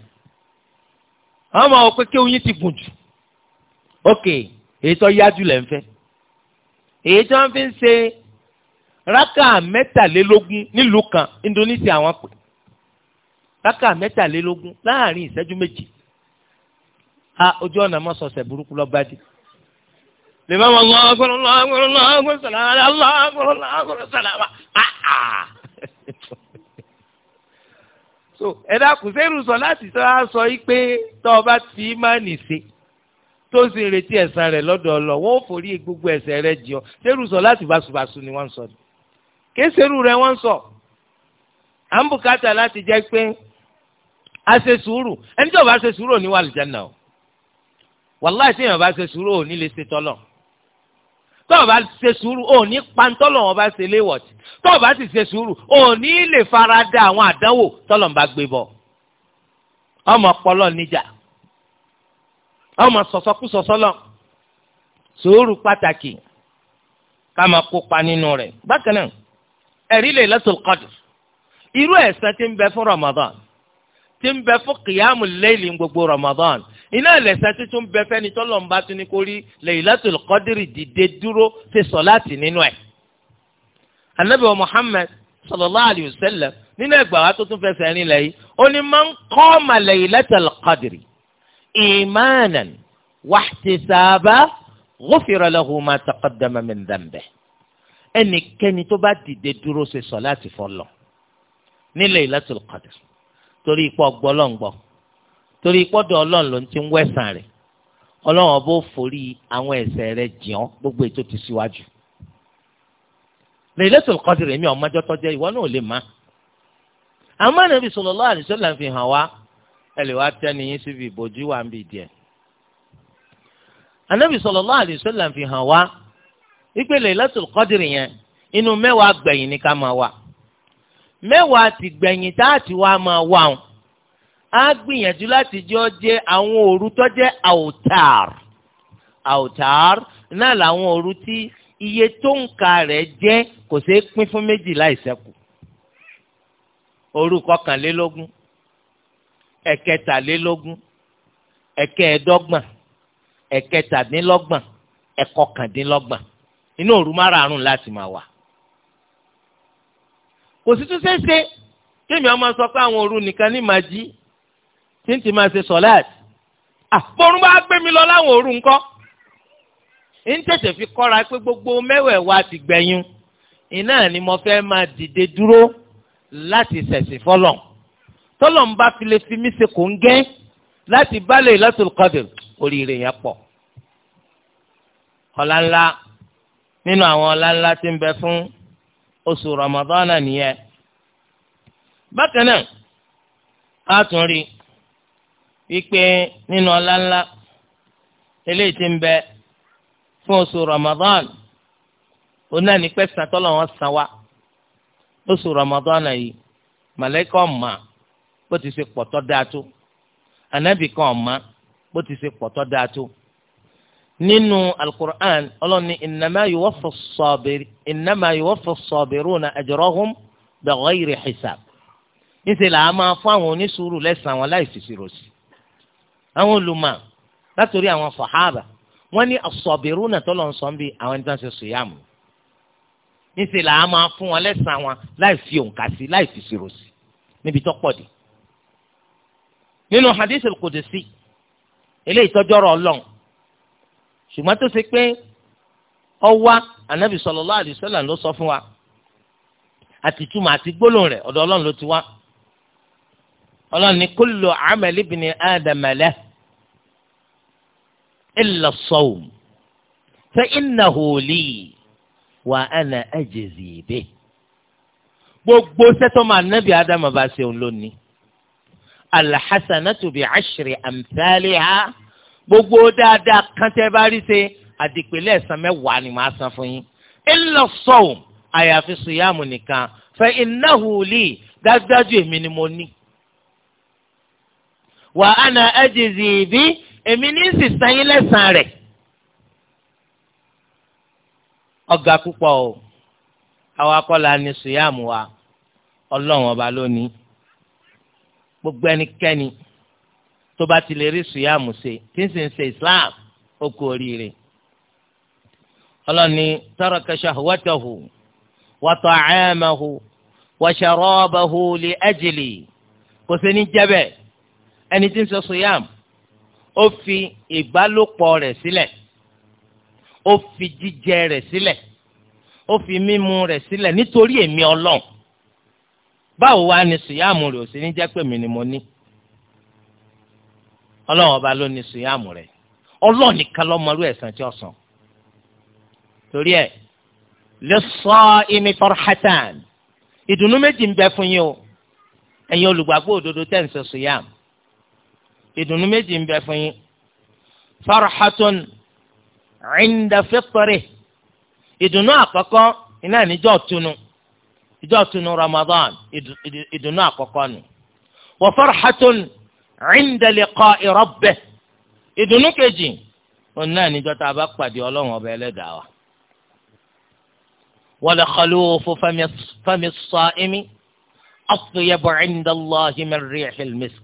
àwọn mọ̀ ọ́ pé kí oyin ti gùn jù ok èyí tó yájú lẹ̀ ń fẹ́ èyí tí wọ́n fi ń ṣe rákà mẹ́tàlélógún nílùú kan Indonesia àwọn pè rákà mẹ́tàlélógún láàrin ìṣẹ́jú méjì a ojú ọ̀nà mọ́ sọ̀sẹ̀ burúkú lọ́ba dì. lè má mọ lọ agbọrọ lọ agbọrọ lọ agbọrọ sàlámà lọ agbọrọ lọ agbọrọ sàlámà áà. so ẹ dákun sẹ́rù sọ láti sọ á sọ yìí pé tọ́ ọ bá ti máa nì ṣe tó sì ń retí ẹ̀san rẹ̀ lọ́dọ̀ ọ lọ wọ́n ò forí gbogbo ẹ̀ṣẹ̀ rẹ̀ jì ọ́ sẹ́rù sọ láti báṣubàṣu ni wọ́n ń sọ kí sẹ́rù rẹ̀ wọ́n ń sọ à ń bùkátà láti jẹ́ pé a ṣe sùúrù ẹni tí o bá ṣe sùúrù ò ní wà lùjánà o wàláì tí èèyàn bá ṣe sùúrù ò ní lè ṣe tọ́lọ̀ tó o bá ṣe sùúrù ò ní pantọ́lọ̀ wọn bá ṣe léwọ̀tì tó o bá sì ṣe sùúrù ò ní lè fara da àwọn àdánwò tọ́lọ̀ ń bá gbé bọ̀ ọmọ ọpọlọ níjà ọmọ sọ̀sọ́kúsọ sọ́lọ̀ sùúrù pàtàkì ká kópa nínú rẹ̀ bákan náà ẹ̀rí lè lẹ́sùn kọ́dù irú ẹ̀sán ti ń bẹ fún Ramadan tí ń bẹ fún kìyàmù lẹ́yìn gbogbo Ramadan iná ẹlẹ́sẹ̀ tuntun bẹ fẹ́ni tọ́lọ̀ ń bá tún ní kórí Laylatul Qadri dìde dúró ṣe sọ̀láàtì nínú ẹ̀. anabi wa Muhammad sallallahu alayhi wa sallam nínú ẹgbàá wa tó tún fẹsẹ̀ rìn lẹ́yìn ó ní man qama Laylatul Qadri imanan wahtisaba ghufira lahu ma taqaddama min dhanbihi ẹnikẹ́ni tó bá dìde dúró ṣe sọ̀láàtì fọlọ́ ní Laylatul Qadri torí ipò ọgbọ́lọ́ngbọ́ torí ipọ́dọ̀ ọlọ́run ló ń ti ń wẹ̀sán rẹ̀ ọlọ́run ọba ó forí àwọn ẹ̀ṣẹ̀ rẹ̀ jìn gbogbo ètò ti síwájú. Lailatul Qadr mi ọmọdé tọ́jẹ́ ìwọ náà lè má. àmọ́ Ànábì sallallahu alaihi wasallam fi hàn wá ẹ lè wá tẹ́ni yín síbi ìbòjú wa ń bì díẹ̀. Ànábì sallallahu alaihi wasallam fi hàn wá wípé Lailatul Qadr yẹn inú mẹ́wàá gbẹ̀yìn ni ká máa wà mẹ́wàá ti gbẹ̀yìn tá a ti wá máa wá wọn á gbìyànjú láti jọ jẹ àwọn òru tó jẹ àwòtár àwòtár náà làwọn òru tí iye tó ń ka rẹ̀ jẹ́ kò ṣeé pín fún méjì láìṣẹ́kù òru kọkànlélógún ẹ̀kẹtàlélógún ẹ̀kẹẹ̀dọ́gbọ̀n ẹ̀kẹtàdínlọ́gbọ̀n ẹ̀kọkàndínlọ́gbọ̀n inú òru márààrún láti máa wà kò sí tún ṣeéṣe kémi ọmọ sọ pé àwọn òru nìkan ní màá jí tí ń ti máa ṣe sọ̀láàtì àfọ̀rún ah, bá gbé mi lọ láwọn òru ńkọ́ ń tẹ̀sẹ̀ fi kọ́ra pé gbogbo mẹ́wẹ̀ẹ̀wá ti gbẹ̀yìn iná ni mo fẹ́ máa dìde dúró láti ṣẹ̀sìn fọlọ̀ tọ́lọ̀ ń bá fi lè fi mí ṣe kò ń gẹ́ láti bá lè lọ́tò oríire yẹn pọ̀ ọ̀la nínú àwọn ọ̀la tí ń bẹ fún oṣù ramadana nìyẹn bákan náà a tún rí wípé nínú ọlá ńlá eléyìí tí ń bẹ fún oṣù ramadan òun náà ní pẹ́sìtà tọ́lọ̀ wọn san oṣù ramadan yìí màlẹ́kọ̀ ọ̀ma bó ti ṣe pọ̀tọ́ dáa tó kan bó ti ṣe nínú alukur'an ọlọ́ni ìnàmá yuwaffa as-sabiruna ajrahum bighayri hisab níṣẹ́ là á máa fún àwọn onísùúrù lẹ́sàn-án wọn láì fi ṣírò sí àwọn olùmọ̀ látòrí àwọn sàhábà wọ́n ní as-sabiruna tọ́lọ̀ ń sọ ń bí àwọn ẹni tó ń ṣe sùyàmù níṣẹ́ là á máa fún wọn lẹ́sàn-án wọn láì fi òǹkà sí níbi tó pọ̀ dé nínú hadith al-qudsi eléyìí tọ́jọ́rọ̀ ọlọ́run ṣùgbọ́n tó ṣe pé ọwá anabi sallallahu alaihi wasallam ló sọ fún wa àti túmọ̀ àti gbólóhùn rẹ̀ ọ̀dọ̀ ọlọ́run ló ti wá ọlọ́run ní kullu amali ibni adama lahu illa as-sawm fa innahu li wa ana ajzi bihi gbogbo sẹ́tọ́mọ anabi adama bá ṣe òun lónìí alhasanatu bi ashri amthaliha gbogbo dáadáa kan tẹ́ bá rí ṣe àdìpẹ̀lẹ̀ ẹ̀san mẹ́wàá ni màá san fún yín. illa sawm àyàfi sùyàmù nìkan fa innahu li dájúdájú èmi ni mo ní. wa ana ajzi bi èmi ní sì san yín lẹ́san rẹ̀. ọ̀gá púpọ̀ o àwọn akọ́là ni sùyàmù wa ọlọ́run ọba lónìí gbogbo ẹnikẹ́ni tó bá ti lè rí sùyàmù ṣe tí ń sì ń ṣe islam ó kú oríire. ọlọ́ni taraka shahwatahu wa ta'amahu wa sharabahu li ajli kò sí ní jẹ́bẹ̀ ẹni tí ń ṣe sùyàmù ó fi ìbálòpọ̀ rẹ̀ sílẹ̀ ó fi jíjẹ rẹ̀ sílẹ̀ ó fi mímu rẹ̀ sílẹ̀ nítorí èmi ọlọ́run báwo wá ni sùyàmù rẹ̀ ò sí ní jẹ́ pé ni mo ní ọlọ́run ọba ló ní sùyàmù rẹ̀ ọlọ́run nìkan lọ́mọlú ẹ̀san tí ó san torí ẹ̀ lis-sa'imi farhatan ìdùnnú méjì ń bẹ fún yín o ẹ̀yin olùgbàgbọ́ òdodo tẹ̀ ń ṣe sùyàmù ìdùnnú méjì ń bẹ fún yín farhatun inda ìdùnnú àkọ́kọ́ iná níjọ́ tunu ìjọ́ tunu Ramadan ìdùnnú àkọ́kọ́ nù wa farhatun inda liqa'i rabbih ìdùnnú kejì òun náà níjọ́ tá a bá pàdé ọlọ́run ọba ẹlẹ́dàá wa. wala khalufu fami sa'imi atyabu inda Allahi min rihil misk.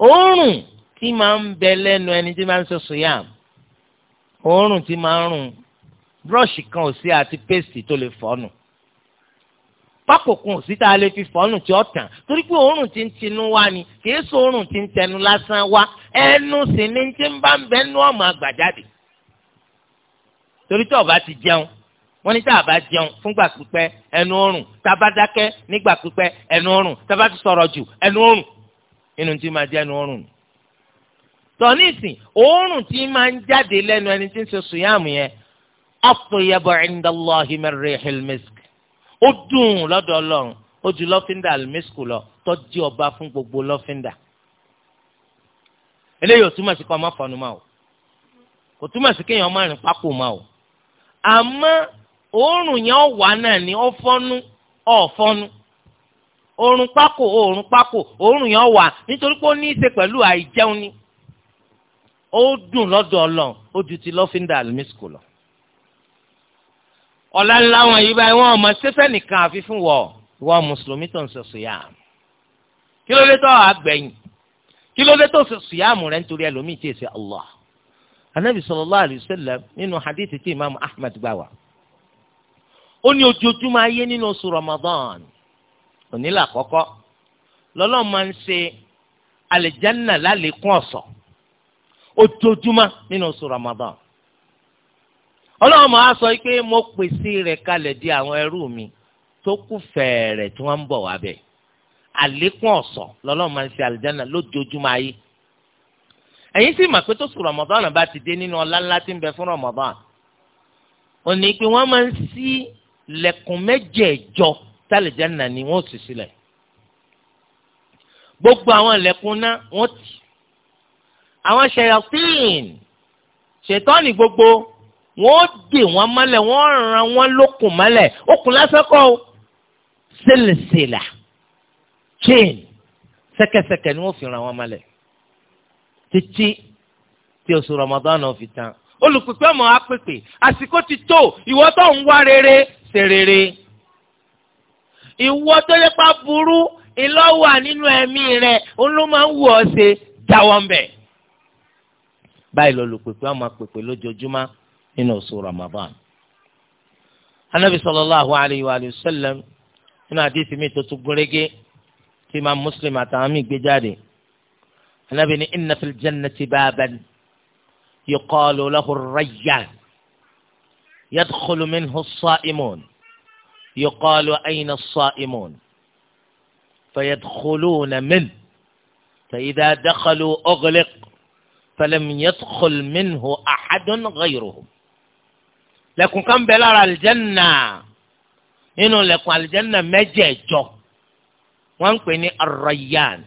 òórùn tí máa ń bẹ lẹ́nu ẹni tí máa ń ṣe sùyàm òórùn tí máa ń rùn búrọ̀ṣì kan ò sí àti péèsì tó lè fọ́nù pákòkun sí tá a lè fi fọ́ọ̀nù tí ó tàn torí pé òórùn ti ń tinú wá ni kìí sọ òórùn ti ń tẹnu lásán wá ẹnu sì ni ti ń bá ń bẹ nú ọ̀mọ̀ àgbàjáde torí tí ọba ti jẹun wọ́n ní tá a bá jẹun fúngbà pípẹ́ ẹnu òórùn tá a bá dákẹ́ nígbà pípẹ́ ẹnu òórùn tá a bá ti sọ̀rọ̀ jù ẹnu òórùn inú tí máa jẹ́ ẹnu òórùn ni tọ́nísìn òórùn tí máa ń jáde lẹ́nu ẹni tí ń ṣe sùyàmù yẹn atyab inda Allahi min rihil misk ó dùn lọ́dọ̀ ọlọ́run ó ju lọ́fíńdà àlùmísìkù lọ tọ́jú ọba fún gbogbo lọ́fíńdà eléyìí ò túmọ̀ sí kọ́ ọmọ fọnù máa o kò túmọ̀ sí kéèyàn ọmọ rìn pákó máa o àmọ́ òórùn yẹn wà náà ni ó fọ́nú ọ̀ fọ́nú òórùn pákó òórùn pákó òórùn yẹn wà nítorí pé ó ní í ṣe pẹ̀lú àìjẹun ni ó dùn lọ́dọ̀ ọlọ́run ó ju ti lọ́fíńdà àlùmísìkù lọ ọ̀la ńlá wọn yìí báyìí wọn ọmọ sẹ́fẹ́ nìkan àfi fún wọ ìwọ mùsùlùmí tó ń sọ sùyàm kí ló dé tó àgbẹ̀yìn kí ló dé tó sọ sùyàm rẹ̀ nítorí ẹlòmíì tí èsì Allah anabi sallallahu alayhi wa sallam nínú hadithi tí imaamu ahmed gbà wá ó ní ojoojúmọ́ ayé nínú oṣù ramadan onílà àkọ́kọ́ lọ́lọ́run máa ń ṣe alìjánná lálẹ́kún ọ̀sọ̀ ojoojúmọ́ nínú oṣù ramadan ọlọ́run máa sọ pé mo pèsè rẹ̀ kalẹ̀ di àwọn ẹrú mi tó kù fẹ̀ẹ̀rẹ̀ tí wọ́n ń bọ̀ wá bẹ̀ àlékún ọ̀sọ̀ lọ́lọ́run máa ń ṣe àlìjáná lójoojúmọ́ ayé ẹ̀yin sì mà pé tó sùn Ramadan bá ti dé nínú ọlá ńlá tí ń bẹ fún Ramadan ó ní pé wọ́n máa ń ṣí lẹ̀kùn mẹ́jẹ̀ẹ̀jọ tálẹ̀jáná ni wọ́n sì sílẹ̀ gbogbo àwọn lẹ̀kùn náà wọ́n ti àwọn ṣẹ̀yàtíìn wọ́n dè wọ́n mọ́lẹ̀ wọ́n ràn wọ́n lókun mọ́lẹ̀ okùn lásán kọ́ o chain sẹ́kẹsẹ́kẹ ni wọ́n fi ràn wọ́n mọ́lẹ̀ títí tí oṣù Ramadan náà fi tán olùpèpè ọmọ apèpè àsìkò ti tó ìwọ tó ń wá rere ṣe rere ìwọ tó yẹ pa burú ìlọ́wà nínú ẹ̀mí rẹ̀ ló máa ń wù ọ́ ṣe jáwọ́ ń bẹ̀. báyìí lọ́ọ́ lò ọmọ apèpè lójoojúmọ́ إنه سورة رمضان النبي صلى الله عليه وآله وسلم هنا حديث ميت تقولي في ما مسلم تامي بجاري النبي إن في الجنة بابا يقال له الريان يدخل منه الصائمون يقال أين الصائمون فيدخلون منه فإذا دخلوا أغلق فلم يدخل منه أحد غيرهم lẹ̀kùn kan bẹ lára àlìjẹ́nà nínú lẹ̀kùn àlìjẹ́nà mẹ́jẹ̀ẹ̀jọ wọ́n ń pè ní arayyan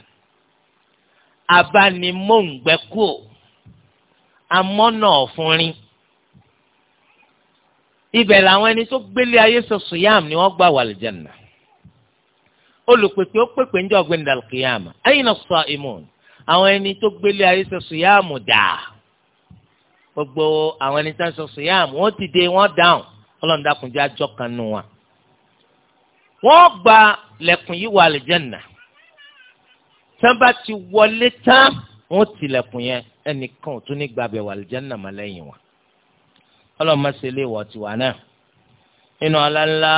abanimóǹgbẹ́kùò amọ́nà ọ̀fúnrin ibẹ̀ làwọn ẹni tó gbélé ayé sọ sùyàm ni wọ́n gbà wà àlìjẹ́nà olùpèpè ó pèpè ń jọ ọ̀gbẹ́ni dàlùkìyàmà ayna as-sa'imun àwọn ẹni tó gbélé ayé sọ sùyàmù dáa gbogbo àwọn ẹni tí wọ́n sọ sùyàm wọ́n ti dé wọ́n dáhùn ọlọ́run dákun jẹ́ àjọ kan nù wọn. wọ́n gba lẹ̀kùn yìí wà àlùjànnà tán bá ti wọlé tán wọ́n ti lẹ̀kùn yẹn ẹnìkan ò tún ní gbàbẹ̀ wà àlùjànnà mọ́ lẹ́yìn wọn. ọlọ́run má ṣe léèwọ̀ tiwa náà nínú aláńlá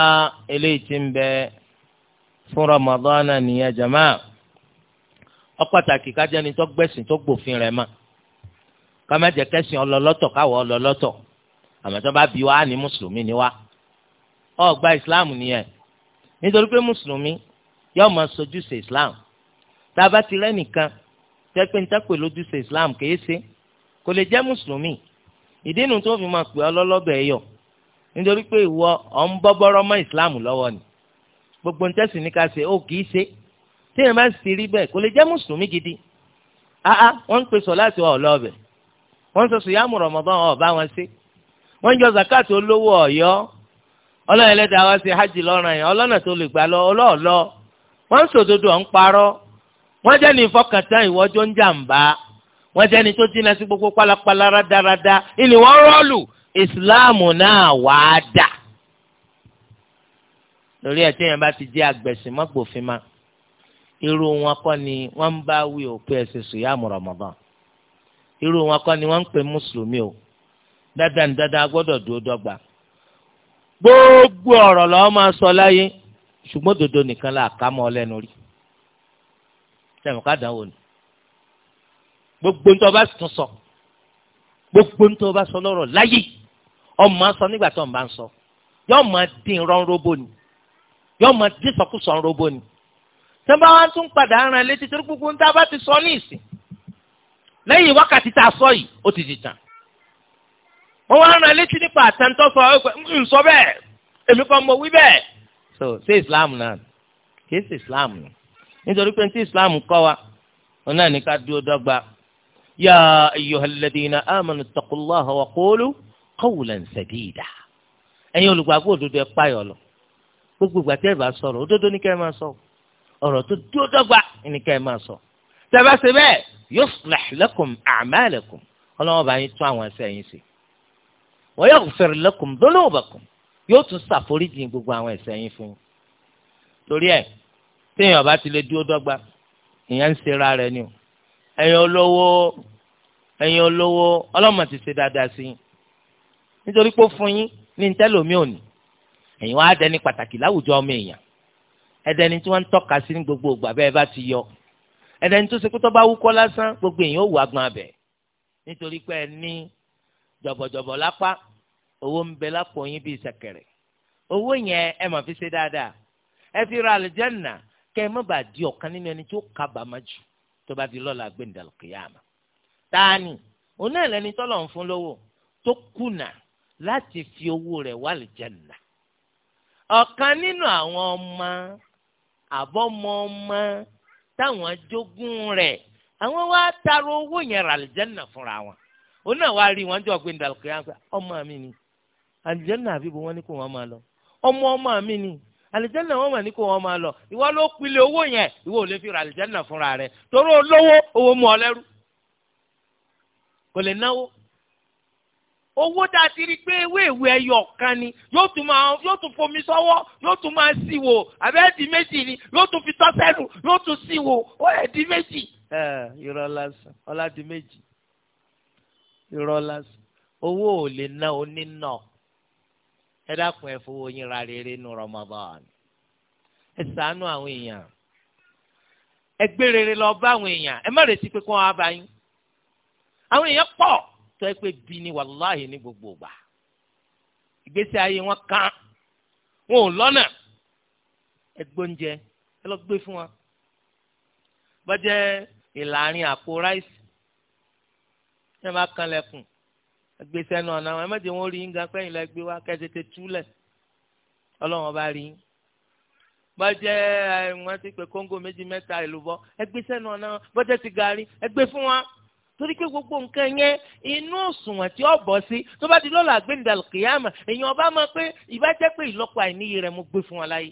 eléyìí ti ń bẹ fún Ramadana nìyẹn jama ọ pàtàkì kájẹni tó gbẹ̀sìn tó gbòfin rẹ̀ máa kọ́mẹ́jẹ kẹ́sìn ọlọ́lọ́tọ̀ káwọ́ ọlọ́lọ́tọ̀ àmọ́ tó bá bí wa ní mùsùlùmí ni wa ó gba ìsìláàmù nìyẹn nítorí pé mùsùlùmí yóò máa sojú ṣe ìsìláàmù tá a bá ti rẹ́nìkan tẹ́ pé níta pè lójú ṣe ìsìláàmù kìí ṣe kò lè jẹ́ mùsùlùmí ìdí inú tó fi máa pè ọ́ lọ́lọ́bẹ̀ ẹ̀yọ̀ nítorí pé ìwọ ọ̀ ń bọ́ bọ́rọ́ mọ́ ìsìláàmù lọ́wọ́ ni gbogbo ń tẹ́sí ní ká ṣe ó kìí ṣe tí èèyàn bá sì rí bẹ́ẹ̀ kò lè jẹ́ mùsùlùmí gidi áá wọ́n ń pè sọ láti wà ọ̀lọ́ọ̀bẹ̀ wọ́n sọ sùyàmù rọ̀mọ́dán ọba wọn ṣe wọ́n jọ zakati olówó ọ̀yọ́ ọlọ́run ẹlẹ́dàá wá sí hajj lọ́rùn yẹn ọlọ́nà tó lè gbà lọ ọlọ́ọ̀lọ́ wọ́n ń sòdodo ọ̀ parọ́ wọ́n jẹ́ ní ìfọkàntán ìwọ́jọ́ ń wọ́n jẹ́ ní tó dínà sí gbogbo pálapàla ìní wọ́n rọ́ọ̀lù ni wọ́n bá wí òpin ẹ̀sìn irú wọn kọ́ ni wọ́n ń pè mùsùlùmí o dáadáa ní dáadáa gbọ́dọ̀ dúró dọ́gba gbogbo ọ̀rọ̀ lọ́wọ́ máa sọ láyé ṣùgbọ́n òdodo nìkan là ká mọ́ ọ lẹ́nu rí sẹ́mi ká dánwò ni gbogbo nítorí ọba tún sọ gbogbo nítorí ọba sọ lọ́rọ̀ láyé ọmọ sọ nígbà tó ń bá ń sọ yóò máa dín rán róbó ni yóò máa dín sọkúsọ róbó ni sẹ́mi bá wá tún padà ń ran létí torí gbogbo nítorí ọba ti sọ ní ìsìn lẹ́yìn wákàtí tá a sọ yìí ó ti dìtàn. wọ́n wá rán létí nípa àtẹ̀ntọ́ sọ ọ́ ń sọ bẹ́ẹ̀ èmi kan mo wí bẹ́ẹ̀. so ṣé islam náà kìí ṣe islam ni nítorí pé tí islam kọ́ wa wọn náà ní ká dúró dọ́gba. ya ayyuhalladhina amanu ittaqullaha wa qulu qawlan sadida. ẹ̀yin olùgbàgbọ́ òdodo ẹ̀ páyọ̀ lọ gbogbo ìgbà tẹ́ ẹ bá sọ̀rọ̀ òdodo ní ká ẹ máa sọ ọ̀rọ̀ tó dúró dọ́gba ní ká ẹ máa sọ. tẹ́ ṣe bẹ́ẹ̀ yuslih lakum a'malakum ọlọ́wọ́n bá yín tún àwọn ẹsẹ̀ yín ṣe wa yaghfir lakum dhunubakum yóò tún ṣàforíjì gbogbo àwọn ẹsẹ̀ yín fún yín torí ẹ̀ téèyàn bá ti lè dúró dọ́gba ìyẹn ń ṣe ra rẹ̀ ni o ẹ̀yin olówó ẹ̀yin olówó ọlọ́mọ ti ṣe dáadáa sí yín nítorí pé fún yín ní ntẹ́lómi òní ẹ̀yin wá dẹni pàtàkì láwùjọ ọmọ èèyàn ẹ̀dẹni tí wọ́n ń tọ́ka sí ní gbogbo ìgbà bẹ́ẹ̀ bá ti yọ ẹ̀dẹ̀ni tó ṣe pé tó bá wúkọ́ lásán gbogbo èèyàn ò wá gbọ́n abẹ nítorí pé ẹ ní jọ̀bọ̀jọ̀bọ̀ lápá owó ń bẹ lápò yín bíi ṣẹ̀kẹ̀rẹ̀ owó yẹn ẹ mà fi ṣe dáadáa ẹ fi ra àlùjánnà kẹ ẹ má bàa di ọ̀kan nínú ẹni tí ó kábàámọ̀ jù tó bá di lọ́la gbẹ̀ndàlùkìyàmà tani òun náà lẹni tọ́lọ̀ ń fún lówó tó kùnà láti fi owó rẹ̀ wá àlùjánnà ọ̀kan nínú àwọn ọmọ àbọ̀mọ ọmọ táwọn jogún rẹ àwọn wá taro owó yẹn ra àlìjẹ́nà fúnra wọn òun náà wá rí wọn jọ pé ọmọ mi ni àlìjẹ́nà àbí wọn ní ọmọ ọmọ mi ni àlìjẹ́nà wọn mà ní kó wọn máa lọ ìwọ ló pilẹ̀ owó yẹn ìwọ ò lè fi ra fúnra owó dàtí rí pé ewé ìwé ẹyọ kan ni yóò tún máa yóò tún fomi sọ́wọ́ yóò tún máa sí wò àbẹ́ẹ̀dì méjì ni yóò tún fi tọ́sẹ́nu yóò tún sí wò ó ẹ̀ di méjì. ẹ irọ́ lásán ọlá di méjì irọ́ lásán owó ò lè ná onínà ẹ dákun ẹ fowó yín ra rere nu Ramadan ẹ ṣàánú àwọn èèyàn ẹ gbé rere lọ bá àwọn èèyàn ẹ má retí pé kí wọ́n á bá yín àwọn èèyàn pọ̀ tó ẹ pé bí ni wàláhì ní gbogbo ìgbà ìgbésí ayé wọn kàn wọn ò lọ́nà ẹ gbóúnjẹ ẹ lọ gbé fún wa bọ́jẹ́ ìlàrin àpò ráìsì ẹ máa kan lẹ́kùn gbèsè ẹnu ọ̀nà àwọn ẹ̀mẹ́jẹ̀ wọn rí nga pẹ́yìn lọ gbé wa kẹ́sẹ̀tẹ̀ túlẹ̀ ọlọ́wọ́n bá rí bọ́jẹ́ ẹ̀ wọ́n ti pè kóńgò méjì mẹ́ta ìlú bọ́ ẹ gbèsè ẹnu ọ̀nà bọ́jẹ́ ti gàrí ẹ gbé fún wa torí pé gbogbo nǹkan yẹn inú òṣùwọ̀n tí ó bọ̀ sí tó bá di lọ́la gbẹ̀ndàlù kìyàmà èèyàn ọba máa pé ìbá jẹ́ pé ìlọ́pọ̀ àìníye rẹ̀ mo gbé fún wọn láyé.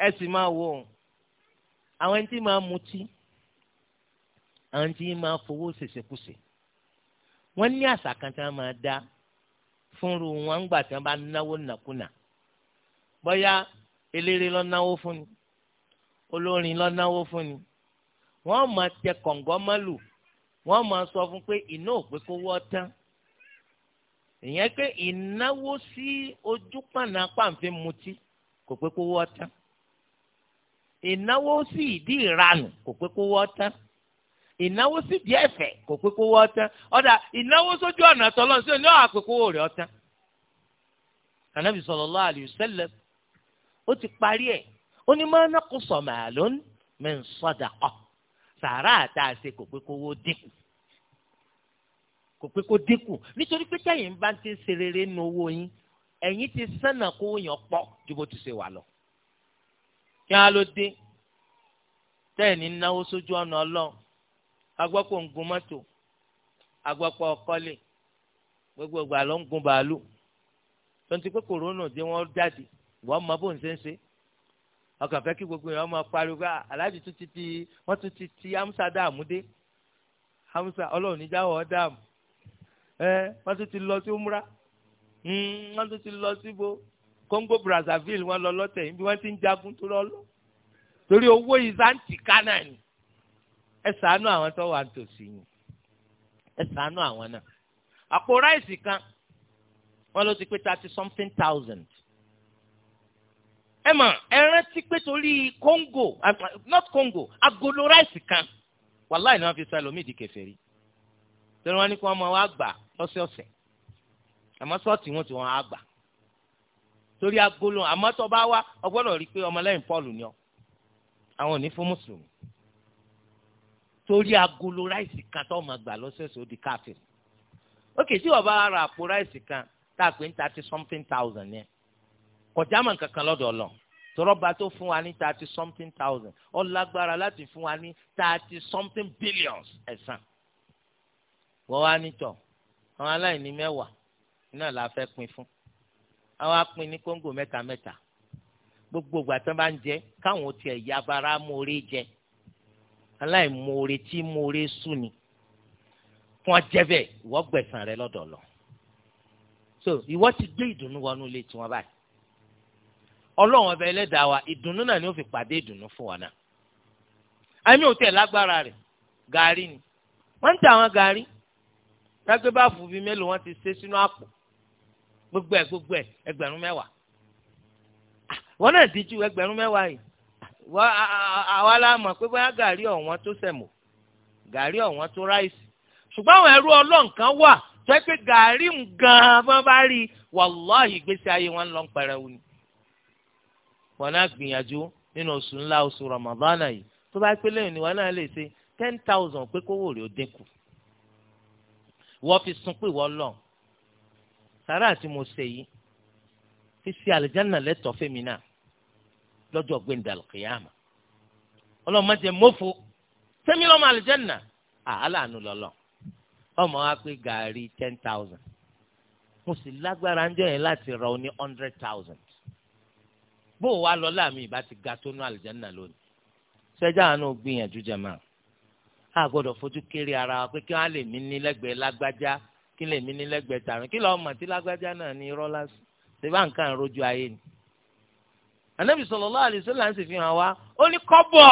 ẹ sì máa wo àwọn ẹni tí máa mutí àwọn ẹni tí máa fowó ṣèṣekúṣe wọ́n ní àṣà kan tí wọ́n máa dá fúnru wọn ń gbà tí wọ́n bá náwó nàkúnà bóyá eléré lọ náwó fún ni olórin lọ náwó fún ni wọ́n máa tẹ kọ̀ǹgọ́ wọ́n máa sọ fún pé iná ò pé kó wọ́ tán ìyẹn pé ìnáwó sí ojú pàna pàǹfin mutí kò pé kó wọ́ tán ìnáwó sí ìdí ìranù kò pé kó wọ́ tán ìnáwó sí ìdí ẹ̀fẹ̀ kò pé kó wọ́ tán ọ̀dà ìnáwó sójú ọ̀nà tọ́lọ́ sí òní rẹ̀ ọ̀tán sàárà tá a ṣe kò pé kówó dínkù kò pé kó dínkù nítorí pé tẹ̀yìn bá ti ń ṣe rere nu owó yín ẹ̀yìn ti sànà kó yàn pọ̀ ju bó ti ṣe wà lọ. kí wọ́n á ló dé tẹ́ẹ̀ náwó sójú ọ̀nà ọlọ́run agbọ́pọ̀ ń gun mọ́tò agbọ́pọ̀ ọkọ́lé gbogbo ìgbà ló ń gun bàálù tonti kòrónà dé wọ́n jáde wọ́n mọ bó ń ṣe ń ṣe ọkàn fẹ́ kí gbogbo yẹn ọmọ pariwo pé ah, aláàjì tún ti ti wọ́n tún ti ti amúsà dààmú dé amúsà ọlọ́run níjàwọ̀ dààmú ẹ wọ́n tún ti lọ sí umra hmm, wọ́n tún ti lọ síbo Congo Brazzaville wọ́n lọ lọ́tẹ̀ yìí bí wọ́n ti ń jagun tó lọ́lọ́ torí owó yìí zanti kánà ni ẹ ṣàánú àwọn tó wà nítòsí yìí ẹ ṣàánú àwọn náà àpò ráìsì kan wọ́n ló ti pé thirty something thousand ẹ mọ̀ ẹ rántí pé torí Congo not Congo agolo ráìsì kan wàláì ni wọ́n fi salomi di kèfèrí torí wọ́n ní kí wọ́n máa wá gbà lọ́sọ̀ọ̀sẹ̀ àmọ́ sọ́ọ̀tì wọn ti wọ́n á gbà torí agolo àmọ́ tó bá wá ọgbọ́dọ̀ rí i pé ọmọlẹ́yìn Paul ni ọ àwọn ò ní fún mùsùlùmí torí agolo ráìsì kan tó máa gbà lọ́sọ̀ọ̀sẹ̀ ó di káfíìn ókè tí wọ́n bá ra àpò ráìsì kan tá a pè ń ta ti something thousand yẹn. Yeah kọjá mọ̀ kankan lọ́dọ̀ ọlọ tọrọba tó fún wa ní thirty something thousand ó lágbára láti fún wa ní thirty something billions ẹ̀sán wọ́n wá nítọ̀ àwọn aláìní mẹ́wàá náà la fẹ́ pín fún àwọn apín ní kóńgò mẹ́ta mẹ́ta gbogbo ìgbà tí wọ́n bá ń jẹ káwọn ò tiẹ̀ ya bara mórí jẹ aláìmoore tí moore sùn ni fún ọjẹ́ bẹ́ẹ̀ rẹ lọ́dọ̀ lọ so ìwọ ti gbé ìdùnnú wọnú ilé tiwọn báyìí ọlọ́run ọbẹ̀ ẹlẹ́dàá wa ìdùnnú náà ni ó fi pàdé ìdùnnú fún wa náà. àmì ò tẹ̀ lágbára rẹ̀ gàárì ni wọ́n ń ta àwọn gàárì lágbé bá fún bíi mélòó wọ́n ti ṣe sínú àpò gbogbo ẹ̀ gbogbo ẹ̀ ẹgbẹ̀rún mẹ́wàá wọ́n náà díjú ẹgbẹ̀rún mẹ́wàá yìí wọ́n àwa la mọ̀ pé bóyá gàárì ọ̀wọ́n tó sẹ̀mọ̀ gàárì ọ̀wọ́n tó ráìsì ṣùgbọ́n àwọn ẹrú ọlọ́ǹkan wà tó ẹ pé gàárì ń gan-an bá rí wàláhì ìgbésí ayé wọn lọ́n pẹrẹwu ni wọn náà gbìyànjú nínú oṣù ńlá oṣù ramadana yìí tó bá pé lẹ́yìn ni wọn náà lè ṣe ten thousand pé kówó rẹ̀ ó dínkù wọ́n fi sun pé wọ́n lọ sàrà àti mo ṣe yìí fi ṣe àlìjáná lẹ́tọ̀ọ́ fẹ́mi náà lọ́jọ́ gbẹ̀ndàlù kìyàmà ọlọ́mọ jẹ mọ́fò fẹ́mi lọ́mọ àlìjáná àhálàánú lọ́lọ́ ọmọ wa pé gàárì ten thousand mo sì lágbára ń jẹ́ yẹn láti rọ ní hundred thousand bó o wá lọ láàmì ìbá ti ga tó nú àlùjáná lónìí sẹ́jà àánú gbìyànjú jẹ̀mọ́ a gbọdọ fojú kéré ara wa pé kí wọ́n lè mí ní lẹ́gbẹ̀ẹ́ lágbájá kí lè mí ní lẹ́gbẹ̀ẹ́ tààrin kí lọọ mọ̀ tí lágbájá náà ní irọ́ lásán ṣé bá nǹkan rojú ayé ni. ànábì sallallahu alaihi wasallam sì fi hàn wá ó ní kọbọ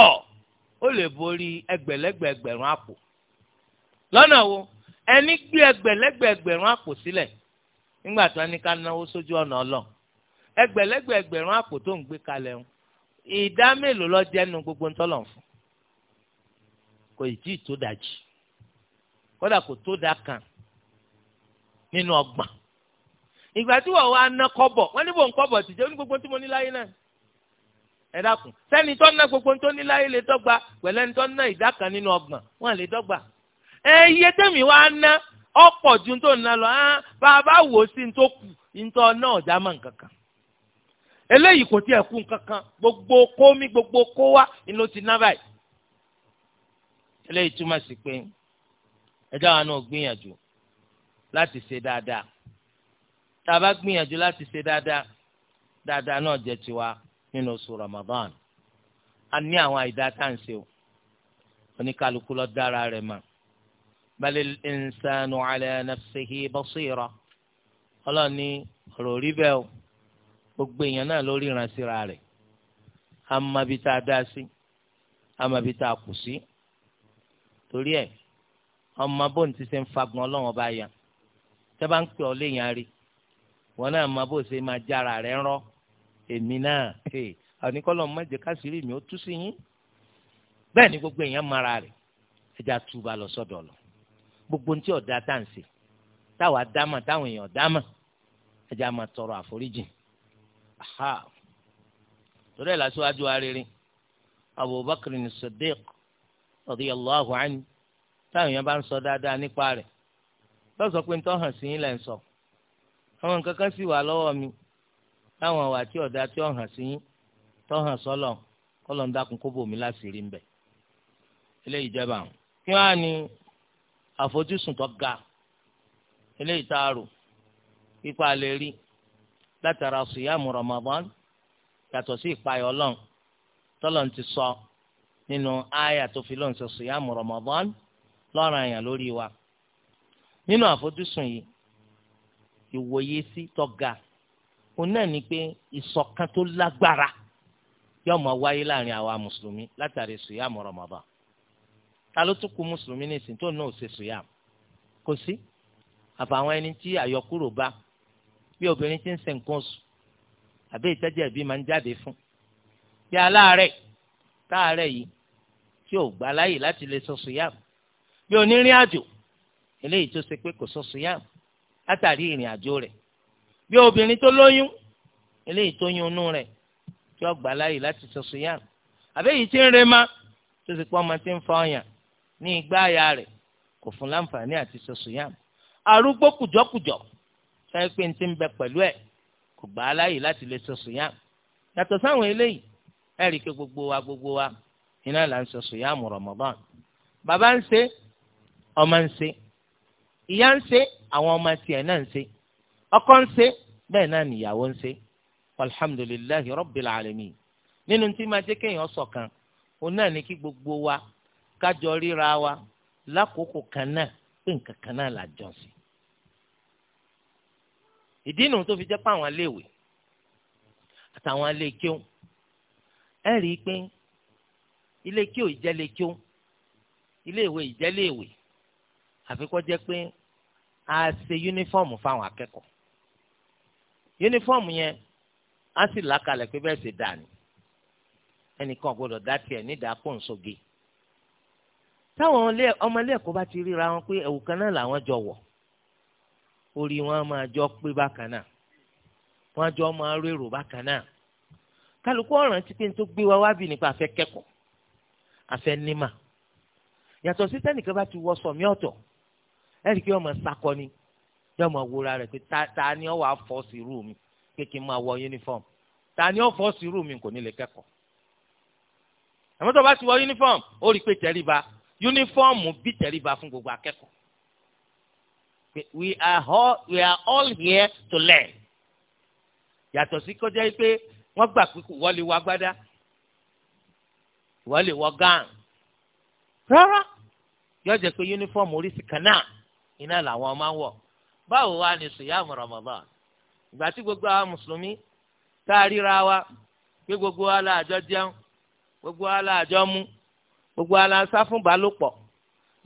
ó lè borí ẹgbẹ̀lẹ́gbẹ̀ẹ́gbẹ̀rún àpò lọnà wo ẹni gbé ẹgbẹ̀lẹ́gbẹ̀ẹ́gbẹ̀rún àpò sílẹ̀ nígbà tí wọ́n ní ká náwó sójú ọ̀nà ọlọ́ọ̀ ẹgbẹ̀lẹ́gbẹ̀ ẹgbẹ̀rún àpò tó ń gbé kalẹ̀ ń ìdá mélòó lọ jẹ́nu gbogbo ń tọ́lọ̀ fún kò tí ì tó dajì kódà kò tó da kan nínú ọgbọ̀n ìgbà tí wọ́n wá ná kọ́bọ̀ wọ́n níbo ń kọ́bọ̀ tìjẹ́ ó ní gbogbo tí mo ní láyé náà ẹ dákun sẹ́ni tó ná gbogbo tó ní láyé lè dọ́gba pẹ̀lẹ́ ní tó ná ìdá kan nínú ọgbọ̀n wọ́n lè dọ́gba ẹ iye tẹ̀mí wa ná ọ̀pọ̀ ju tó ná lọ bàbá wò sí ní tó kù ní tó ná ọ̀dá mọ̀ nǹkan kan eléyìí kò tiẹ̀ kú kankan gbogbo kómi gbogbo kó wá ni ló ti ná báyìí eléyìí túmọ̀ sí pé ẹjọ́ àwọn náà gbìyànjú láti ṣe dáadáa tá a bá gbìyànjú láti ṣe dáadáa dáadáa náà jẹ́ tiwa nínú oṣù Ramadan a ní àwọn àìdá tá à ń ṣe o oníkálukú lọ dára rẹ̀ mọ̀ balil insanu ala nafsihi basira ọlọ́ọ̀ni ọ̀rọ̀ rí bẹ́ẹ̀ o gbogbo èèyàn náà ló ríran síra rẹ̀ amabi tá a dá sí amabi tá a kù sí torí ẹ̀ ọmọ bóun ti ṣe ń fagbọn ọlọ́run ọba ya tẹ́ bá ń pè ọ́ léèyàn rí wọn náà máa bó ṣe máa jára rẹ̀ ń rọ́ èmi náà àníkọ́lọ́ mọ́jẹ káṣírí mi ó tú sí yín bẹ́ẹ̀ ni gbogbo èèyàn mara rẹ̀ ẹja túba lọ sọ́dọ̀ lọ gbogbo ní tí ọ̀dà tá à ń ṣe táwa dámà táwọn èèyàn dámà ẹja máa tọrọ àforíjìn ha torí ẹ̀ lásìwájú arére abubakar ní sadiq radiyallahu anhu táwọn èèyàn bá ń sọ dáadáa nípa rẹ̀ lọ́sọ̀ pé nítorí hàn sí yín lẹ́ ń sọ àwọn nǹkan kan sì wà lọ́wọ́ mi táwọn àwà tí ọ̀dà tí ó hàn sí yín tó hàn sọ́lọ̀ kọ́lọ̀ ń dákun kó bòmí láṣìírí ń bẹ̀ eléyìí jẹba àwọn. kí wọ́n ní àfojúsùn tó ga eléyìí tá a rò pípa lè rí látara sùyàmù Ramadan yàtọ̀ sí ìpayọ̀ ọlọ́run tọ́lọ̀ ti sọ nínú àyà tó fi lóun sọ sùyàmù Ramadan lọ́ràn àyàn lórí wa nínú àfojúsùn yìí ìwòye sí tọ́ga òun náà ni pé ìṣọ̀kan tó lágbára yóò máa wáyé láàrin àwa mùsùlùmí látàrí sùyàmù Ramadan ta ló tún kù mùsùlùmí nìsín tó náà ṣe sùyàmù kò sí àfàwọn ẹni tí àyọkúrò bá bí obìnrin ti ń ṣe nǹkan oṣù àbí ìtẹ́jẹ́ ìbí máa ń jáde fún bí aláàárẹ̀ táàárẹ̀ yìí tí ò gbà láyè láti lè sọ sùyàm bí onírìn àjò eléyìí tó ṣe pé kò sọ sùyàm látàrí ìrìn àjò rẹ̀ bí obìnrin tó lóyún eléyìí tó yún inú rẹ̀ tí ó gbà láyè láti sọ sùyàm àbí èyí tí ń rema tó ṣe pé ọmọ tí ń fa ọyàn ní igbá àyà rẹ̀ kò fún láǹfààní àti sọ sùyàm arúgbó kùjọkùjọ sáré pé n ti ń bẹ pẹ̀lú ẹ̀ kò gbà á láàyè láti lè sọ sùyàm yàtọ̀ sáwọn eléyìí ẹ rí gbogbo wa gbogbo wa iná là ń sọ sùyàm Ramadan bàbá ń ṣe ọmọ ń ṣe ìyá ń ṣe àwọn ọmọ tiẹ̀ náà ń ṣe ọkọ ń ṣe bẹ́ẹ̀ náà nìyàwó ń ṣe alhamdulillahi rabbil alamin nínú tí máa jẹ́ kéèyàn ṣọ̀kan òun náà ní kí gbogbo wa kájọ ríra wa lákòókò kan náà pé nǹkan kan náà là jọ sí ìdí nu tó fi jẹ́ pé àwọn aléèwé àtàwọn aléèkéwò ẹ rí i pé iléèkéwò ìjẹ́lékéwò iléèwé ìjẹ́léèwé àfi kó jẹ́ pé a ṣe yúnífọ́ọ̀mù fáwọn akẹ́kọ̀ọ́ yúnífọ́ọ̀mù yẹn a sì làkàlẹ̀ pé bẹ́ẹ̀ ṣe dà ní ẹnìkan gbọ́dọ̀ dá tiẹ̀ nídàá kó ń soge táwọn ọmọ ilé ẹ̀kọ́ bá ti ríra wọn pé ẹ̀wù kan náà làwọn jọ wọ̀ orí wọn á máa jọ pé bákan náà wọn á jọ máa rérò bákan náà kálukú ọ̀ràn ti pé ní tó gbé wa wá bì nípa àfẹ́ kẹ́kọ̀ọ́ àfẹ́ nímà yàtọ̀ sí tẹ́nìkan bá ti wọ sọ̀mí ọ̀tọ̀ ẹ̀rí kí ọmọ sakọni yóò máa wúra rẹ̀ pé ta ni ọ wàá fọ́ sí irú mi pé kí n máa wọ uniform ta ni ọ fọ́ sí irú mi kò ní lè kẹ́kọ̀ọ́ àmọ́ bá ti wọ uniform ó rí i pé tẹríba uniform bí tẹríba fún gbogbo akẹ́kọ̀ọ́ we are all we are all here to learn yàtọ̀ sí kọjá yìí pé wọ́n gbà pé wọ́n lè wọ agbádá wọ́n lè wọ gán rárá yóò jẹ́ pé yunifọ́ọ̀mù oríṣi kan náà iná làwọn máa ń wọ̀ báwo wá ní sùyàmù Ramadan ìgbà tí gbogbo àwọn mùsùlùmí tá a ríra wa pé gbogbo wa la àjọ jẹun gbogbo wa la àjọ mu gbogbo wa la sá fún ìbálòpọ̀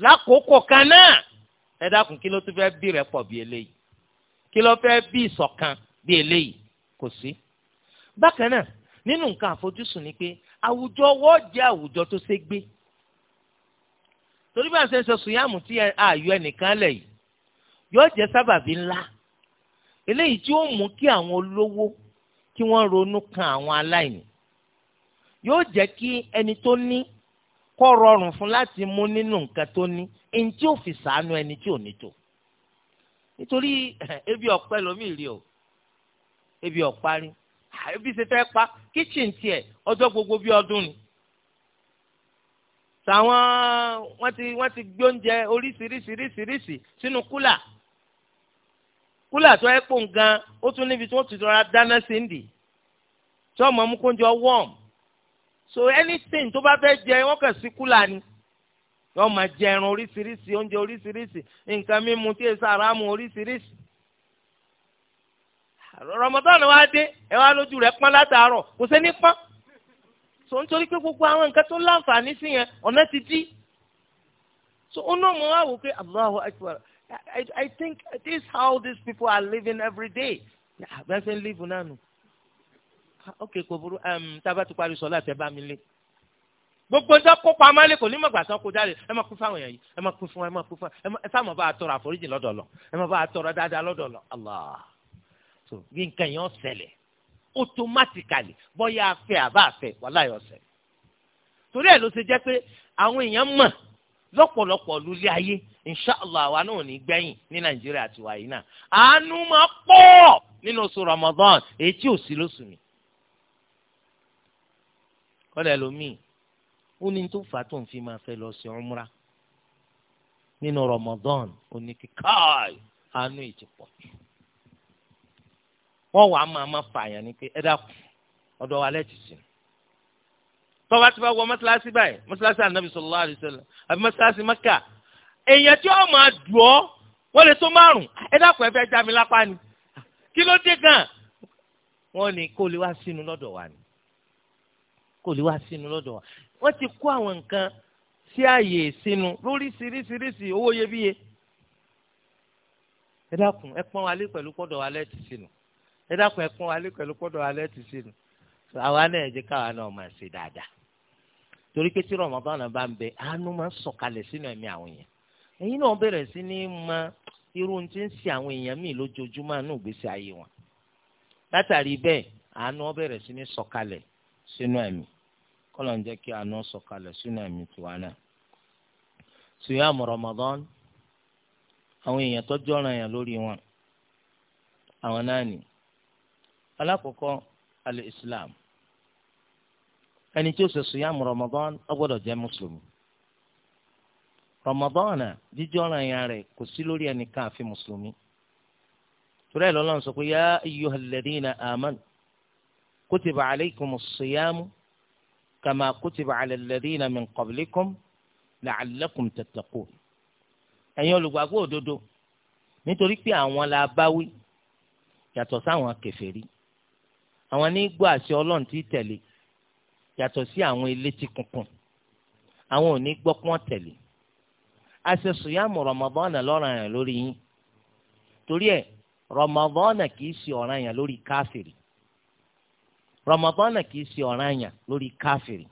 lákòókò kan náà ẹ dákun kí ló tún fẹ́ bí rẹ̀ pọ̀ bí eléyìí kí ló fẹ́ bí ìṣọ̀kan bí eléyìí kò sí. bákan náà nínú nǹkan àfojúsùn ni pé àwùjọ wọ́n jẹ́ àwùjọ tó ṣe gbé torí bá a ṣe ń sọ sùnyàmù tí ààyò ẹnìkan lẹ̀ yìí yóò jẹ́ sábàbí ńlá eléyìí tí ó mú kí àwọn olówó kí wọ́n ronú kan àwọn aláìní yóò jẹ́ kí ẹni tó ní kó rọrùn fún láti mú nínú nǹkan tó ní ẹni tí ò fi sàánú ẹni tí ò ní tó nítorí ebi ọ̀pẹ lomi rí o ebi ọ̀parí ah, ebi ṣe fẹ́ pa kíchìn tiẹ̀ ọjọ́ gbogbo bí ọdún ni tàwọn wọ́n ti wọ́n ti gbé oúnjẹ oríṣiríṣiríṣiríṣi sínú kúlà kúlà tó ẹ pò ń gan ó tún níbi tí wọ́n ti rọra dáná sí ń dì tí ọmọ mú kóúnjẹ wọ́ọ̀mù so anything tó bá fẹ́ jẹ wọ́n kàn sí kúlà ni yóò máa jẹ ẹran oríṣiríṣi oúnjẹ oríṣiríṣi nǹkan mímu tí èso àràmù oríṣiríṣi. rọmọdọ́nù wa dé ẹ wá lójú rẹ̀ pọ́n látàárọ̀ kò sẹ́ni pọ́n so nítorí pé gbogbo àwọn nǹkan tó láǹfààní sí yẹn ọ̀nà ti dí so ó náà mo wá wò pé Allahu Akbar I, think this is how these people are living every day. àgbẹ̀sẹ̀ ń live náà nù. No ok kò burú tábà ti parí sọlá tẹ bá mi lé gbogbo ńdá kó pamọ́ lé kò ní mọ̀gbà sàn kó jáde ẹ máa kú fáwọn èèyàn yìí ẹ máa kú fún ẹ máa kú fún ẹ sáàmù bá a tọrọ àforíjì lọ́dọ̀ lọ ẹ máa bá a tọrọ dáadáa lọ́dọ̀ lọ allah so bí nǹkan yẹn ọ̀sẹ̀lẹ̀ automatically bọ́yá afẹ́ àbá afẹ́ wàláyé ọ̀sẹ̀ torí ẹ̀ ló ṣe jẹ́ pé àwọn èèyàn mọ̀ lọ́pọ̀lọpọ̀ lulẹ̀ ayé inshallah àwa náà ní gbẹ̀yìn ní nàìjíríà tiwa yìí náà àánú máa pọ̀ nínú oṣù ramadan èyí tí ò sí lóṣù mi kọ́lẹ̀ lómìn ó ní tó fà á tó ń fi máa fẹ́ lọ sí ọmúra nínú Ramadan oníkíkàì àánú ìtìpọ̀ wọ́n wàá máa máa fààyàn ni pé ẹ dákun ọ̀dọ̀ wa lẹ́tì sí i tọ́ba ti bá wọ mọ́sálásí báyìí mọ́sálásí ànábì sallallahu alaihi wasallam àbí mọ́sálásí Mẹ́kà èèyàn tí ó máa dù ọ́ wọ́n lè tó márùn ẹ dákun ẹ fẹ́ já lápá ni kí ló dé gan wọ́n ní kó lè wá sínú lọ́dọ̀ wa ni kò lè wá sínú lọ́dọ̀ wa wọ́n ti kó àwọn nǹkan sí ààyè sínú lóríṣiríṣiríṣi owó iyebíye ẹ dákun ẹ pọ́n wa lé pẹ̀lú pọ́dọ̀ wa lẹ́ẹ̀tì sínú ẹ dákun ẹ pọ́n wa lé pẹ̀lú pọ́dọ̀ wa lẹ́ẹ̀tì sínú àwa náà ẹ jẹ́ káwa náà máa ṣe dáadáa torí pé tí Ramadan náà bá ń bẹ àánú máa ń sọ̀kalẹ̀ sínú ẹ̀mí àwọn èèyàn ẹ̀yin náà bẹ̀rẹ̀ sí ní mọ irú tí ń ṣe àwọn èèyàn míì lójoojúmọ́ àánú ìgbésí ayé wọn látàrí bẹ́ẹ̀ àánú bẹ̀rẹ̀ sí ní sọ̀kalẹ̀ sínú ẹ̀mí kọ́lọ̀ ń jẹ́ kí àánú sọ̀kalẹ̀ sínú ẹ̀mí tiwa náà. sùyàmù Ramadan àwọn èèyàn tó jọ́ràn yàn lórí wọn àwọn náà nì. alákọ̀ọ́kọ́ alẹ́ Islam ẹni tí ó ṣe sùyàmù Ramadan ó gbọ́dọ̀ jẹ́ mùsùlùmí. Ramadan jíjọ́ràn yàn rẹ̀ kò sí lórí ẹnìkan àfi mùsùlùmí. torí ẹ̀ sọ pé yá ayyuhalladhina amanu kutiba alaykumus siyamu. كما kutiba ala alladhina min qablikum la'allakum tattaqun ẹ̀yin olùgbàgbọ́ òdodo nítorí pé àwọn la báwí yàtọ̀ sáwọn kèfèrí àwọn ní gbọ́ àṣẹ Ọlọ́run tí tẹ̀lé yàtọ̀ sí àwọn elétí kunkun àwọn ò ní gbọ́ pọ́n tẹ̀lé àṣẹ sùyàmù Ramadan lọ́ranyàn lórí yín torí ẹ̀ Ramadan kì í ṣe ọ̀ranyàn lórí káfìrí rọmọdọ́nà kì í ṣe ọ̀ranyàn lórí káfìrì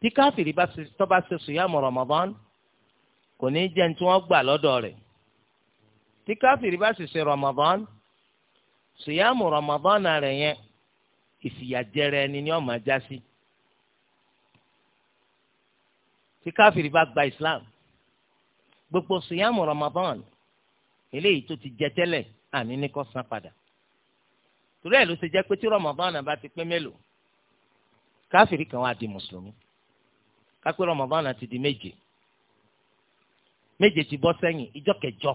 tí káfìrì tó bá ṣe sùyàmù rọmọdọ́nà kò ní jẹ́ ní tí wọ́n gbà lọ́dọ̀ rẹ̀ tí káfìrì bá sì ṣe rọmọdọ́nà sùyàmù rọmọdọ́nà rẹ̀ yẹn ìfìyàjẹrẹ ẹni ni ó máa já sí tí káfìrì bá gba Islam gbogbo sùyàmù rọmọdọ́nà eléyìí tó ti jẹ tẹ́lẹ̀ àní ní kó san padà torí ẹ̀ ló ṣe jẹ́ pé tí rọmọbọ́n bá ti pé mélòó káfíìrì kan wá di mùsùlùmí kápẹ́ rọmọbọ́n ti di méje méje ti bọ́ sẹ́yìn ìjọ kẹjọ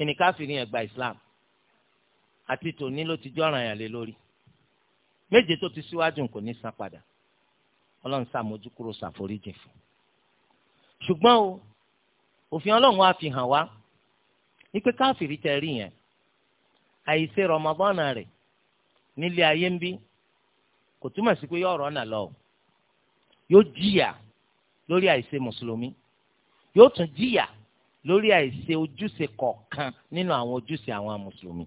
ẹni káfíìrì yẹn gba islam àti tòní ló ti jọ́ràn yàn lé lórí méje tó ti síwájú kò ní san padà ọlọ́run sàmójú kúrò fún ṣùgbọ́n o òfin ọlọ́run wa fi hàn wá ní pé káfíìrì tẹ rí yẹn àìṣe rọmọbọ́nà rẹ̀ nílé ayé ń bí kò túmọ̀ sí pé yóò rọ́nà lọ yóò jìyà lórí àìṣe mùsùlùmí yóò tún jìyà lórí àìṣe ojúṣe kọ̀ọ̀kan nínú àwọn ojúṣe àwọn mùsùlùmí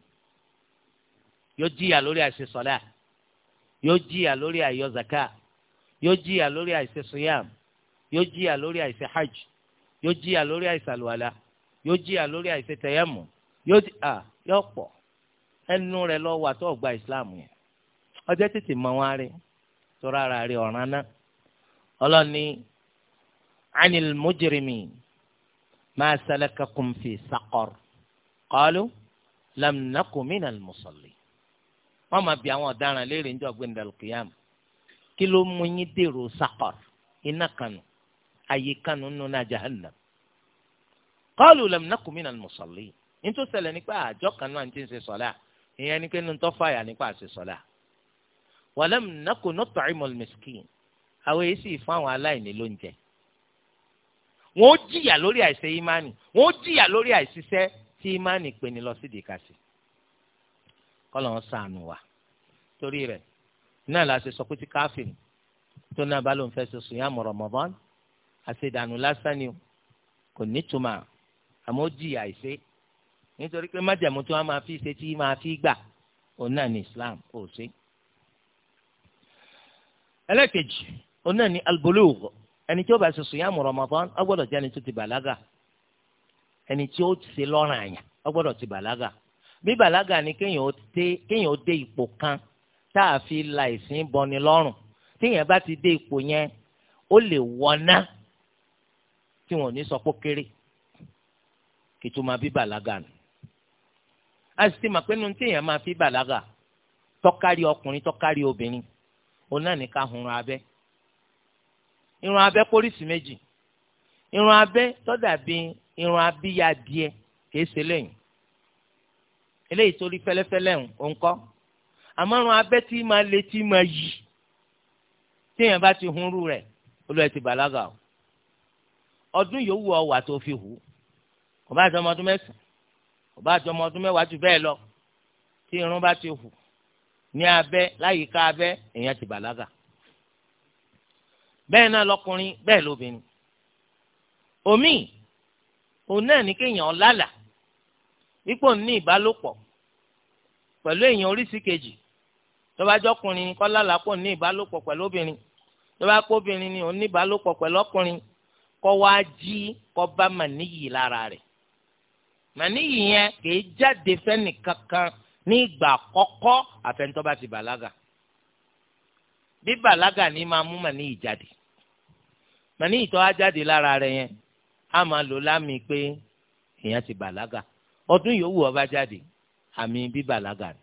yóò jìyà lórí àìṣe sọlá yóò jìyà lórí àìyọ zaka yóò jìyà lórí àìṣe suyam yóò jìyà lórí àìṣe hajj yóò jìyà lórí àìṣe àlùwàlà yóò jìyà lórí àìṣe tẹyẹmù yóò jìyà yóò pọ̀ ẹnu rẹ̀ lọ wà tó ọgbà ìsìláàmù yẹn ọjọ́ tètè mọ wọn rí tó rárá rí ọ̀ràn náà ọlọ́ni anil mujrimi ma salakakum fi saqar qalu lam naku minal musalli wọ́n máa bi àwọn ọ̀daràn léèrè níjọ́ gbẹ̀ndàlù kìyàmù kí ló mú yín dèrò saqar iná kanu ayé kanu nínú jahannam qalu lam naku nítorí ṣẹlẹ̀ nípa àjọ kan náà ṣe sọ́lá ìyẹn ni pé nùtọ́ fàyà nípa àṣìṣọ́lá wàlẹ́m nàkó nọ́tọ̀ àìmọ̀lì mẹ́sìkìn àwọn èyí sì fún àwọn aláìní lóúnjẹ. wọ́n ó jìyà lórí àìṣe ìmánì wọ́n ó jìyà lórí àìṣiṣẹ́ tí ìmánì pè ní lọ sídìí kàṣì. kọ́lọ̀ wọn sànù wá torí rẹ̀ náà la ṣe sọ pé tí káfíìn tó náà bá ló fẹ́ ṣe sùn yàmù Ramadan àṣedànù lásán ni kò nítumọ̀ àmọ́ jìyà àìṣe nítorí pé májàmú tí wọ́n máa fi ṣe tí máa fi gbà òun náà ní islam kò sí. ẹlẹ́kejì òun náà ní albolóògù ẹni tí ó bá ṣe sùnyàmù Ramadan ọgbọ́dọ̀ jẹ́ ẹni tó ti bàlágà ẹni tí ó ṣe lọ́rùn àyàn ọgbọ́dọ̀ ti bàlágà bí bàlágà ni kéèyàn ó dé ipò kan tá a fi la ìsìn bọni lọ́rùn téèyàn bá ti dé ipò yẹn ó lè wọná tí wọn ò ní sọ pé kéré kìtùmọ̀ bí bàlágà ni a sì ti mọ̀ pé nínú téèyàn máa fi bàlágà tọ́kárí ọkùnrin tọ́kárí obìnrin òun náà ní ká hunrun abẹ́ irun abẹ́ pólísì méjì irun abẹ́ tó dàbí irun abíyá díẹ̀ kìí ṣe lẹ́yìn eléyìí torí fẹ́lẹ́fẹ́lẹ́ ń òǹkọ́ àmọ́ irun abẹ́ tí máa le tí máa yí téèyàn bá ti hunrú rẹ̀ olú ẹ ti bàlágà o ọdún yòówù ọ tó fi hù kò àti ọmọ ọdún mẹ́sàn-án kò bá jọmọ ọdún mẹ́wàá jù bẹ́ẹ̀ lọ tí irun bá ti hù ní abẹ́ láyìíká abẹ́ èèyàn ti bàlágà bẹ́ẹ̀ náà lọkùnrin bẹ́ẹ̀ lóbìnrin omi òun náà ní kéèyàn lálà ipò ní ìbálòpọ̀ pẹ̀lú èèyàn oríṣi kejì tó jọkùnrin ni kó lálà pò ní ìbálòpọ̀ pẹ̀lú obìnrin tó bá ni òun ní ìbálòpọ̀ pẹ̀lú ọkùnrin kó wá jí kó bá mà níyì lára rẹ̀ màníyì yẹn kìí jáde fẹ́ni kankan ní ìgbà àkọ́kọ́ àfẹnitọ́ bá ti bàlágà bí bàlágà ni máa mú màníyì jáde màníyì tó á jáde lára rẹ̀ yẹn á máa lò lámì pé èèyàn ti bàlágà ọdún yòówù ó bá jáde àmì bí bàlágà ni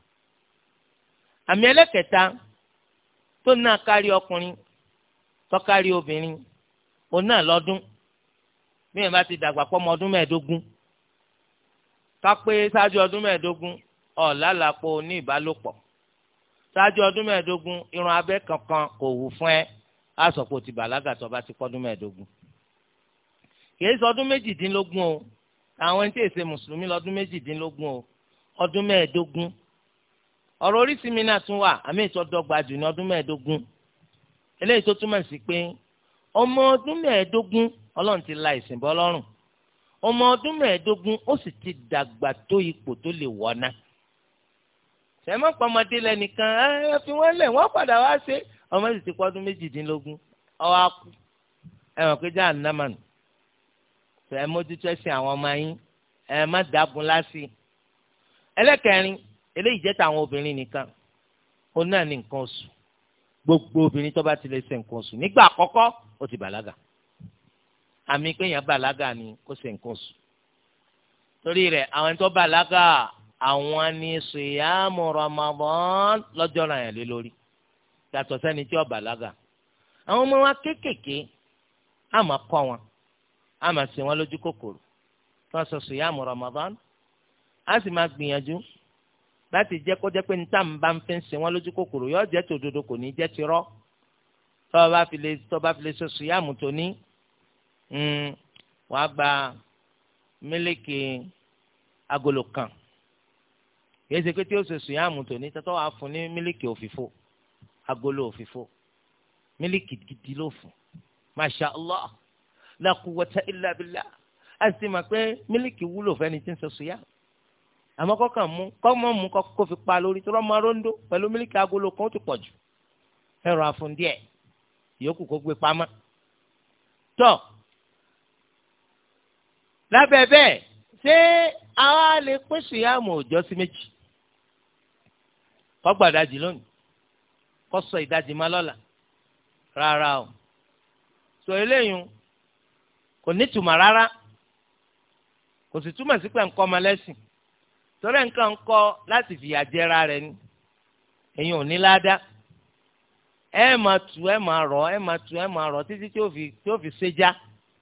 àmì ẹlẹ́kẹta tó náà kárí ọkùnrin tó kárí obìnrin òun náà lọ́dún bí èèyàn bá ti dàgbà pọ́ ọmọ ọdún mẹ́ẹ̀ẹ́dógún kápé ṣáájú ọdún mẹ́ẹ̀ẹ́dógún ọ̀làlàpọ̀ ní ìbálòpọ̀ ṣáájú ọdún mẹ́ẹ̀ẹ́dógún irun abẹ́ kankan kò wù fún ẹ àsọ̀pọ̀ ti bàlágà tó bá ti pọ́dún mẹ́ẹ̀ẹ́dógún. kìí sọdún méjìdínlógún o àwọn ẹni tí èsè mùsùlùmí lọ́dún méjìdínlógún o ọdún mẹ́ẹ̀ẹ́dógún ọ̀rọ̀ oríṣi mi náà tún wà àmì ìtọ́dọ́gba jù ní ọdún mẹ́ẹ̀ẹ́dógún eléyìí tó túmọ̀ sí pé ọmọ ọdún mẹ́ẹ̀ẹ́dógún ọlọ́run ti la ìsìn bọ́ lọ́rùn ọmọ ọdún mẹ́ẹ̀ẹ́dógún ó sì ti dàgbà tó ipò tó lè wọ̀nà. sẹ́mọ́ pọ́mọdé lẹ́nìkan ẹ fi wọ́n lẹ̀ wọ́n padà wá ṣe ọmọ sì ti pọ́ ọdún méjìdínlógún ọwọ́ á kú ẹ mọ̀ pé jáà nàmà nù. sọ ẹ mójútó ẹsìn àwọn ọmọ yín ẹ má dàbùn lásì. ẹlẹ́kẹrin eléyìí jẹ́ tàwọn obìnrin nìkan ó náà ní nǹkan oṣù gbogbo obìnrin tó bá ti lè ṣe nǹkan oṣù nígbà àkọ́kọ́ ó ti bàlágà àmì kéèyàn bàlágà ni kó ṣe nǹkan oṣù torí rẹ̀ àwọn ẹni tó bàlágà àwọn ni sùyàmù Ramadan lọ́jọ́ náà yẹn lé lórí yàtọ̀ sẹ́ni tí ó bàlágà àwọn ọmọ wa kéékèèké á máa kọ́ wọn á máa sìn wọn lójú kòkòrò tí wọ́n sọ sùyàmù Ramadan á sì máa gbìyànjú láti jẹ́ kó jẹ́ pé níta ń bá ń fi ń sin wọn lójú kòkòrò yóò jẹ́ tòdodo kò ní jẹ́ tirọ́ tọ́ba fi lè tọ́ba fi lè sọ sùyàmù tó ní Hmm, wọ́n á gba mílíkì agolo kan kìí ṣe pé tí ó ṣe sùn yáàmù tòní tọ́tọ́ wàá fún ní mílíkì òfìfo agolo òfìfo mílíkì gidi ló fún masha allah la quwwata illa billah a sì mà pé mílíkì wúlò fẹ́ni tí ń ṣe sùn yáàmù àmọ́ kọ́kàn mú kọ́mọ́ mú kó fi pa lórí tí wọ́n máa róńdó pẹ̀lú mílíkì agolo kan ó ti pọ̀ jù ẹ̀rọ àfúndíẹ̀ yòókù kó gbé pamọ́ tọ́ lábẹ́ bẹ́ẹ̀ ṣé àwa lè pín síyàmù òjọ́ sí méjì kó gba ìdajì lónìí kó sọ ìdajì má lọ́la rárá o sọ eléyìí kò ní tùmọ̀ rárá kò sì túmọ̀ sí pé nǹkan ọmọ lẹ́sìn torí nǹkan kọ́ láti fìyà jẹra rẹ̀ ni èyàn ò ní ládá ẹ máa tù ẹ máa rọ̀ ẹ máa tù ẹ máa rọ̀ títí tí ó fi tí ó fi ṣe já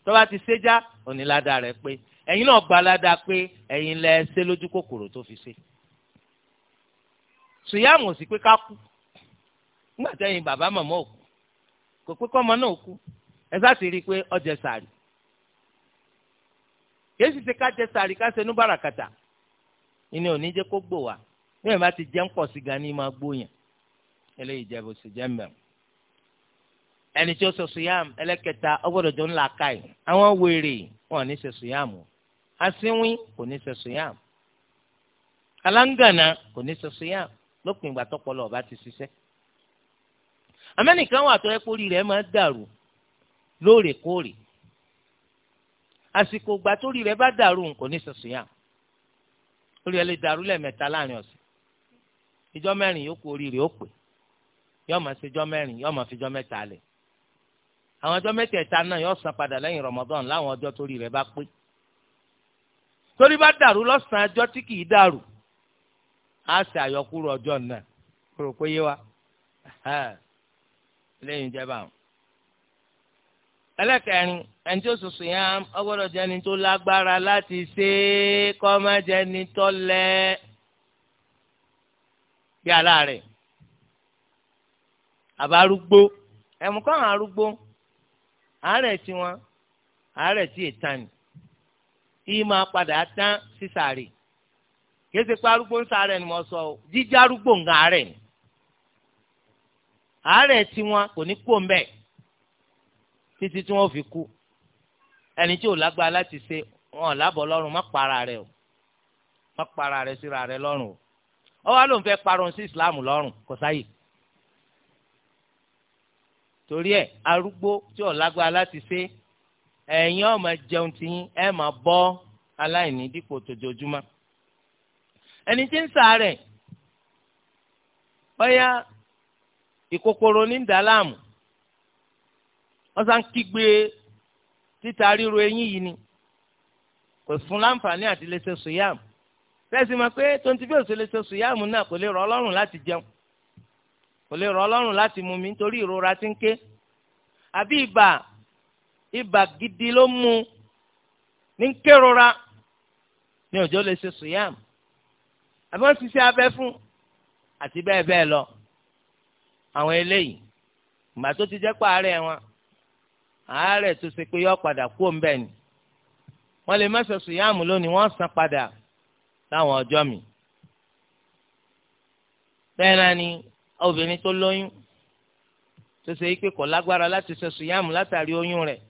tó bá ti ṣéjá onílàdà rẹ̀ pé ẹ̀yin náà gba ládà pé ẹ̀yin lẹ ṣe lójú kòkòrò tó fi ṣe sùyàmù sí pé ká kú nígbà tẹ́yìn bàbá màmá òkú kò pé kọ́mọ náà kú ẹ sáà ti rí i pé ọjẹ sàárì kìí sì ṣe ká jẹ sàárì ká ṣe ní bàràkàtà ìní ò jẹ́ kó gbò wá bí ẹ̀ bá ti jẹ́ ń pọ̀ sí gan ni máa gbóyàn eléyìí jẹ́ bó ṣe jẹ́ mẹ́rin ẹni tí ó ṣe sùyàm ẹlẹ́kẹta ọgbọ́dọ̀ jọ ńlá káì àwọn wèrè wọn ò ní ṣe sùyàm o asínwín kò ní ṣe sùyàm aláǹgànà kò ní ṣe sùyàm lópin ìgbà tọpọlọ ọba ti ṣiṣẹ́ amẹ́nìkan wà tó ẹ́ kórìí rẹ̀ máa dàrú lóòrèkóòrè àsìkò ìgbà tó rí rẹ̀ bá dàrú kò ní ṣe sùyàm orí ẹ lè dàrú lẹ́ẹ̀mẹ́ta láàrin ọ̀sẹ̀ ìjọ mẹ́rin yóò kú oríire ó pè yọ́ọ́ máa ṣe jọ́ mẹ́rin yọ́ọ́ máa fi jọ́ mẹ́ta lẹ̀ àwọn ọjọ́ mẹ́tẹ̀ẹ̀ta náà yóò san padà lẹ́yìn Ramadan láwọn ọjọ́ torí rẹ̀ bá pé torí bá dàrú lọ́sàn-án ọjọ́ tí kìí dàrú á ṣe àyọkúrò ọjọ́ náà kúrò pé yé wa lẹ́yìn ìjẹba àwọn. ẹlẹ́kẹ̀rin ẹni tí ó sùsù yẹn ọgbọ́dọ̀ jẹ́ ẹni tó lágbára láti ṣe é kó má jẹ́ ẹni tó lẹ́ bí aláàrẹ̀ àbárúgbó ẹ̀mú kọ́ àwọn àárẹ̀ tí wọn àárẹ̀ tí ètà ni yìí máa padà tán sísàárè kése pé arúgbó ń sàárẹ̀ ni mo sọ o jíjá arúgbó nǹkan àárẹ̀ ni àárẹ̀ tí wọn kò ní kó mbẹ títí tí wọn fi kú ẹni tí ò lágbára láti ṣe wọn ò lábọ̀ lọ́rùn má para rẹ o má para rẹ síra rẹ lọ́rùn o ọwọ́ ló ń fẹ́ parun sí Islam lọ́rùn kò sáyè torí ẹ arúgbó tí ò lágbára láti ṣe ẹ̀yin ọmọ jẹun tiyín ẹ máa bọ́ aláìní dípò tòjòjúmọ́ ẹni tí ń ṣàárẹ̀ bóyá ìkòkòrò ní dàlámù wọ́n sá ń kígbe títa ríro eyín yìí ni kò fún láǹfààní àti lè ṣe sùyàmù fẹ́ẹ́ sì máa pé tonti bí òṣèlè ṣe sùyàmù náà kò lè rọ ọlọ́run láti jẹun kò lè rọ̀ lọ́rùn láti mú mi nítorí ìrora tí ń ké àbí ibà ibà gidi ló mú ní kérora ní òjò lè ṣe sùyàm àbí wọ́n ti ṣe abẹ́ fún àti bẹ́ẹ̀ bẹ́ẹ̀ lọ àwọn eléyìí ìgbà tó ti jẹ́ pé àárẹ̀ wọn àárẹ̀ tó ṣe pé yọ padà kú òun bẹ́ẹ̀ ni wọ́n lè má ṣe lónìí wọ́n san padà láwọn ọjọ́ mi. bẹ́ẹ̀ náà ni obìnrin tó lóyún tó ṣe yí pé kò lágbára láti ṣe sùyàmù látàrí oyún rẹ̀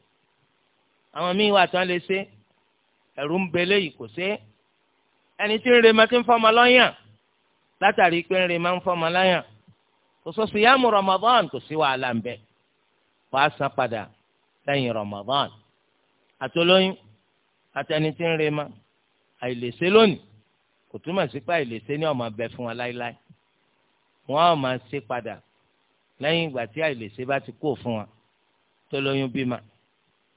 àwọn míín wà tán lè ṣe ẹ̀rù ń belé yìí kò ṣe ẹni tí ń re ma ti ń fọmọ lọ́yàn látàrí pé ń re ma ń fọmọ lọ́yàn kò sọ sùyàmù Ramadan kò sí wàhálà ń bẹ wàá san padà lẹ́yìn Ramadan àtolóyún àtẹni tí ń re ma àìlèṣe lónìí kò túmọ̀ sí pé àìlèṣe ni ọmọ abẹ fún wa láéláé wọn á máa ṣe padà lẹ́yìn ìgbà tí àìlèṣe bá ti kó fún wa tó lóyún bímọ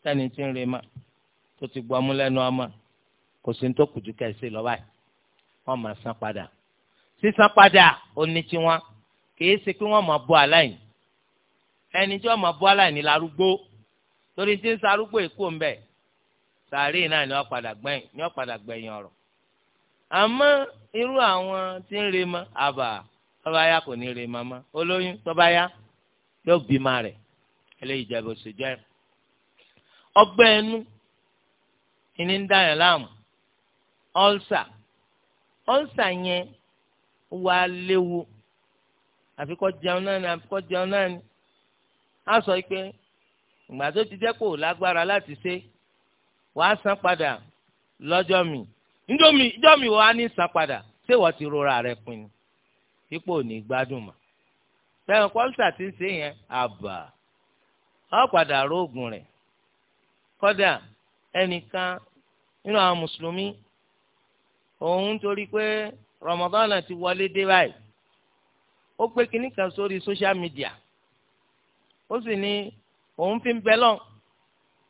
tani tí ń remá tó ti gbọmú lẹ́nu ọmọ kò sí ní tó kùjú kẹsì lọ báyìí wọn máa san padà sísan padà ó ní tiwọn kìí ṣe pé wọn máa bọ aláìní ẹni tí wọn máa bọ aláìní larúgbó torí tí ń sarúgbó èkó ń bẹ sàárè náà ni wọn padà gbẹ̀yìn ni wọn padà gbẹ̀yìn ọ̀rọ̀ àmọ́ irú àwọn tí ń remá àbà tọ́ba yá kò ní rè mama olóyún tọ́ba yá yóò bímọ rẹ̀ eléyìí jẹ́ bó ṣe jẹ́ ọgbẹ́ ẹnu ìní ń dá yàn láàmú ọ́lsà ọ́lsà yẹn wà léwu àfikọ́ jẹun náà ni àfikọ́ jẹun náà ni á sọ pé ìgbà tó ti jẹ́ lágbára láti ṣe wàá san padà lọ́jọ́ mi ńjọ́ mi ìjọ́ mi wàá ní san padà ṣé wọ́n ti rora rẹ̀ pinnu ipò ní gbádùn mọ́ sẹ́yìn kọ́lísà ti ń ṣe yẹn àbà ọ padà róògùn rẹ̀ kọ́dà ẹnìkan nínú àwọn mùsùlùmí òun torí pé Ramadan ti wọlé dé báyìí ó pé kinní kan sórí social media ó sì ní òun fi ń bẹ lọ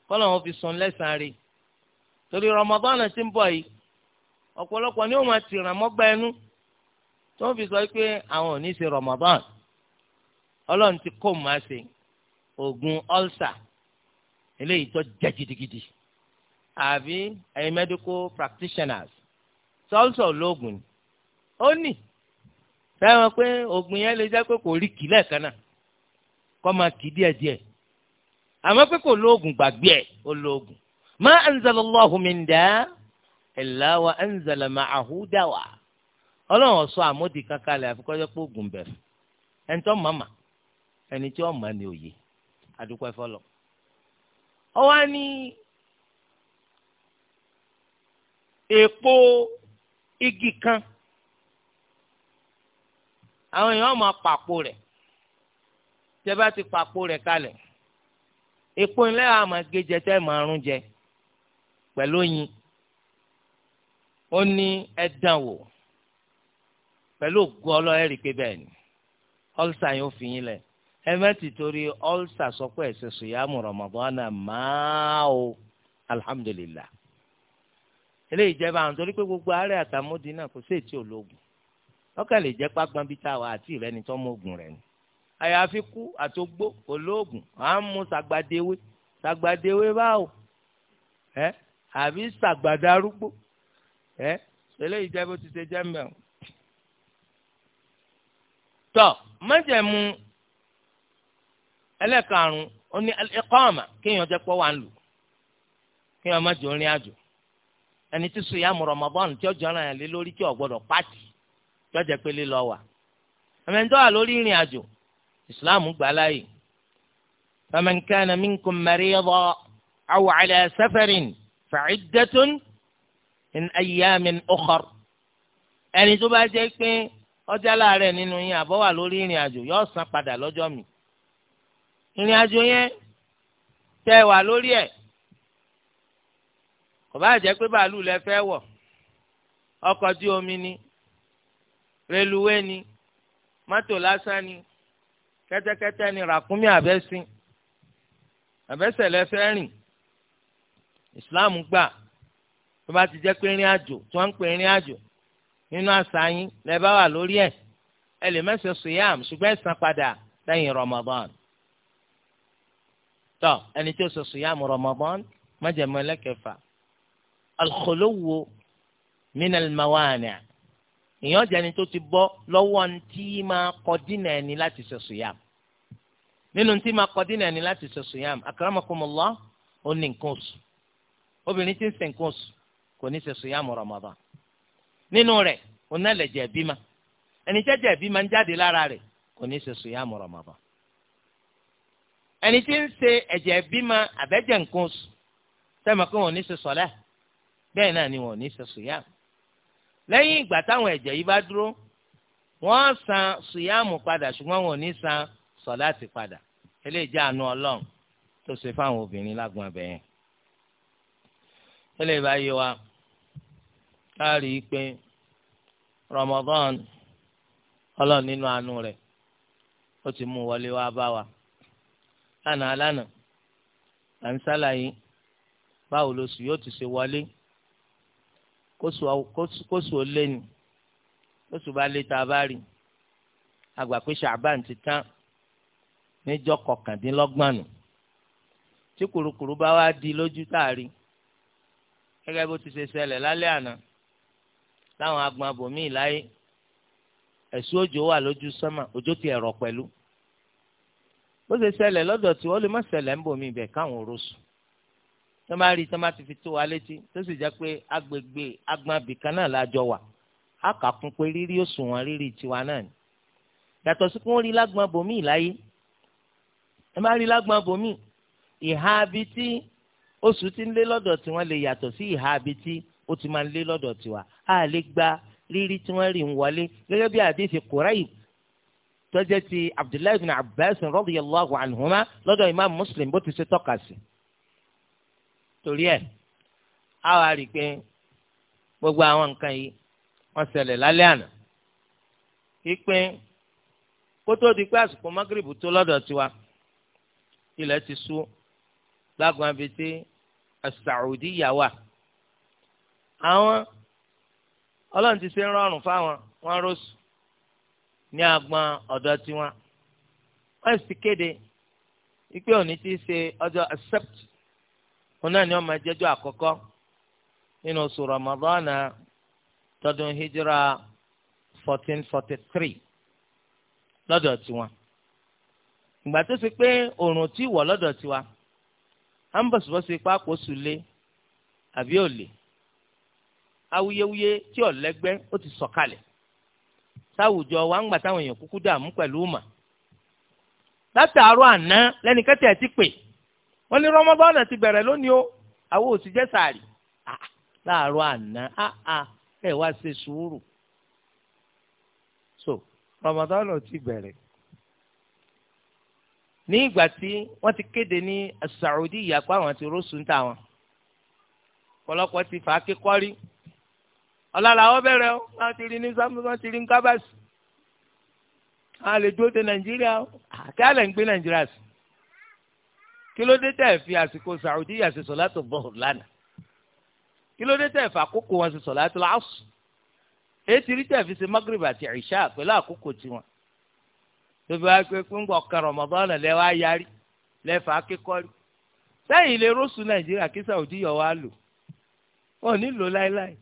kọ́lọ̀ òun fi sùn lẹ́sàn-án rí torí Ramadan ti ń bọ̀ yìí ọ̀pọ̀lọpọ̀ ni ó máa ti ẹnu tó fi sọ pé àwọn ò ní ṣe Ramadan ọlọ́run ti kó máa ṣe oògùn ulcer eléyìí tó jẹ́ gidigidi àbí ẹ̀yin medical practitioners sọ́ọ̀sọ̀ lóògùn ni ó nì fẹ́ràn pé oògùn yẹn lè jẹ́ pé kò rí kì lẹ́ẹ̀kan náà kọ́ máa kì díẹ̀díẹ̀ àmọ́ pé kò lóògùn gbàgbé ẹ̀ ó lóògùn ma anzalallahu min da illa wa anzala ma'ahu dawa ọlọ́run ọ̀sọ́ àmódì kankan lẹ̀ àfikọ́jọ́ pé oògùn bẹ̀rẹ̀ ẹni tó mọ̀ọ́mà ẹni tí ó mọ̀ ní òye àdúpẹ́ fọlọ́ ọ wá ní èpo igi kan àwọn èèyàn máa pàpò rẹ̀ tẹ bá ti pàpò rẹ̀ kalẹ̀ èpo ńlẹ́ àwọn máa tẹ́ máa rún jẹ pẹ̀lú oyin ó ní ẹ dán wò pẹ̀lú ògùn ọlọ́ọ̀ẹ́ rí pé bẹ́ẹ̀ ni ọ́lsà yóò fi yín lẹ̀ ẹ mẹ́tì torí ọ́lsà sọ pé ẹ̀sẹ̀ sòyàmù Ramadana máa o alhamdulillah eléyìí jẹ́ báwọn torí pé gbogbo àárẹ̀ àtàmódì náà kò sí ètí ológun ọkàn lè jẹ́ pápán bíi táwa àti ìrẹ́ni tó mọ ogun rẹ̀ ni àyàfi kú àtògbó olóògùn à ń mu sàgbàdéwé sàgbàdéwé báwo ẹ àbí sàgbàdárúgbó ẹ eléyìí jẹ́ bó ti ṣe jẹ́ mẹ́rin tọ́ májẹ̀mú ẹlẹ́karùn-ún ó ní ẹ̀kọ́ọ̀mà kéèyàn jẹ́ pọ́ wà ń lù kéèyàn má jò ń rìn àjò ẹni tí sùyàmù Ramadan tí ọjọ́ ara yẹn lé lórí tí ọ̀gbọ́dọ̀ pàtì tí ọjọ́ pélé lọ wà ẹ̀mẹ́ńtọ́ wà lórí ìrìn àjò ìsìláàmù gbà láàyè faman kana minkum maridan aw ala safarin fa'iddatun min ayyamin ukhar ẹni tó bá jẹ́ pé ọjà láàárẹ̀ nínú yín àbọ̀ wà lórí ìrìn àjò yóò san padà lọ́jọ́ mi ìrìn àjò yẹn tẹ́ wà lórí ẹ̀ kò bá jẹ́ pé bàálù lẹ fẹ́ wọ̀ ọkọ̀ ojú omi ni reluwé ni mọ́tò lásán ni kẹ́tẹ́kẹ́tẹ́ ni ràkúnmí àbẹ́sìn àbẹ́sẹ̀ lẹ fẹ́ rìn Islam gbà tó bá ti jẹ́ pé ìrìn àjò tí wọ́n ń pè ìrìn àjò nínú àṣà yín lẹ́ bá wà lórí ẹ̀ ẹ lè mẹ́sẹ̀ sùyàm ṣùgbọ́n ẹ san padà lẹ́yìn Ramadan tọ́ ẹni tí ó sọ sùyàm Ramadan májèmọ́ ẹlẹ́kẹfà alkholowo minal mawani ìyẹn jẹni tó ti bọ́ lọ́wọ́ ntí máa kọ dínà ẹni láti sọ sùyàm nínú ntí máa kọ dínà ẹni láti sọ sùyàm akramakumullah ó ní nǹkan oṣù obìnrin tí ń ṣe nǹkan oṣù kò ní sọ sùyàm Ramadan nínú rẹ̀ òun náà lẹ̀jẹ̀ bímọ ẹni jẹ́jẹ̀ bímọ ń jáde lára rẹ̀ kò ní í ṣe sùyàmù Ramadan ẹni tí ń ṣe ẹ̀jẹ̀ bímọ àbẹ́jẹ̀ nǹkan oṣù sẹ́mi pé wọn ò ní ṣe sọ̀lẹ́ bẹ́ẹ̀ náà ni wọn ò ní ṣe sùyàmù lẹ́yìn ìgbà táwọn ẹ̀jẹ̀ yìí bá dúró wọ́n san sùyàmù padà ṣùgbọ́n wọn ò ní san sọ̀láàtì padà eléyìí àánú ọlọ́run tó ṣe fáwọn obìnrin lágbọn abẹ yẹn. ó lè bá yé wa a rí Ramadan ọlọ́run nínú àánú rẹ̀ ó ti mú wọlé wá bá wa lánàá lánàá à ń sálàyé báwo lóṣù yóò ti ṣe wọlé kóṣù ó ni kóṣù bá lé tá a bá rí àgbà pé ṣàbàn ti tán níjọ́ kọkàndínlọ́gbọ̀n tí kùrukùru bá wá di lójú táàrí gẹ́gẹ́ bó ti ṣe ṣẹlẹ̀ lálẹ́ àná láwọn agbọn láyé ẹ̀sùn òjò wà lójú sánmà òjò ti ẹ̀rọ pẹ̀lú bó ṣe ṣẹlẹ̀ lọ́dọ̀ tí lè má ń bẹ̀ káwọn oró tó máa rí tó ti fi tó wa létí tó sì pé agbègbè agbọn abìkan náà lájọ wà á kà kún pé rírí òṣùwọ̀n rírí tiwa náà ni yàtọ̀ sí wọ́n rí lágbọn ó ti máa ń lé lọ́dọ̀ tiwa a lè gba rírí tí wọ́n rí ń wọlé gẹ́gẹ́ bí àdéhìí Quraib tó ti Abdullahi bin Abbas radiyallahu anhuma lọ́dọ̀ Imam Muslim bó ti ṣe tọ́ka sí torí ẹ̀ a wá rí i pé gbogbo àwọn nǹkan yìí wọ́n ṣẹlẹ̀ lálẹ́ àná ìpín kótó di pé àsìkò magrib tó lọ́dọ̀ tiwa ilẹ̀ ti ṣú lágùn abẹ́tẹ́ as-Saudiya wà. àwọn ọlọ́run ti ṣe ń rọrùn fáwọn wọn rọ́ọ̀sù ní agbọn ọ̀dọ́ tiwọn wọ́n sì kéde ipe òní ti ṣe ọjọ́ accept òun náà ni wọ́n máa jẹ́jọ́ àkọ́kọ́ nínú oṣù Ramadana tọdún hijira fourteen forty three lọ́dọ̀ tiwọn ìgbà tó ṣe ti wọ̀ lọ́dọ̀ tiwa à ń pápó awuyewuye tí ò lẹ́gbẹ́ ó ti sọ̀kalẹ̀ sáwùjọ wa ń gbà táwọn èèyàn kúkú dààmú pẹ̀lú mà látàárọ̀ àná lẹ́ni kẹ́tẹ̀ ti pè wọ́n ní rọmọbọ́nà ti bẹ̀rẹ̀ lónìí o àwọn ò sì jẹ́ sàárì láàárọ̀ àná ẹ wá ṣe sùúrù so rọmọbọ́nà ti bẹ̀rẹ̀ ní ìgbà tí wọ́n ti kéde ní Saudi ìyàpá àwọn ti rósùn táwọn ọ̀pọ̀lọpọ̀ ti fà á kékọ́rí ọ̀la làwọn bẹ̀rẹ̀ o wọ́n ti rí ní sáfù wọ́n ti rí ní kábàsì a lè dúró de nàìjíríà kí a lè ń gbé nàìjíríà sí kí ló dé tẹ̀ fi àsìkò Saudi àti sọ̀látò bọ́ọ̀ lánàá kí ló dé tẹ̀ fi àkókò wọn sí sọ̀látò láàsù ètí rí tẹ̀ fi ṣe Maghrib àti Isha pẹ̀lú àkókò tiwọn tóbi wá pé pínpọ̀ kan Ramadan lẹ́wọ́ ayárí lẹ́fà akẹ́kọ̀ọ́rí sẹ́yìn lè rọ́ọ̀sù nàìjíríà kí Saudi yọ̀ wá lò wọn ò ní lò láéláé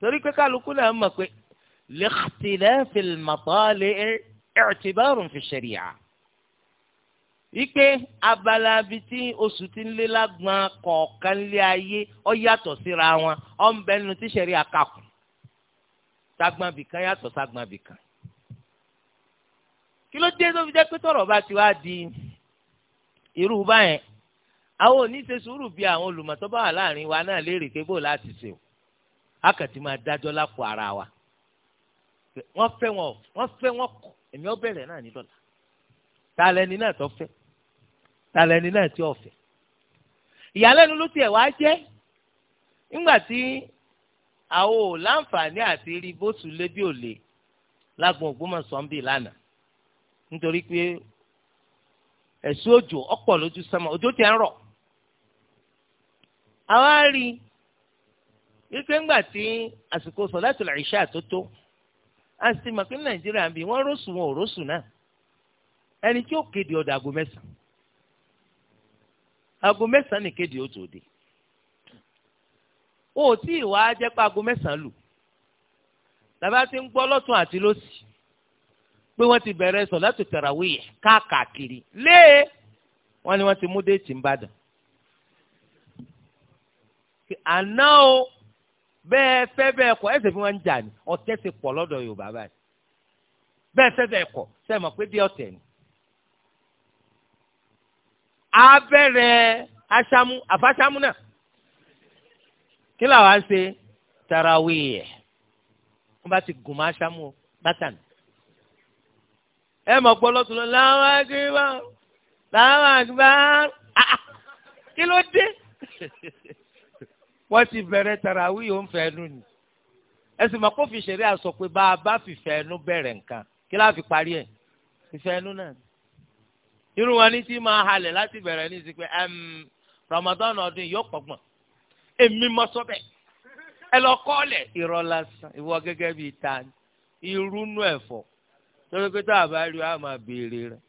torí pé kálukú náà mọ̀ pé lẹ́xtìlẹ́fì màtọ́lẹ́ ẹ̀ẹ́tìbárùn fi ṣẹ̀ríà wípé abala bi tí oṣù ti ń lé lágbọn kọ̀ọ̀kan lé ayé ọ yàtọ̀ síra wọn ọ ń bẹnu tí ṣẹ̀ríà kakùn sagbọn bìkan yàtọ̀ sagbọn bìkan kí ló dé tó fi jẹ́ pé tọ̀rọ̀ bá ti wá di irú báyẹn àwọn ò ní ṣe sùúrù bí àwọn olùmọ̀tọ́ bá wà láàrin wa náà léèrè pé bó láti ṣe o akàtì máa dájọ́ lápò ara wa wọ́n fẹ́ wọn wọ́n fẹ́ wọn kọ̀ ọ náà ní dọ́là ta náà fẹ́ ta náà tí ò ìyàlẹ́nu ló tiẹ̀ wá jẹ́ nígbà tí àwọn ò láǹfààní àti rí bóṣù lébi òlè lágbọn Ògbómọ̀ṣọ́ ń lánàá nítorí pé ẹ̀sùn òjò ọ̀pọ̀ lójú sánmà òjò ti ń rọ̀ àwa rí wípé ńgbà tí àsìkò sọ̀láṣọ̀ ìṣá tó tó a sì mọ̀ pé nàìjíríà ń bí wọ́n rọ́ọ̀sù wọn ò rọ́ọ̀sù náà ẹni tí ó kéde ọ̀dọ̀ aago mẹ́sàn-án aago mẹ́sàn-án ni kéde ó tó dé o ò tí ì wá jẹ́ pé aago mẹ́sàn-án lù làbá ti ń gbọ́ lọ́tún àti lọ́sì pé wọ́n ti bẹ̀rẹ̀ sọ̀láṣọ̀ tàràwíyẹ̀ káàkiri léè wọ́n ní wọ́n ti mú déètì ń àná o bẹ́ẹ̀ fẹ́ bẹ́ẹ̀ kọ̀ ẹ̀sẹ̀ fi wọ́n ń jà ní ọ̀tẹ̀ ti pọ̀ lọ́dọ̀ Yorùbá báyìí bẹ́ẹ̀ fẹ́ bẹ́ẹ̀ kọ̀ sẹ́ẹ̀ mọ̀ pé bí ọ̀tẹ̀ ni. abẹ́rẹ́ aṣámú àfáṣámú náà kí làwọn á ṣe tarawih wọ́n bá ti gùn mọ́ aṣámú bátànì ẹ mọ̀ pọ̀ lọ́tún lọ láwọn àgbẹ̀ láwọn àgbẹ̀ kí ló dé. wọ́n ti bẹ̀rẹ̀ tàràwí yóò ń fẹ́nu ni ẹsìn máa kó fi ṣeré àsọ pé bá a bá fìfẹ́ ẹnu bẹ̀rẹ̀ nǹkan kí láà fi parí ẹ̀ fìfẹ́ náà ni. irú wọn ní tí máa halẹ̀ láti bẹ̀rẹ̀ ní ti pé Ramadan ọdún yìí yóò pọ̀gbọ̀n èmi mọ sọ́bẹ̀ ẹ lọ kọ́ọ̀lẹ̀ irọ́ lásán ìwọ gẹ́gẹ́ bíi ta irúnú ẹ̀fọ́ torí pé tá a rí a máa béèrè rẹ̀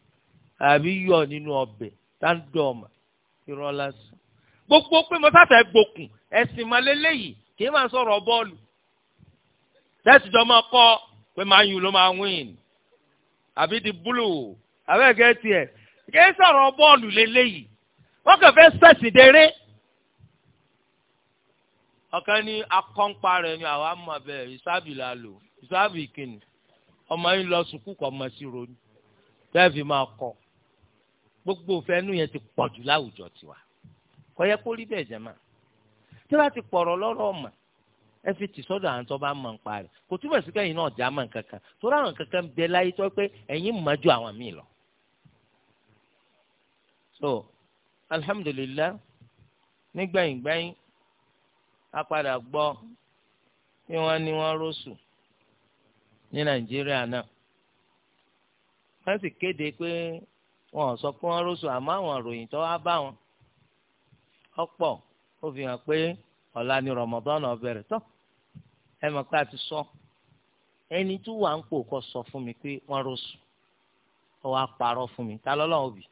àbí yọ̀ nínú ọbẹ̀ tá ń dọ̀ ọ̀mà irọ́ lásán gbogbo pé mo sáfẹ́ gbòkùn ẹ̀sìn mọ́ lélẹ́yìí kì í máa sọ̀rọ̀ bọ́ọ̀lù tẹ́sí jọ máa kọ́ pé máa yùn ló máa win àbí di búlù àbẹ́ẹ̀kẹ́ tiẹ̀ kì í sọ̀rọ̀ bọ́ọ̀lù lélẹ́yìí wọ́n kàn fẹ́ sẹ̀sìn déré ọ̀kan ní akọ́ńpa rẹ̀ ni àwa mọ̀ bẹ́ẹ̀ ìsáàbì la lò ìsáàbì kìnnì ọmọ yín lọ sùkúù kọ́ ọmọ sí ronú tẹ́ẹ̀fì máa kọ́ gbogbo òfẹ́ nù yẹn ti pọ̀ láwùjọ tiwa kò yẹ kó rí bẹ́ẹ̀ jẹ́ mà tí wọ́n ti pọ̀rọ̀ lọ́rọ̀ ọ̀mà ẹ fi tì sọ́dọ̀ àwọn tó bá mọ̀ nípa rẹ̀ kò túmọ̀ sí kẹ́yìn náà jámọ̀ kankan tó ráwọn kankan bẹ láyé tó pé ẹ̀yin mọ̀ ju àwọn míì lọ. so alhamdulillah nígbẹ̀yìngbẹ̀yìn a padà gbọ́ bí wọ́n ní wọ́n rọ́ṣù ní nàìjíríà náà wọ́n sì kéde pé wọ́n sọ pé wọ́n rọ́ṣù àmọ́ àwọn ìròyìn tó wá bá wọn ọpọ ó fi hàn pé ọ̀la ni Ramadan náà bẹ̀rẹ̀ tán ẹ mọ̀ pé ti sọ ẹni tó wà ń pò kọ sọ fún mi pé wọ́n rọ̀ṣù ọ wá parọ́ fún mi ta lọ́lọ́run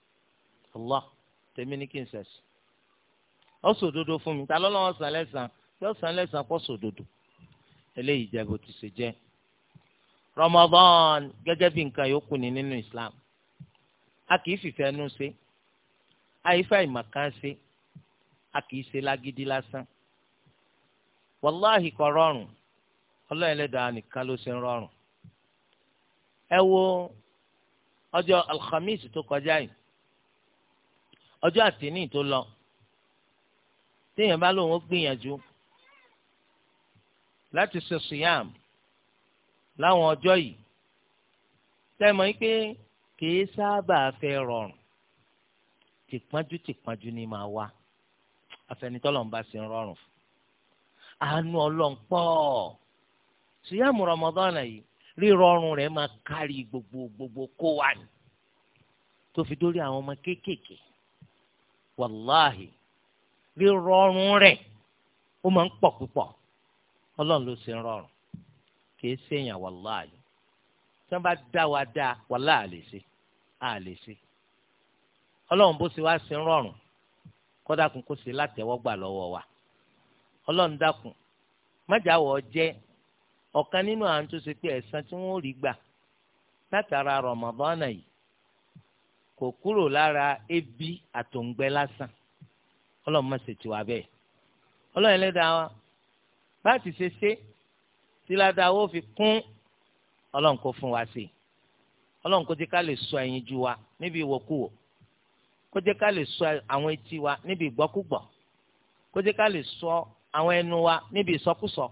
Allah tèmi ní kí n sẹ̀sì ọ sòdodo fún mi ta lọ́lọ́run sàn lẹ́sàn yóò sàn lẹ́sàn kọ́ sòdodo eléyìí jẹ́ bó ti ṣe jẹ́ gẹ́gẹ́ bí nǹkan ni nínú a kì í fìfẹ́ nu ṣe àyífẹ́ ṣe a kì í ṣe lágídí lásán wàláhì kò rọrùn ọlọ́run ẹlẹ́dàá nìkan ló ṣe ń rọrùn ẹ wo ọjọ́ alhamis tó kọjá yìí ọjọ́ àtìní tó lọ téèyàn bá lóun ó gbìyànjú láti ṣe siyam láwọn ọjọ́ yìí tẹ́mọ̀ yín pé kìí sábà fẹ́ rọrùn tìpọ́njú tìpọ́njú ni màá wá afẹnitọ́lọ́n bá sì ń rọrùn fún àánú ọlọ́run pọ̀ síyàmù rọmọdọ́nà yìí rírọrùn rẹ̀ máa kárí gbogbo gbogbo kó wà ní tó fi dórí àwọn ọmọ kéékèèké wàláhì rírọrùn rẹ̀ ó máa ń pọ̀ púpọ̀ ọlọ́run ló sì ń rọrùn kìí ṣèyàn wàláhì tí wọ́n bá dá wa dá wàláhì àlè sí àlè sí ọlọ́run bó ṣe wá sí ń rọrùn kọ́dákun kó ṣe látẹ̀wọ́gbà lọ́wọ́ wa ọlọ́run dákun májàwọ̀ jẹ́ ọ̀kan nínú àwọn tó ṣe pé ẹ̀san tí wọ́n rí gbà látara rọ̀mọ̀bọ́nà yìí kò kúrò lára ebi àtòǹgbẹ lásán ọlọ́run má ṣe tì wá bẹ́ẹ̀ ọlọ́run ẹlẹ́dàá wa láti ṣe ṣe tí ládàá ó fi kún ọlọ́run kó fún wa sí ọlọ́run kó ti ká lè sọ ẹ̀yìn ju wa níbi ìwọ̀kuwọ̀ kó jẹ́ ká lè sọ àwọn etí wa níbi ìgbọ́kúgbọ̀ kó jẹ́ ká lè sọ àwọn ẹnu wa níbi ìsọkúsọ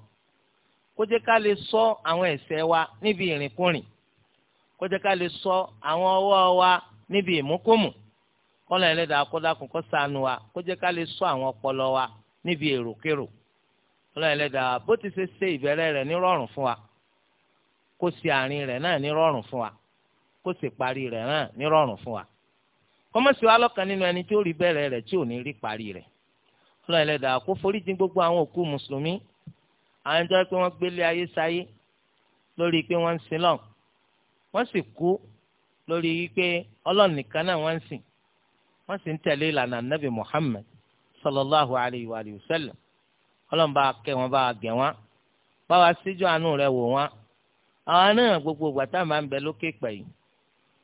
kó jẹ́ ká lè sọ àwọn ẹsẹ̀ wa níbi ìrìnkúrìn kó jẹ́ ká lè sọ àwọn ọwọ́ wa níbi ìmúkúmù kọ́lọ̀ ẹlẹ́dàá kọ́dákùn kó ṣàánú wa kó jẹ́ ká lè sọ àwọn ọpọlọ wa níbi èròkérò kọ́lọ̀ ẹlẹ́dàá bó ti ṣe ṣe ìbẹ̀rẹ̀ rẹ̀ nírọ̀rùn fún wa kó ṣe àárín rẹ̀ náà nírọ̀rùn fún wa kó ṣe parí rẹ̀ náà nírọ̀rùn fún wa kọ́mọ̀sí wa lọ́kàn nínú ẹni tí ó rí bẹ̀rẹ̀ rẹ̀ tí ò ní rí parí rẹ̀ ọlọ́ ẹlẹ́dàá kó foríjì gbogbo àwọn òkú mùsùlùmí àwọn ẹni tó yẹ pé wọ́n gbélé ayé sáyé lórí pé wọ́n ń sin lọ́n wọ́n sì kú lórí wípé ọlọ́run nìkan náà wọ́n ń sìn wọ́n sì ń tẹ̀lé ìlànà nabi muhammed sallallahu alayhi wa sallam ọlọ́run bá kẹ́ wọn bá gẹ̀ wọn bá wa síjú àánú rẹ̀ wò wọn àwọn náà gbogbo ìgbà máa ń bẹ lókè pẹ̀yì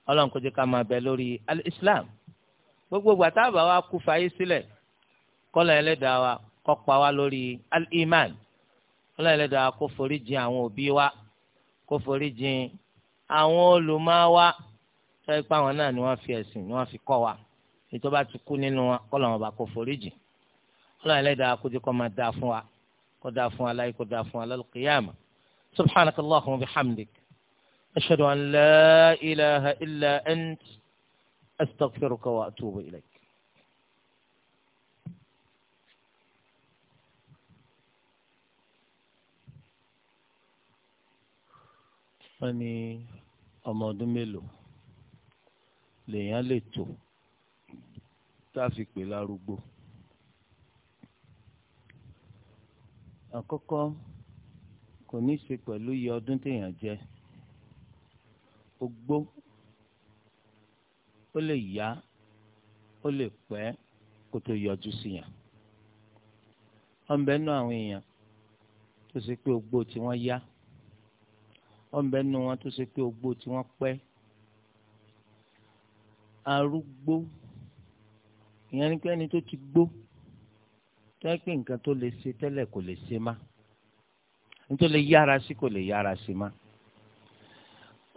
ọlọ́run kò jẹ́ ká máa bẹ lórí al-islam gbogbo gbàtàbà wa kú fàyè sílẹ̀ kọ́lọ̀ ẹlẹ́dàá wa kó pa wá lórí al-iman kọ́lọ̀ ẹlẹ́dàá wa kó forí jìn àwọn òbí wa kó forí jìn àwọn olùmọ̀ wa sọ́yìn pé àwọn náà ni wọ́n fi ẹ̀sìn ni wọ́n fi kọ́ wa ètò ti kú nínú wọn kọ́lọ̀ wọn bá kó forí jìn kọ́lọ̀ ẹlẹ́dàá kó jẹ́ kó máa dáa fún wa kó dáa fún wa kó dáa fún wa lálùkìyàmà subhanakallahumma wa bihamdik ashhadu an la ilaha illa ant. أستغفرك وأتوب إليك wọ́n ní ọmọ ọdún mélòó lèèyàn lè tó tá a fi pè lárúgbó àkọ́kọ́ kò ní í ṣe pẹ̀lú iye ọdún téèyàn jẹ́ ogbó ó lè yá ó lè pẹ́ kó tó yọjú sí yàn ọ̀nbẹ nú àwọn èèyàn tó ṣe pé ogbó tí wọ́n yá ọ̀nbẹ nú wọn tó ṣe pé ogbó tí wọ́n pẹ́ arúgbó ìyẹn ni pé ẹni tó ti gbó tó pé nǹkan tó lè ṣe tẹ́lẹ̀ kò lè ṣe má nítorí lè yára sí kò lè yára sí má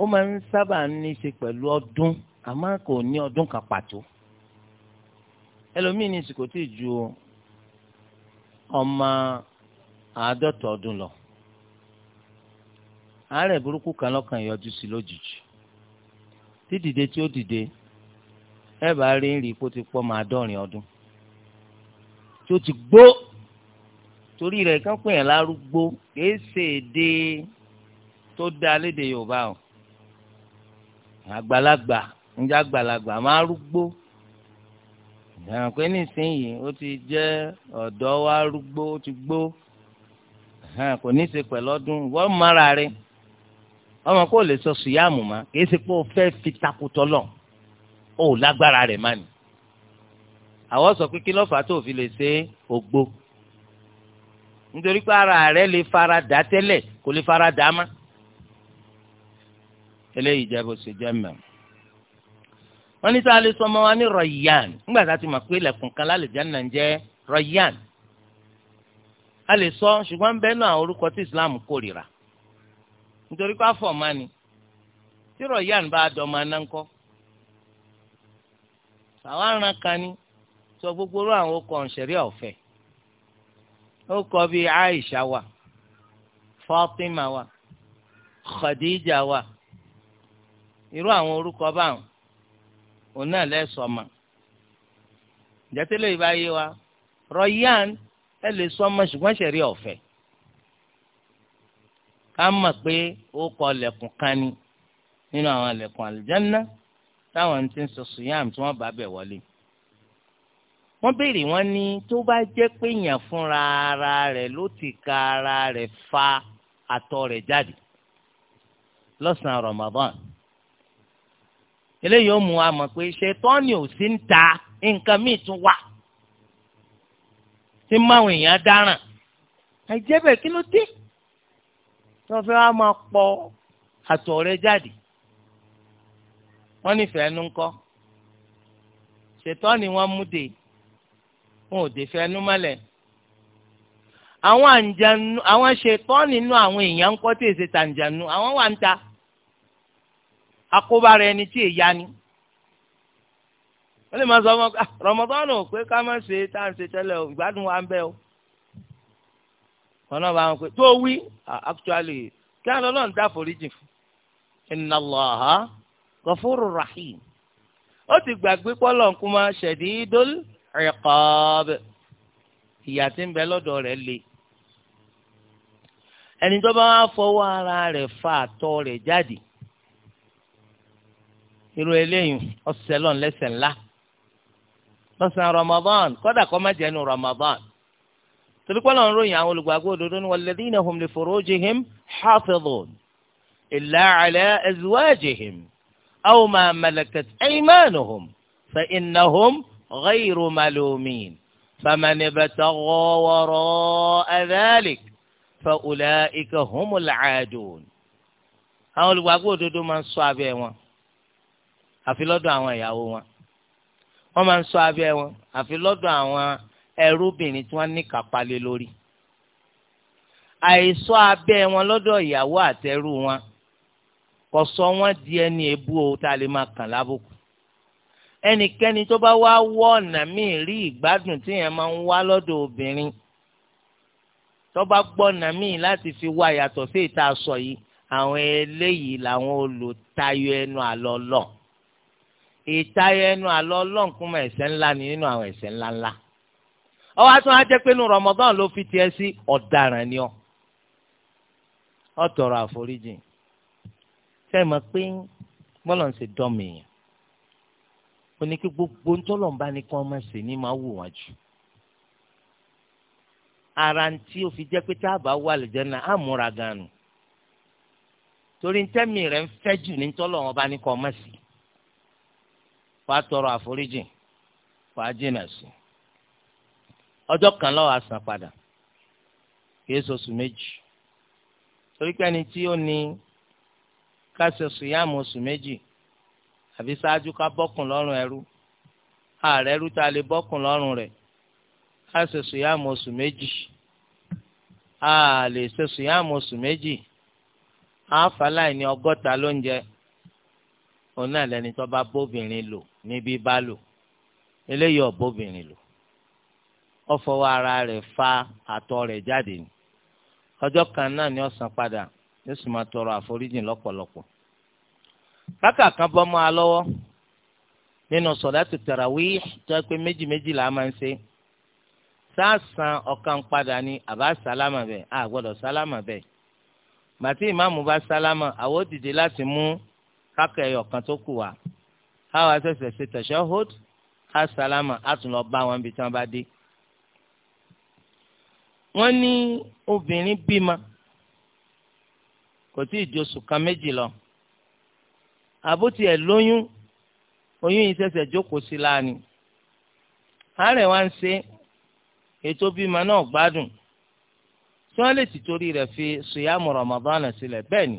ó máa ń sábà ní í ṣe pẹ̀lú ọdún àmọ́ kò ní ọdún kan pàtó ẹlòmíì ní ìsìnkò tí ju ọmọ àádọ́ta ọdún lọ àárẹ̀ burúkú kan lọ́kàn yọjú sí lójijì dídìde tí ó dìde ẹ bá rí rí kó ti pọ́ máa dọ́rin ọdún tí ó ti gbó torí rẹ̀ kán pè yàn lárúgbó kìí ṣe èdè tó dá léde Yorùbá o àgbàlagbà njẹ́ àgbàlagbà máa rúgbó ìyàwó pé nísìnyìí ó ti jẹ́ ọ̀dọ́ wa rúgbó ó ti gbó kò ní í ṣe pẹ̀lú ọdún wọ́n mara rẹ̀ ọmọ kò lè sọ sùyàmù ma kìí ṣe pé o fẹ́ fi takùtọ̀ lọ o ò lágbára rẹ̀ má ni àwọn sọ pé kí lọ́fà tó fi lè ṣe ògbó nítorí pé ara rẹ̀ lè fara dà tẹ́lẹ̀ kò lè fara dà má eléyìí jẹ́ bó ṣe jẹ́ mẹ́rin wọ́n ní sáà lè sọ ọmọ wa ní rọ̀yàn nígbà tá a ti mọ̀ pé ilẹ̀kùn kan lálẹ́jáná ń jẹ́ rọ̀yàn a lè sọ ṣùgbọ́n bẹ́ẹ̀ náà orúkọ tí Islam kórìíra nítorí pé àfọ̀mọ́ ni tí rọ̀yàn bá dọ̀mọ́ anáńkọ́ àwọn aràn kan ni sọ gbogbo orú àwọn ọkọ̀ ọ̀nṣẹ̀rí ọ̀fẹ́ ó kọ bíi Aisha wa Fatima wa Khadija wa irú àwọn orúkọ báwọn òun náà lẹ́sọ̀ mà jẹ́tẹ́lẹ̀ ìbá yé wa Royan, ẹ lè sọ ọmọ ṣùgbọ́n ṣẹ̀rí ọ̀fẹ́ ká mọ̀ pé ó kọ lẹ̀kùn kan ni nínú àwọn lẹ̀kùn àlùjáná táwọn ti ń sọ sùyàm tí wọ́n bá bẹ̀ wọlé wọ́n béèrè wọ́n ní tó bá jẹ́ pé èèyàn fúnra ara rẹ̀ ló ti ka ara rẹ̀ fa àtọ̀ rẹ̀ jáde lọ́sàn-án Ramadan eléyìí ó mú wa mọ̀ pé ṣètọ́ni ò sí ń ta nǹkan míì tún wà tí máwọn èèyàn dáràn àìjẹ́ bẹ́ẹ̀ kí ló dé tí wọ́n fẹ́ wá máa pọ àtọ̀ rẹ jáde wọ́n nífẹ̀ẹ́ nu ńkọ́ ṣètọ́ni wọ́n mú de wọn ò dé fẹ́ nu mọ́lẹ̀ àwọn àǹjànú àwọn ṣètọ́ni nínú àwọn èèyàn ńkọ́ tí èsè tàǹjànú àwọn wà ń ta akóbára ẹni tí èyá ni wọ́n lè máa sọ ọmọ ah, Ramadan ò pé ká má ṣe tá à ń ṣe tẹ́lẹ̀ o ìgbádùn wa ń bẹ o wọn náà bá wọn pé tó wí ah, actually kí á lọ náà ń dá foríjì fún inna Allaha ghafurur rahim ó ti gbàgbé pọ́lọ̀ ń kú mọ́ shadidul iqab tí ń bẹ lọ́dọ̀ rẹ̀ le ẹni tó bá wá fọwọ́ ara rẹ̀ fa àtọ̀ rẹ̀ jáde irú eléyìí ọ̀sẹ̀lọ́n lẹ́sẹ̀ ńlá Ramadan kọ́dà kọ́ má jẹ́ ní Ramadan torí náà ń ròyìn àwọn olùgbàgbọ́ òdodo ní walladhina hum li furujihim hafidhun illa ala azwajihim aw ma malakat aymanuhum fa innahum ghayru malumin famani bata wara'a dhalik fa ulaika humul aadun. àwọn olùgbàgbọ́ òdodo máa ń ṣọ́ abẹ́ wọn àfi lọ́dọ̀ àwọn ìyàwó wọn wọ́n máa ń ṣọ́ abẹ́ wọn àfi lọ́dọ̀ àwọn ẹrúbìnrin tí wọ́n ní kápálẹ lórí àìṣọ́ abẹ́ wọn lọ́dọ̀ ìyàwó àtẹrú wọn kò sọ wọ́n di ẹni èébú o tá a lè máa kàn lábùkù ẹnikẹ́ni tó bá wá wọ ọ̀nà míì rí ìgbádùn tí yẹn máa ń wá lọ́dọ̀ obìnrin tó bá gbọ́ ọ̀nà míì láti fi wá yàtọ̀ sí ìta sọ yìí àwọn eléyìí làwọn olùtayọ ẹnu àlọ́ lọ́ọ̀ ìtayẹ ẹnu àlọ́ ọlọ́nkún mọ ẹ̀ṣẹ̀ ńlá ni nínú àwọn ẹ̀ṣẹ̀ ńlá ńlá ọwọ́ àtúntò á jẹ́ pé nu Ramadan ló fi tiẹ̀ sí ọ̀daràn ni ọ ọ tọrọ àforíjì fẹ́ mọ̀ pé bọ́lọ̀ ń ṣe dọ́mìyàn ó ní kí gbogbo ńtọ́lọ́mbá ni kí wọ́n máa ṣe ní máa wù wọ́n jù ara ń tí ó fi jẹ́ pé a bá wà lẹ́jẹ̀nà á ganu torí ntẹ́mi rẹ̀ ń fẹ́ jù ní ńtọ́lọ́mbá ni kí wọ́n máa ṣe wàá tọrọ àforíjì wàá jìnà sí ọjọ́ kan lọ́wọ́ àsàn padà kìí sọ̀sù méjì torí pé ẹni tí ó ní ká ṣe sùyàmù oṣù méjì àbí ṣáájú ká bọ́kùn lọ́rùn ẹrú ààrẹ ẹrú tá a lè bọ́kùn lọ́rùn rẹ̀ ká sùyàmù oṣù méjì a ṣe sùyàmù oṣù méjì àǹfààní ní ọgọ́ta lóúnjẹ Ona náà lẹni tó bá bóbìnrin lò níbí bá lò eléyìí ọ̀bóbìnrin lò ó fọwọ́ ara rẹ̀ fa àtọ̀ rẹ̀ jáde ni ọjọ́ kan náà ni ó san padà yóò sì máa tọrọ àforíjì lọ́pọ̀lọpọ̀ kákà kan bọ́ mọ́ a lọ́wọ́ nínú sọ̀dátù tarawih tó pé méjì méjì là á máa ń ṣe sáàsán ọ̀kan padà ni àbá sálámà bẹ́ẹ̀ àgbọ̀dọ̀ sálámà bẹ́ẹ̀ màtí ìmáàmù bá sálámà àwọn ó láti mú rákà ẹyọ kan tó kù wá àwọn àṣẹṣẹ ṣe tashahhud àṣàlámà àtúnlọ bá wọn bí tí wọn bá dé. wọ́n ní obìnrin bímọ kò tí ì di oṣù kan méjì lọ àbótí ẹ̀ lóyún oyún yìí ṣẹ̀ṣẹ̀ jókòó sí láàánú àárẹ̀ wá ń ṣe ètò bímọ náà gbádùn tí wọ́n lè ti torí rẹ̀ fi ṣùyàmù Ramadan sílẹ̀ bẹ́ẹ̀ ni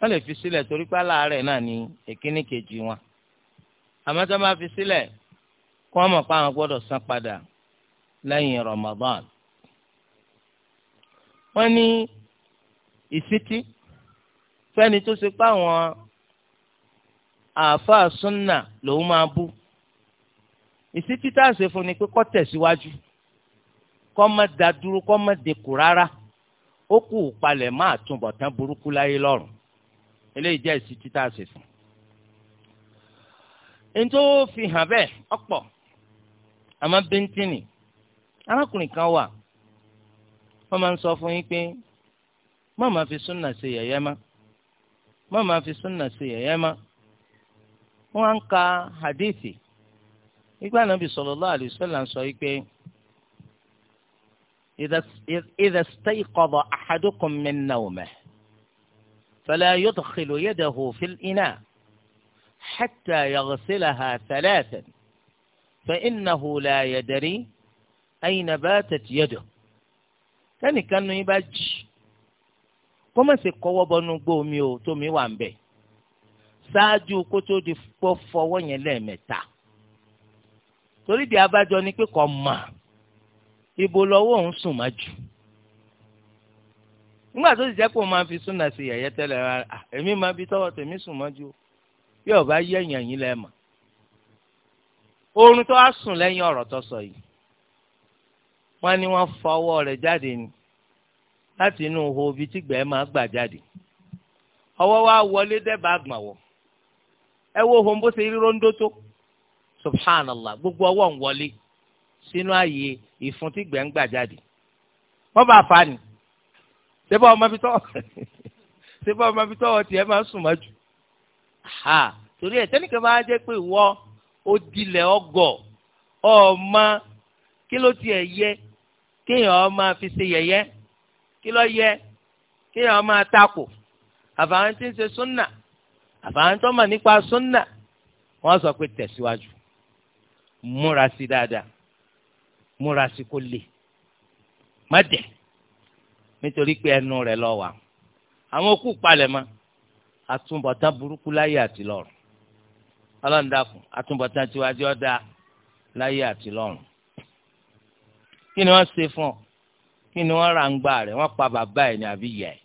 wọ́n lè fi sílẹ̀ torí pé aláàárẹ̀ náà ni èkíní kejì wọn àmọ́ tí wọ́n bá fi sílẹ̀ kí wọ́n mọ̀ pé àwọn gbọ́dọ̀ san padà lẹ́yìn Ramadan wọ́n ní ìsítí fẹ́ni tó ṣe pé àwọn àáfàá súnà lòun máa bú ìsítí tá a ṣe fún ni pé kó tẹ̀síwájú kó má dá dúró kó má dẹkù rárá ó kù palẹ̀ máa túnbọ̀ tán burúkú láyé lọ́rùn eléyìí jẹ́ èsì títà àṣẹ̀sìn. ntó fi hàn bẹ́ẹ̀ ọ̀pọ̀ àmọ́ bíntínì arákùnrin kan wà wọ́n máa ń sọ fún yín pé má máa fi súnà ṣe yẹ̀yẹ́ má má máa fi súnà ṣe yẹ̀yẹ́ má wọ́n á ń ka hadithi nígbà Nábì sallallahu alaihi wasallam sọ yìí pé idha istayqadha ahadukum min nawmihi. فلا يدخل يده في الإناء حتى يغسلها ثلاثا فإنه لا يدري أين باتت يده kẹ́nì kan nu yín bá jì kó má ṣe kọ́wọ́ bọnú gbó omi o tómi wà ń bẹ̀ ṣáájú kó tó di pọ́ fọwọ́ yẹn lẹ́ẹ̀mẹ́ta torí di abájọ ni pé kò mà ibo lọ́wọ́ òun sùn má jù nígbà tó ti jẹ́ kó máa fi súnà sí yẹ̀yẹ́ tẹ́lẹ̀ rárá èmi máa bí tọ́wọ́ tèmi sùn mọ́jú bí ọba yẹ ẹ̀yàn yín lẹ́ẹ̀mà oorun tó a sùn lẹ́yìn ọ̀rọ̀ tó sọ yìí wọ́n ní wọ́n fọwọ́ rẹ̀ jáde ni láti inú ihò ibi tí gbẹ̀ẹ́ máa gbà jáde ọwọ́ wa wọlé dẹ́bàá àgbàwọ̀ ẹ wo ohun bó ṣe rí róńdó tó subhanallah gbogbo ọwọ́ ń wọlé sínú ààyè ìfun tí gbẹ̀ẹ́ ń gbà jáde wọ́n bá fa ni sẹ́bà ọmọ bí tọ́ sẹ́bà ọmọ bí tọ́wọ́ tiẹ̀ máa ń sùn mọ́ jù. torí ẹ̀ tẹ́nìkan bá jẹ́ pé ìwọ ó dilẹ̀ ọgọ̀ ọmọ kí ló tiẹ̀ yẹ kéèyàn ọmọ fi ṣe yẹ̀yẹ́ kí ló yẹ kéèyàn ọmọ atakò àfàwọn tí ń ṣe súnà àfàwọn tó mọ̀ nípa súnà wọ́n sọ pé tẹ̀síwájú múra sí dáadáa múra sí kó lè má dẹ̀ nítorí pé ẹnu rẹ̀ lọ wà àwọn okú palẹ̀mọ́ àtúbọ̀tán burúkú láyé àti lọ́run ọlọ́ndàkùn àtúbọ̀tán tiwájú ọ̀dà láyé àti lọ́run kí ni wọ́n ṣe fún ọ kí ni wọ́n ra ń gbà rẹ̀ wọ́n pa bàbá ẹ̀ ní àbí ìyá ẹ̀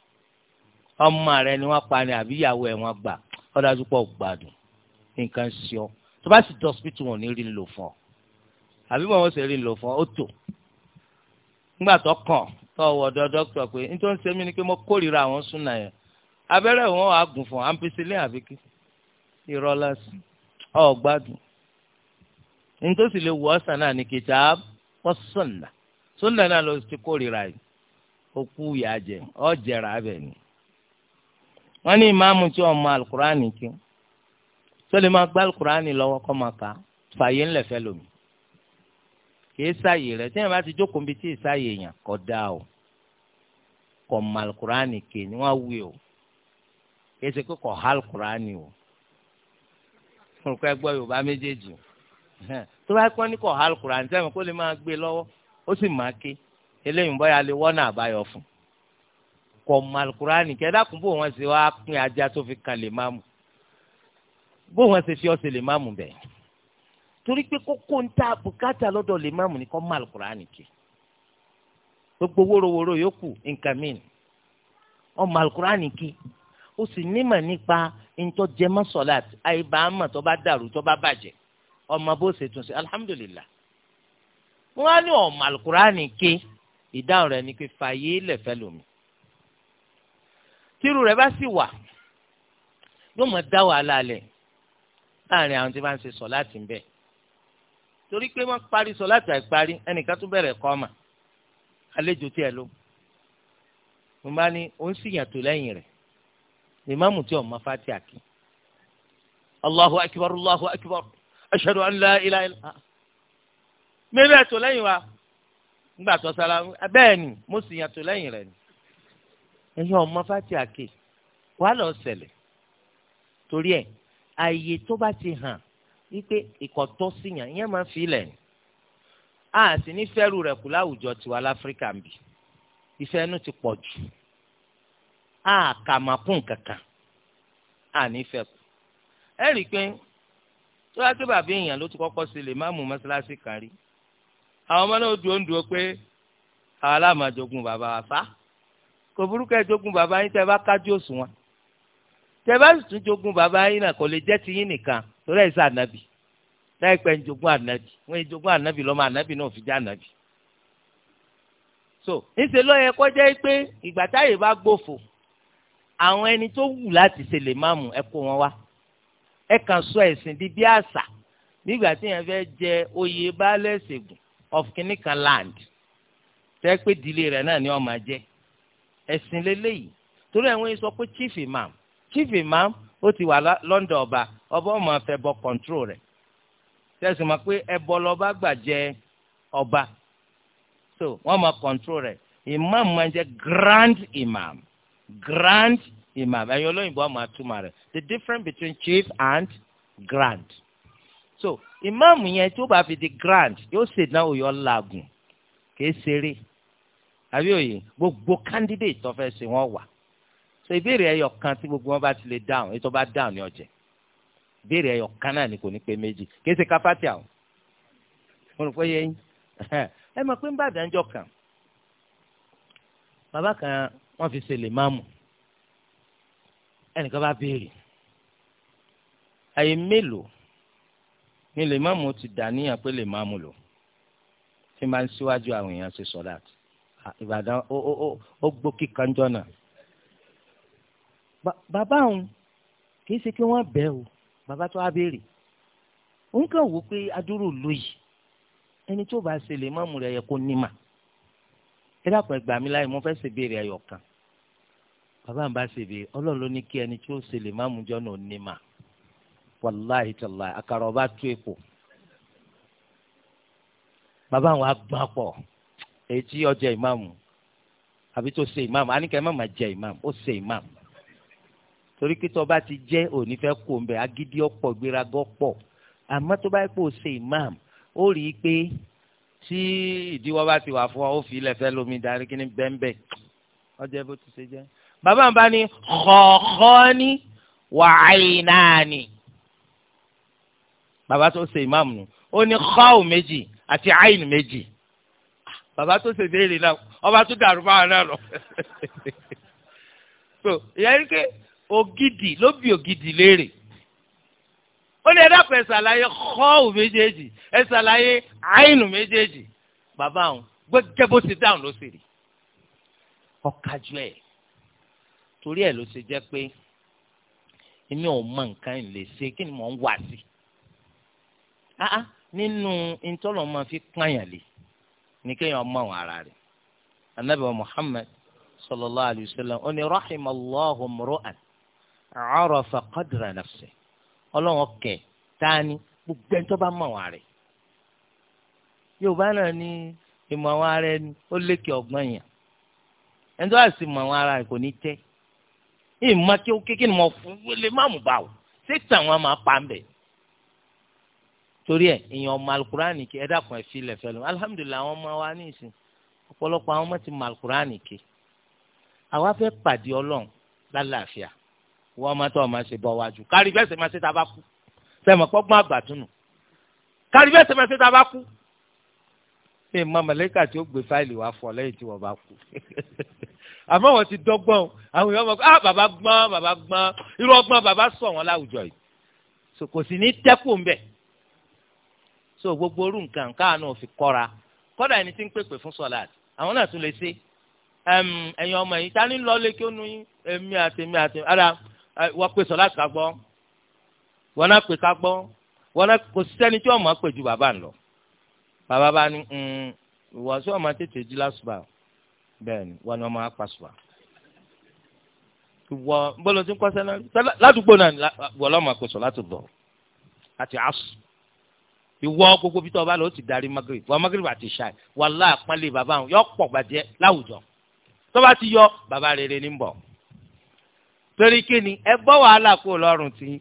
ọmọ rẹ̀ ni wọ́n pa ní àbí ìyàwó ẹ̀ wọ́n gbà ọ̀dájú pọ̀ gbádùn nǹkan ṣe ọ tó bá sì dọ́sítì wọn ò ní rí ń lò fún ọ àbí wọn ò sì rí ń lò fún ọ ó tò nígbà tó kàn tó wọ ọ̀dọ̀ dókítà pé n tó ni pé mo kórìíra àwọn súnà yẹn abẹ́rẹ́ wọn wàá gùn fún ampicillin àbíkí irọ́ lásì ọ̀ gbádùn n tó sì lè wọ ọ̀sán náà ní kìtà wọ́ sùnà sùnà náà ló ti kórìíra yìí okú ìyá ọ jẹrà abẹ ni wọn ní ìmáàmù tí wọn mọ alukurani kí tó lè máa gbá alukurani lọ́wọ́ kọ máa kà fàyè ńlẹfẹ lómi kìí sáàyè rẹ̀ tí yẹn bá ti jókòó níbi tí ìsáàyè yẹn kọ́ da o ké wọ́n wí o kìí ṣe o olùkọ́ ẹgbọ́ yorùbá méjèèjì tó bá kọ́ ní sẹ́mi kó lè máa gbé e lọ́wọ́ ó sì máa ké eléyìí lè wọ́n náà fún dákun bó wọn ṣe wá pín ajá tó fi kan lè mú bó wọn ṣe fi torí pé kókó ń ta bùkátà lọ́dọ̀ lè máàmù ní kọ́ má alukur'ani kì gbogbo wóróworó yòókù nǹkan mìíràn ọmọ alukur'ani kì ó sì nímọ̀ nípa ntọ́ jẹmọ́ sọ̀láàt àyíbá tó bá dàrú tó bá bàjẹ́ ọmọ bó ṣe tún ṣe alhamdulillah wọn á ní ọmọ alukur'ani kì ìdáhùn rẹ̀ ni pé fàyè lẹ̀fẹ́ lomi tírú rẹ̀ bá sì wà yóò mọ̀ dá wàhálà lẹ̀ láàrin àwọn tí wọ́n ń ṣe sọ̀láàt ń bẹ́ẹ̀ torí pé wọ́n parí sọ láti àìparí ẹnìkan tún bẹ̀rẹ̀ kọ́ mà àlejò tiẹ̀ ló mo bá ní ó ń sìyàn tó lẹ́yìn rẹ̀ ìmáàmù tí ọ̀ma fati àkì allahu akibar allahu akibar ashadu an la ilaha illa mẹ́rin ẹ̀tọ́ lẹ́yìn wa ńgbà tó sára bẹ́ẹ̀ ni mo sìyàn tó lẹ́yìn rẹ̀ ni ẹ̀yin ọ̀ma fati àkì wàá lọ torí ẹ̀ ààyè tó bá ti hàn wípé ìkọ̀tọ́ síyàn ìyẹn máa fi ilẹ̀ a sì ní fẹ́rù rẹ̀ kù láwùjọ tiwa láfíríkà ń bì ìfẹ́ inú ti pọ̀ jù a kà máa kún kankan a ní fẹ́ kù ẹ rí i pé tó bá tó bàbá èèyàn ló ti kọ́kọ́ sí lè má mú mọ́ṣáláṣí kan rí àwọn ọmọ náà dúró ń dúró pé àwọn aláàmàjogún bàbá wa fa kò burúkú ẹ jogún bàbá yín tẹ bá kájú òṣùwọ̀n tẹ bá sì tún jogún bàbá yín náà kò lè jẹ́ tiyín nìkan torí ẹ̀ sá ànábì láìpẹ́ ń jogún ànábì wọ́n ń jogún ànábì lọ́mọ ànábì náà fi já ànábì. so níṣẹ́ ló yẹ kó jẹ́ pé ìgbà táyè bá gbòfò àwọn ẹni tó wù láti ṣe lè má mú ẹ kó wọn wá ẹ kàn sọ ẹ̀sìn di bí àṣà nígbà tí yẹn fẹ́ jẹ oyè baálẹ̀ ṣègùn of kìnnìkan land tẹ́ pé ìdílé rẹ̀ náà ni wọ́n máa jẹ ẹ̀sìn lélẹ́yìí torí àwọn yìí sọ pé chief imam chief imam ó ti wà lọ́ndọ̀ ọba ọba ọmọ afẹ́ bọ kọ̀ǹtró rẹ̀ tẹ̀sùn ma pé ẹbọ lọ́ba gbàjẹ́ ọba so wọ́n ma kọ̀ǹtró rẹ̀ imam máa ń jẹ́ grand imam grand imam ẹ̀yin olóyìnbó ọmọ àtúmọ̀ rẹ̀ the difference between chief and grand so imam yẹn tó bá fi di grand yóò ṣèdánwò yọ làágùn kìí ṣeré àbí òye gbogbo candidate tó fẹ́ ṣe wọ́n wà so ìbéèrè ẹyọ kan tí gbogbo wọn bá ti lè dáhùn ètò bá dáhùn ní ọjẹ ìbéèrè ẹyọ kan náà ni kò ní pé méjì kéésì káfáàtì àwọn mo rò pé yẹn ẹ mọ̀ pé ń bá àdáńjọ kan bàbá kan wọ́n fi ṣe lè máa mú ẹnìkan bá béèrè àyè mélòó ni lè máa mú ti dà níyàn pé lè máa mú lò tí máa ń síwájú àwọn èèyàn ṣe sọ̀dà Ìbàdàn ó gbó kíkanjọ́ náà bàbá òun kì í ṣe pé wọ́n bẹ̀ o bàbá tó wá béèrè òun kàn wò pé adúrò lóyè ẹni tó bá ṣe lè mọ́mù rẹ̀ yẹ kó nímà ẹ dàpọ̀ ẹgbàá mi láyé mo fẹ́ ṣe béèrè ẹyọ kan bàbá mi bá ṣe béèrè ọlọ́run ló ní kí ẹni tó ṣe lè mọ́mù jọ́nà nímà wàláhì tàláhì àkàrà ọba tó èkó bàbá wa gbà pọ̀ èyí tí ọjà ìmáàmù àbí tó ṣe ìmáàmù àníkẹ́ má má jẹ ìmáàmù ó ṣe ìmáàmù torí pé tó bá ti jẹ́ òní fẹ́ kó mbẹ́ agídí ọ̀pọ̀ gbéraga pọ̀ àmọ́ tó bá yẹ kó o ṣe imam ó rí i pé tí ìdíwọ́ bá ti wà fún ọ ó fi ilẹ̀ fẹ́ lómi darí kí ni bẹ́ńbẹ́ ọjọ́ bó ti ṣe jẹ́ bàbá mi bá ní xɔxɔ ni wàáyé náà ni bàbá tó ṣe imam nù ó ní xɔw méjì àti ayin méjì bàbá tó ṣe béèrè náà ọba tó dàrú báwa náà lọ so ìyá ògidì ló bí ògidì léèrè ó ní ẹ̀dá pẹ̀ ṣàlàyé kọ́ọ̀hù méjèèjì ẹ̀ ṣàlàyé àìnù méjèèjì bàbá àwọn gbẹ́gẹ́ bó ti dáhùn ló sì rí ọ̀kájú ẹ̀ torí ẹ̀ ló ṣe jẹ́ pé èmi ò mọ nǹkan lè ṣe kí ni mò ń wà sí áá nínú ntọ́lọ̀ máa fi pààyàn lè ní kéèyàn mọ àwọn ara rẹ̀ anábìyàn Muhammad sallallahu alayhi wa sallam ó ní rahimallahu mru'an arafa qadra nafsi ọlọ́run kẹ̀ tani gbogbo ẹni tó bá mọ̀ wá rẹ̀ yorùbá náà ní ìmọ̀ àwọn ará ẹni ó lékè ọgbọ́n yẹn ẹni tó bá sì mọ̀ àwọn ará rẹ̀ kò ní tẹ́ ìmọ̀ kí ó kékeré mọ̀ fún wọlé máàmù bá wò ṣé tàwọn máa pa ń bẹ̀ torí ẹ ìyẹn ọmọ alukurani kí ẹ dàpọ̀ ẹ fi ilẹ̀ fẹ́ lọ alihamudulilayi àwọn ọmọ wa ní ìsìn ọ̀pọ̀lọpọ̀ àwọn ọmọ ti mọ alukurani kí àwa fẹ́ pàdé ọlọ́run lálàáfíà. La wọ́n ọmọ tó ọmọ ṣe bọ̀ wájú kárí bẹ́ẹ̀ ṣe máa ṣe tá a bá kú sẹ́mi pọ́gbọ́n àgbàdùnù kárí bẹ́ẹ̀ ṣe máa ṣe tá a bá kú. ṣé ìmọ̀ mọ̀lẹ́kà tí ó gbé fáìlì wá fọ lẹ́yìn tí wọ́n bá kú. àmọ́ wọ́n ti dọ́gbọ́n àwọn èèyàn mọ̀ pé ah bàbá gbọ́n bàbá gbọ́n irú ọgbọ́n bàbá sọ̀ wọ́n láwùjọ yìí kò sì ní tẹ́kù ń bẹ̀. so gbogbo orú nǹkan káàánú fi kọ́ra kọ́dà ẹni tí ń pèpè fún wọ́n pè sọ láti ká gbọ́ wọ́n náà pè ká gbọ́ wọ́n náà kò sẹ́ni tí ọmọ pè ju bàbá ń lọ bàbá bá ní mm, wọ́n sọ ọmọ tètè jí lásùbà bẹ́ẹ̀ ni wọ́n ní ọmọ apàṣùbà wọ́n bọ́lá tí ń kọ́ sẹ́ni ládùúgbò náà wọ́n lọ́mọ pè sọ láti bọ̀ àti asù ìwọ gbogbo bí tọ́ba lọ ó ti darí magrib wọ́n magrib àti ṣáì wàhálà àpọ́nlé bàbá wọn yọ pọ̀ gbàjẹ́ láwùjọ tọ́ba ti yọ bàbá rere ní bọ̀. torí kí ni ẹ bọ́ wàhálà kó lọ́rùn tì í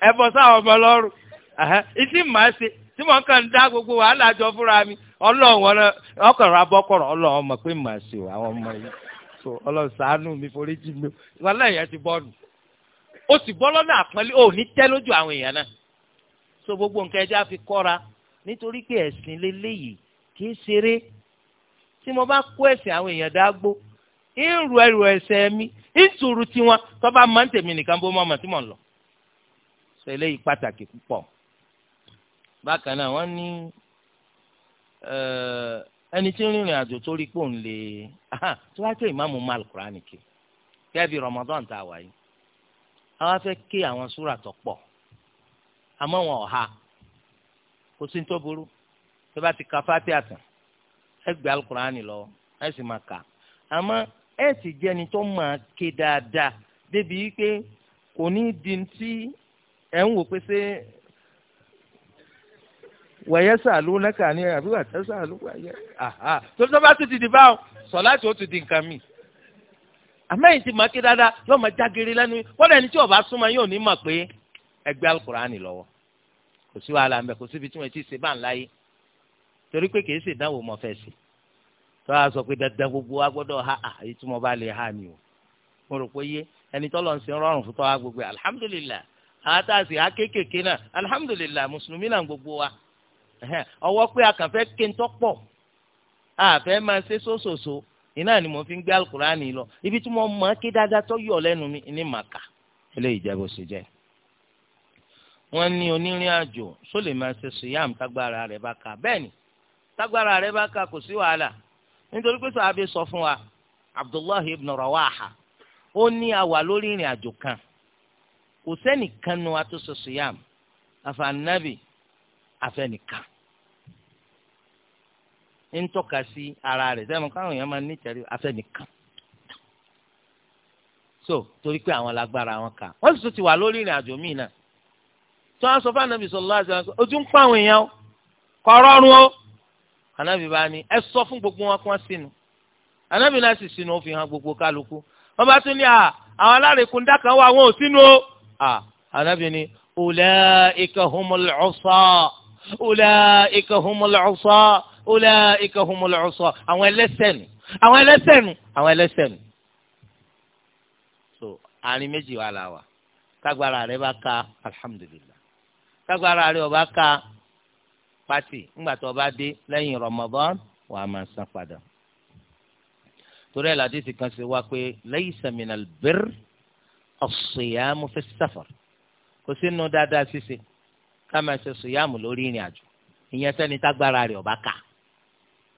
ẹ bọ́ ọmọ lọ́rùn ṣe tí wọ́n kàn wàhálà jọ fúnra mi ọlọ́run ọkọ̀rọ̀ abọ́kọ̀rọ̀ ọlọ́run ọmọ pé màá ṣe àwọn ọmọ yìí so ọlọ́run mi forí jì ti bọ́ nù ó sì bọ́ lọ́nà ò ní tẹ́ so gbogbo nǹkan fi kọ́ra nítorí pé ẹ̀sìn lélẹ́yìí kì í ṣeré tí mo bá kó ẹ̀sìn àwọn èèyàn ń ru ẹrù mi ìṣòro tiwọn tọ́ba máa ń tèmi nìkan bó mọ̀mọ́ tí mò ń lọ. sọ eléyìí pàtàkì púpọ̀ bákan náà wọ́n ní eh, ẹni tí ń rìnrìn àjò tó rí pò ń lè tó wá pé ìmáàmù mal kúránì kì kẹ́ẹ̀bì Ramadan tá a wà yìí àwa fẹ́ ké àwọn súrà tó pọ̀ àmọ́ wọn ò ha kò sí ní tó burú tó bá ti ka fátíà tán ẹ gbé alukùránì lọ ẹ sì máa kà àmọ́ ẹ sì jẹ́ ẹni tó máa ké dáadáa débi wípé kò ní di tí ẹ̀ ń wò pé ṣé wẹ̀yẹ́ sàlú nákà ni àbí wàtẹ́ sàlú wẹ̀yẹ́ àhà tó tó bá tún ti di báwọn sọ láti ó tún di nǹkan mi àmẹ́yìn ti máa ké dáadáa yóò máa jágere lẹ́nu kọ́dà ẹni tí ó bá súnmọ́ yóò ní mọ̀ pé ẹgbẹ́ alukurani lọ́wọ́ kò sí wàhálà mbẹ kò síbi tí wọ́n ti ṣe bá ń láyé torí pé kìí ṣèdánwò mọ́ fẹ́ sí i tó a sọ pé dandan gbogbo wa gbọ́dọ̀ ha àyè tí mo bá lè ha ni o mo rò pé yé ẹni tọ́lọ̀ ń sin rọrùn fún tọ́wá gbogbo alihamudulilayi àwọn tá a sì ha kéékèèké náà alihamudulilayi mùsùlùmí náà gbogbo wa ọwọ́ pé a kàn fẹ́ kéńtọ́ pọ̀ a fẹ́ máa ṣe sóṣooṣo iná ni mo fi ń gbé alukurani lọ ibi tí mo mọ̀ ké dáadáa tó yọ lẹ́nu mi ní màkà eléyìí jẹ́ bó ṣe jẹ́ wọ́n ní onírìn àjò sólè máa ṣe sùyàm tágbára rẹ̀ bá ka bẹ́ẹ̀ ni tágbára rẹ̀ bá ka kò sí wàhálà nítorí pé sàbẹ sọ fún wa abdullahi ibn rawaha ó ní a wà lórí ìrìn àjò kan kò sẹ́nìkan nu atúnṣe siyam afanabi afẹnìkan ń tọ́ka sí ara rẹ̀ sẹ́mu káwọn èèyàn máa nítorí afẹnìkan so torí pé àwọn lágbára àwọn kan wọ́n sì tún ti wà lórí ìrìn àjò míì náà tí wọ́n sọ fún anabi sallallahu alaihi wasallam ojú ń pa àwọn èèyàn kọ́ ọ̀rọ̀ ọ̀run o anabi bá ní ẹ sọ fún gbogbo wọn kí wọ́n sínú anabi náà sì sínú ó fi hàn gbogbo kálukú wọ́n bá tún ní à àwọn alárekùn dákan wà wọn ò sínú o à anabi ní ulaika humul usa ulaika humul usa ulaika humul usa àwọn ẹlẹ́ṣẹ̀ àwọn ẹlẹ́ṣẹ̀ àwọn ẹlẹ́ṣẹ̀ nù àárín méjì wà láwà kágbára rẹ bá ka alhamdulillah kágbára rẹ ọba ka pátì ńgbà tó bá dé lẹ́yìn Ramadan wàá máa san padà. torí ẹ̀ làdí ti kan ṣe wá pé laysa minal birr as-siyamu fi as-safar kò sínú dáadáa ṣíṣe ká máa ṣe sùyàmù lórí ìrìn àjò ìyẹn sẹ́ni tágbára rẹ̀ ọ̀bá kà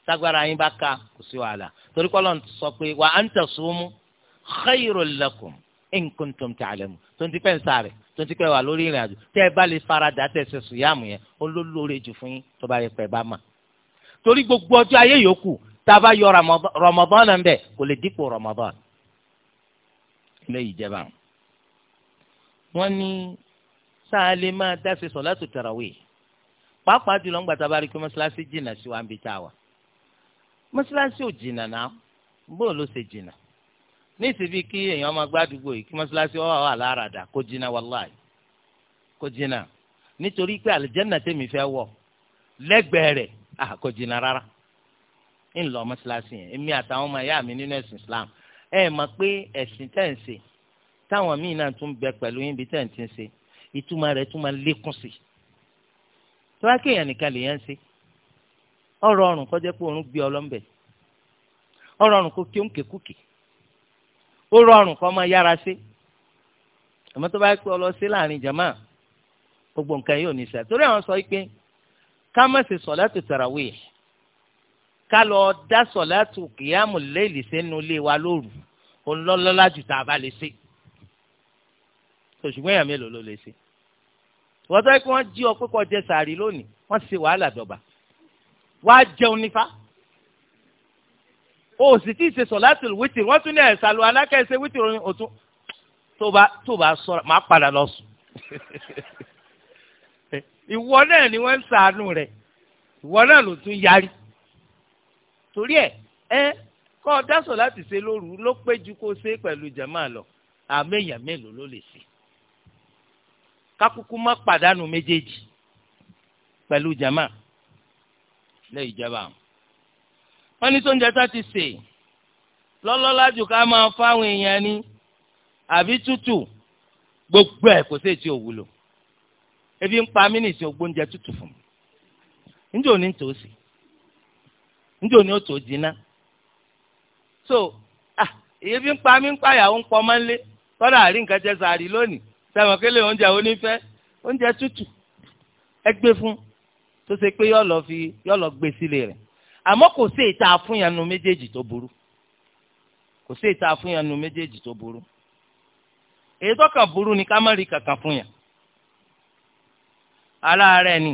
tágbára yín bá kà kò sí wàhálà torí kọ́lọ́n sọ pé wa an tasumu khayrun lakum in kuntum ta'lamu tó ń ti pẹ́ ń sáré tó ń ti pẹ́ wà lórí ìrìn àjò tẹ́ ẹ bá lè faradà tẹ́ ẹ ṣe sùyàmù yẹn olólóore jù fún yín tó bá yẹ pẹ́ bá mà. torí gbogbo ọjọ́ ayé yòókù tá yọ Ramadan náà bẹ̀ kò lè dípò Ramadan. ilé ìjẹba wọn ní sáà lè máa dá ṣe sọ̀látù tarawih pàápàá jùlọ ń gbàtà bá rí i pé mọ́ṣáláṣí jìnnà sí wa ń bi tá a wà mọ́ṣáláṣí ò jìnnà náà bóun ṣe jìnnà ní ìsìbí kí èèyàn máa gbádùúgbò yìí kí mọ́ṣáláṣí ọ̀ wà láràdà kó jìnnà wàláì kó jìnnà nítorí pé àlìjẹ́nà tèmi fẹ́ wọ̀ lẹ́gbẹ̀ẹ́ rẹ̀ à kó jìnnà rárá ń mọ́ṣáláṣí yẹn èmi àtàwọn ọmọ ẹ̀yà mi nínú ẹ̀sìn Islam ẹ mọ̀ pé ẹ̀sìn tẹ̀sí táwọn míì náà tún bẹ pẹ̀lú yín bí tẹ̀sí ṣe ìtumọ̀ rẹ̀ tún máa lékún sí tó bá kéèyàn nìkan lè yẹn ó rọrùn kọ́ máa yára sí àmọ́ tó bá yẹ pé ọlọ́sí láàrin jama gbogbo nǹkan yóò ní sẹ́ torí àwọn sọ pé ká má ṣe sọ̀látù tarawih ká lọ dá sọ̀látù kìyàmù léèlì sínú ilé wa lóru ònlọ́lọ́lá jù tá a bá lè ṣe ṣùgbọ́n èèyàn mélòó ló lè ṣe wọ́n sọ pé wọ́n jí ọ pé kọ́ jẹ sàárì lónìí wọ́n ṣe wàhálà dọ̀bà wọ́n jẹun nífà o sì tí ì ṣe sọ̀látùl wítìrì wọ́n tún ní ẹ̀sà lu alákẹ́sẹ̀ wítìrì orin òtún tó bá tó bá sọ̀rọ̀ máa padà lọ sùn. ìwọ náà ni wọ́n ń sàánú rẹ̀ ìwọ náà ló tún yarí. torí ẹ ẹ kọ́ ọ dásọ̀ láti ṣe lóru ló pé ju kó ṣe pẹ̀lú jàmáà lọ àmì èèyàn mélòó ló lè ṣe. kákúkú má pàdánù méjèèjì pẹ̀lú jàmáà lẹ́yìn ìjọba àwọn wọ́n ní sóúnjẹ tá ti sè lọ́lọ́lá jù ká máa fáwọn èèyàn ní àbí tútù gbogbo ẹ̀ kò sí ètí òwúlò ebi ń pa mínísì ògbóúnjẹ tútù fún mi njẹ́ òní tó sì njẹ́ òní ó tó jiná so ah ebi ń pa mí ń pàyàwó ń pọ́ mọ́lé tọ́lá àrí nǹkan jẹ sàárì lónìí sẹ́wọ̀n kélé oúnjẹ onífẹ́ oúnjẹ tútù ẹ gbé fún tó ṣe pé yọ lọ fi yọ lọ gbé sílé rẹ̀ àmọ́ kò sí ìta àfúnyanu méjèèjì tó burú kò sí ìta àfúnyanu méjèèjì tó burú èyí tó kàn burú ni ká má rí kankan fún yàn aláàárẹ̀ ni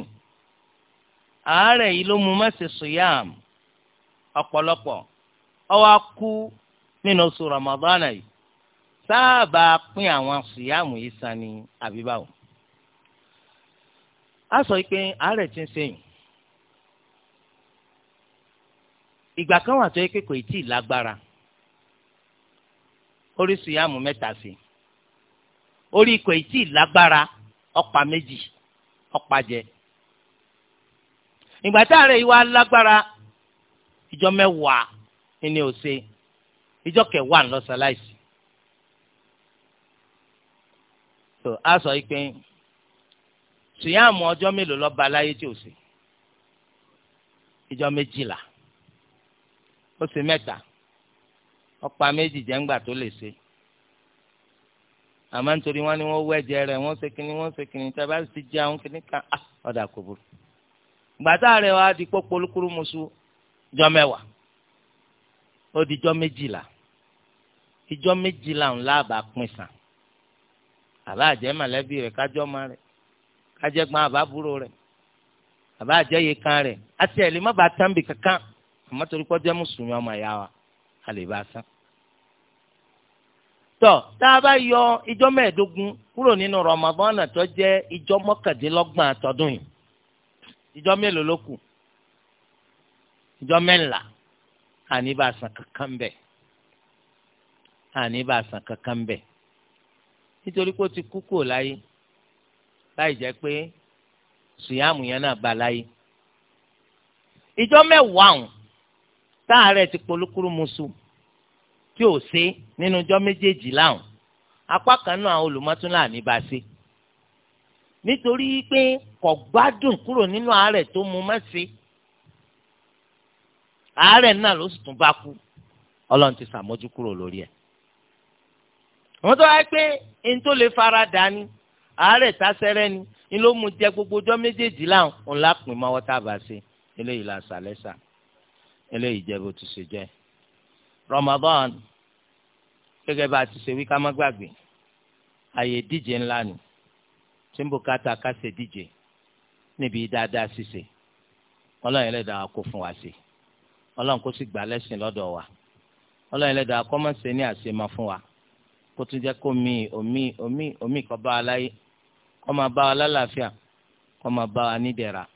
àárẹ̀ yìí ló mú má ṣe sùyàm ọ̀pọ̀lọpọ̀ ọwọ́ kú nínú oṣù ramadana yìí sáàbà pín àwọn sùyàmù yìí sani àbíbáwò a sọ pé àárẹ̀ ti ń sẹ́yìn ìgbà kan wà tó yẹ pé kò tí ì lágbára orí sùyàmù mẹ́ta sí orí kò tí ì lágbára ọ̀pá méjì ọ̀pá jẹ ìgbà tá a rẹ̀ yìí wá lágbára ìjọ mẹ́wàá ni ò ṣe ìjọ kẹwàá ń lọ sàláìsì tó a sọ yìí pé sùyàmù ọjọ́ mélòó lọ́ba aláyé tí ò ṣe ìjọ méjìlá ó ṣe mẹ́ta ọ̀pá méjì jẹ́ngbà tó lè ṣe àmọ́ nítorí wọn ni wọ́n wẹ́jẹ rẹ̀ wọ́n ṣe kínní wọ́n ṣe kínní tí a bá ti jẹ àwọn kínní kan ọ̀dà ah, kò burú gbàtà rẹ̀ wá di pọ́pọ́ olúkúrú musu jọ mẹ́wàá ó di jọ méjìlá ìjọ méjìlá ńlá àbá pín sàn àbá àjẹ mọ̀lẹ́bí rẹ̀ kájọ́ ma rẹ̀ kájẹ́ gbọ́n àbá búrò rẹ̀ àbá àjẹ́ yìí kan rẹ̀ àti ẹ̀lẹ́mọ̀bà tán bì kankan àmọ́ torí kọ́ jẹ́ mùsùlùmí ọmọ ìyá wa a lè bá a san. tọ́ tá a yọ ìjọ mẹ́ẹ̀ẹ́dógún kúrò nínú Ramadan tó jẹ́ ìjọ mọ́kàndínlọ́gbọ̀n àtọ́dún yìí ìjọ mélòó ló kù ìjọ mẹ́ńlá àní bá a kankan àní bá a kankan nítorí pé ó ti kú kò láyé láì jẹ́ pé sùyàmù yẹn náà bá láyé ìjọ mẹ́wàá ọ̀hún táàrẹ̀ ti polúkúrú musu tí ò ṣe nínú ọjọ́ méjèèjì láwọn apá kan náà àwọn olùmọ́túnlá ní bá ṣe nítorí pé kò gbádùn kúrò nínú àárẹ̀ tó mu mẹ́sẹ̀ àárẹ̀ náà ló sì tún bá kú ọlọ́run ti ṣàmójú kúrò lórí ẹ̀ wọ́n tó wáyé pé ẹni tó lè fara dà ní àárẹ̀ tásẹ́rẹ́ ni ni ló mu jẹ gbogbo ọjọ́ méjèèjì láwọn òun lápin mọ́wọ́ tá a bá ṣe eléyìí la ṣàlẹ́ ṣàlẹ́ eléyìí jẹ́ bó ti ṣe jẹ́ Ramadan gẹ́gẹ́ bá a ti ṣe wí ká má gbàgbé àyè díje ńlá ni tí ń bò káta ká ṣe díje níbi dáadáa ṣíṣe ọlọ́run ẹlẹ́dàá kó fún wa ṣe ọlọ́run kó sì gbà lẹ́sìn lọ́dọ̀ wa ọlọ́run ẹlẹ́dàá kó má ṣe ní àṣemọ fún wa kó tún jẹ́ kó mi omi omi omi kó bá wa láyé kó máa bá wa lálàáfíà kó máa bá wa nídẹ̀ra.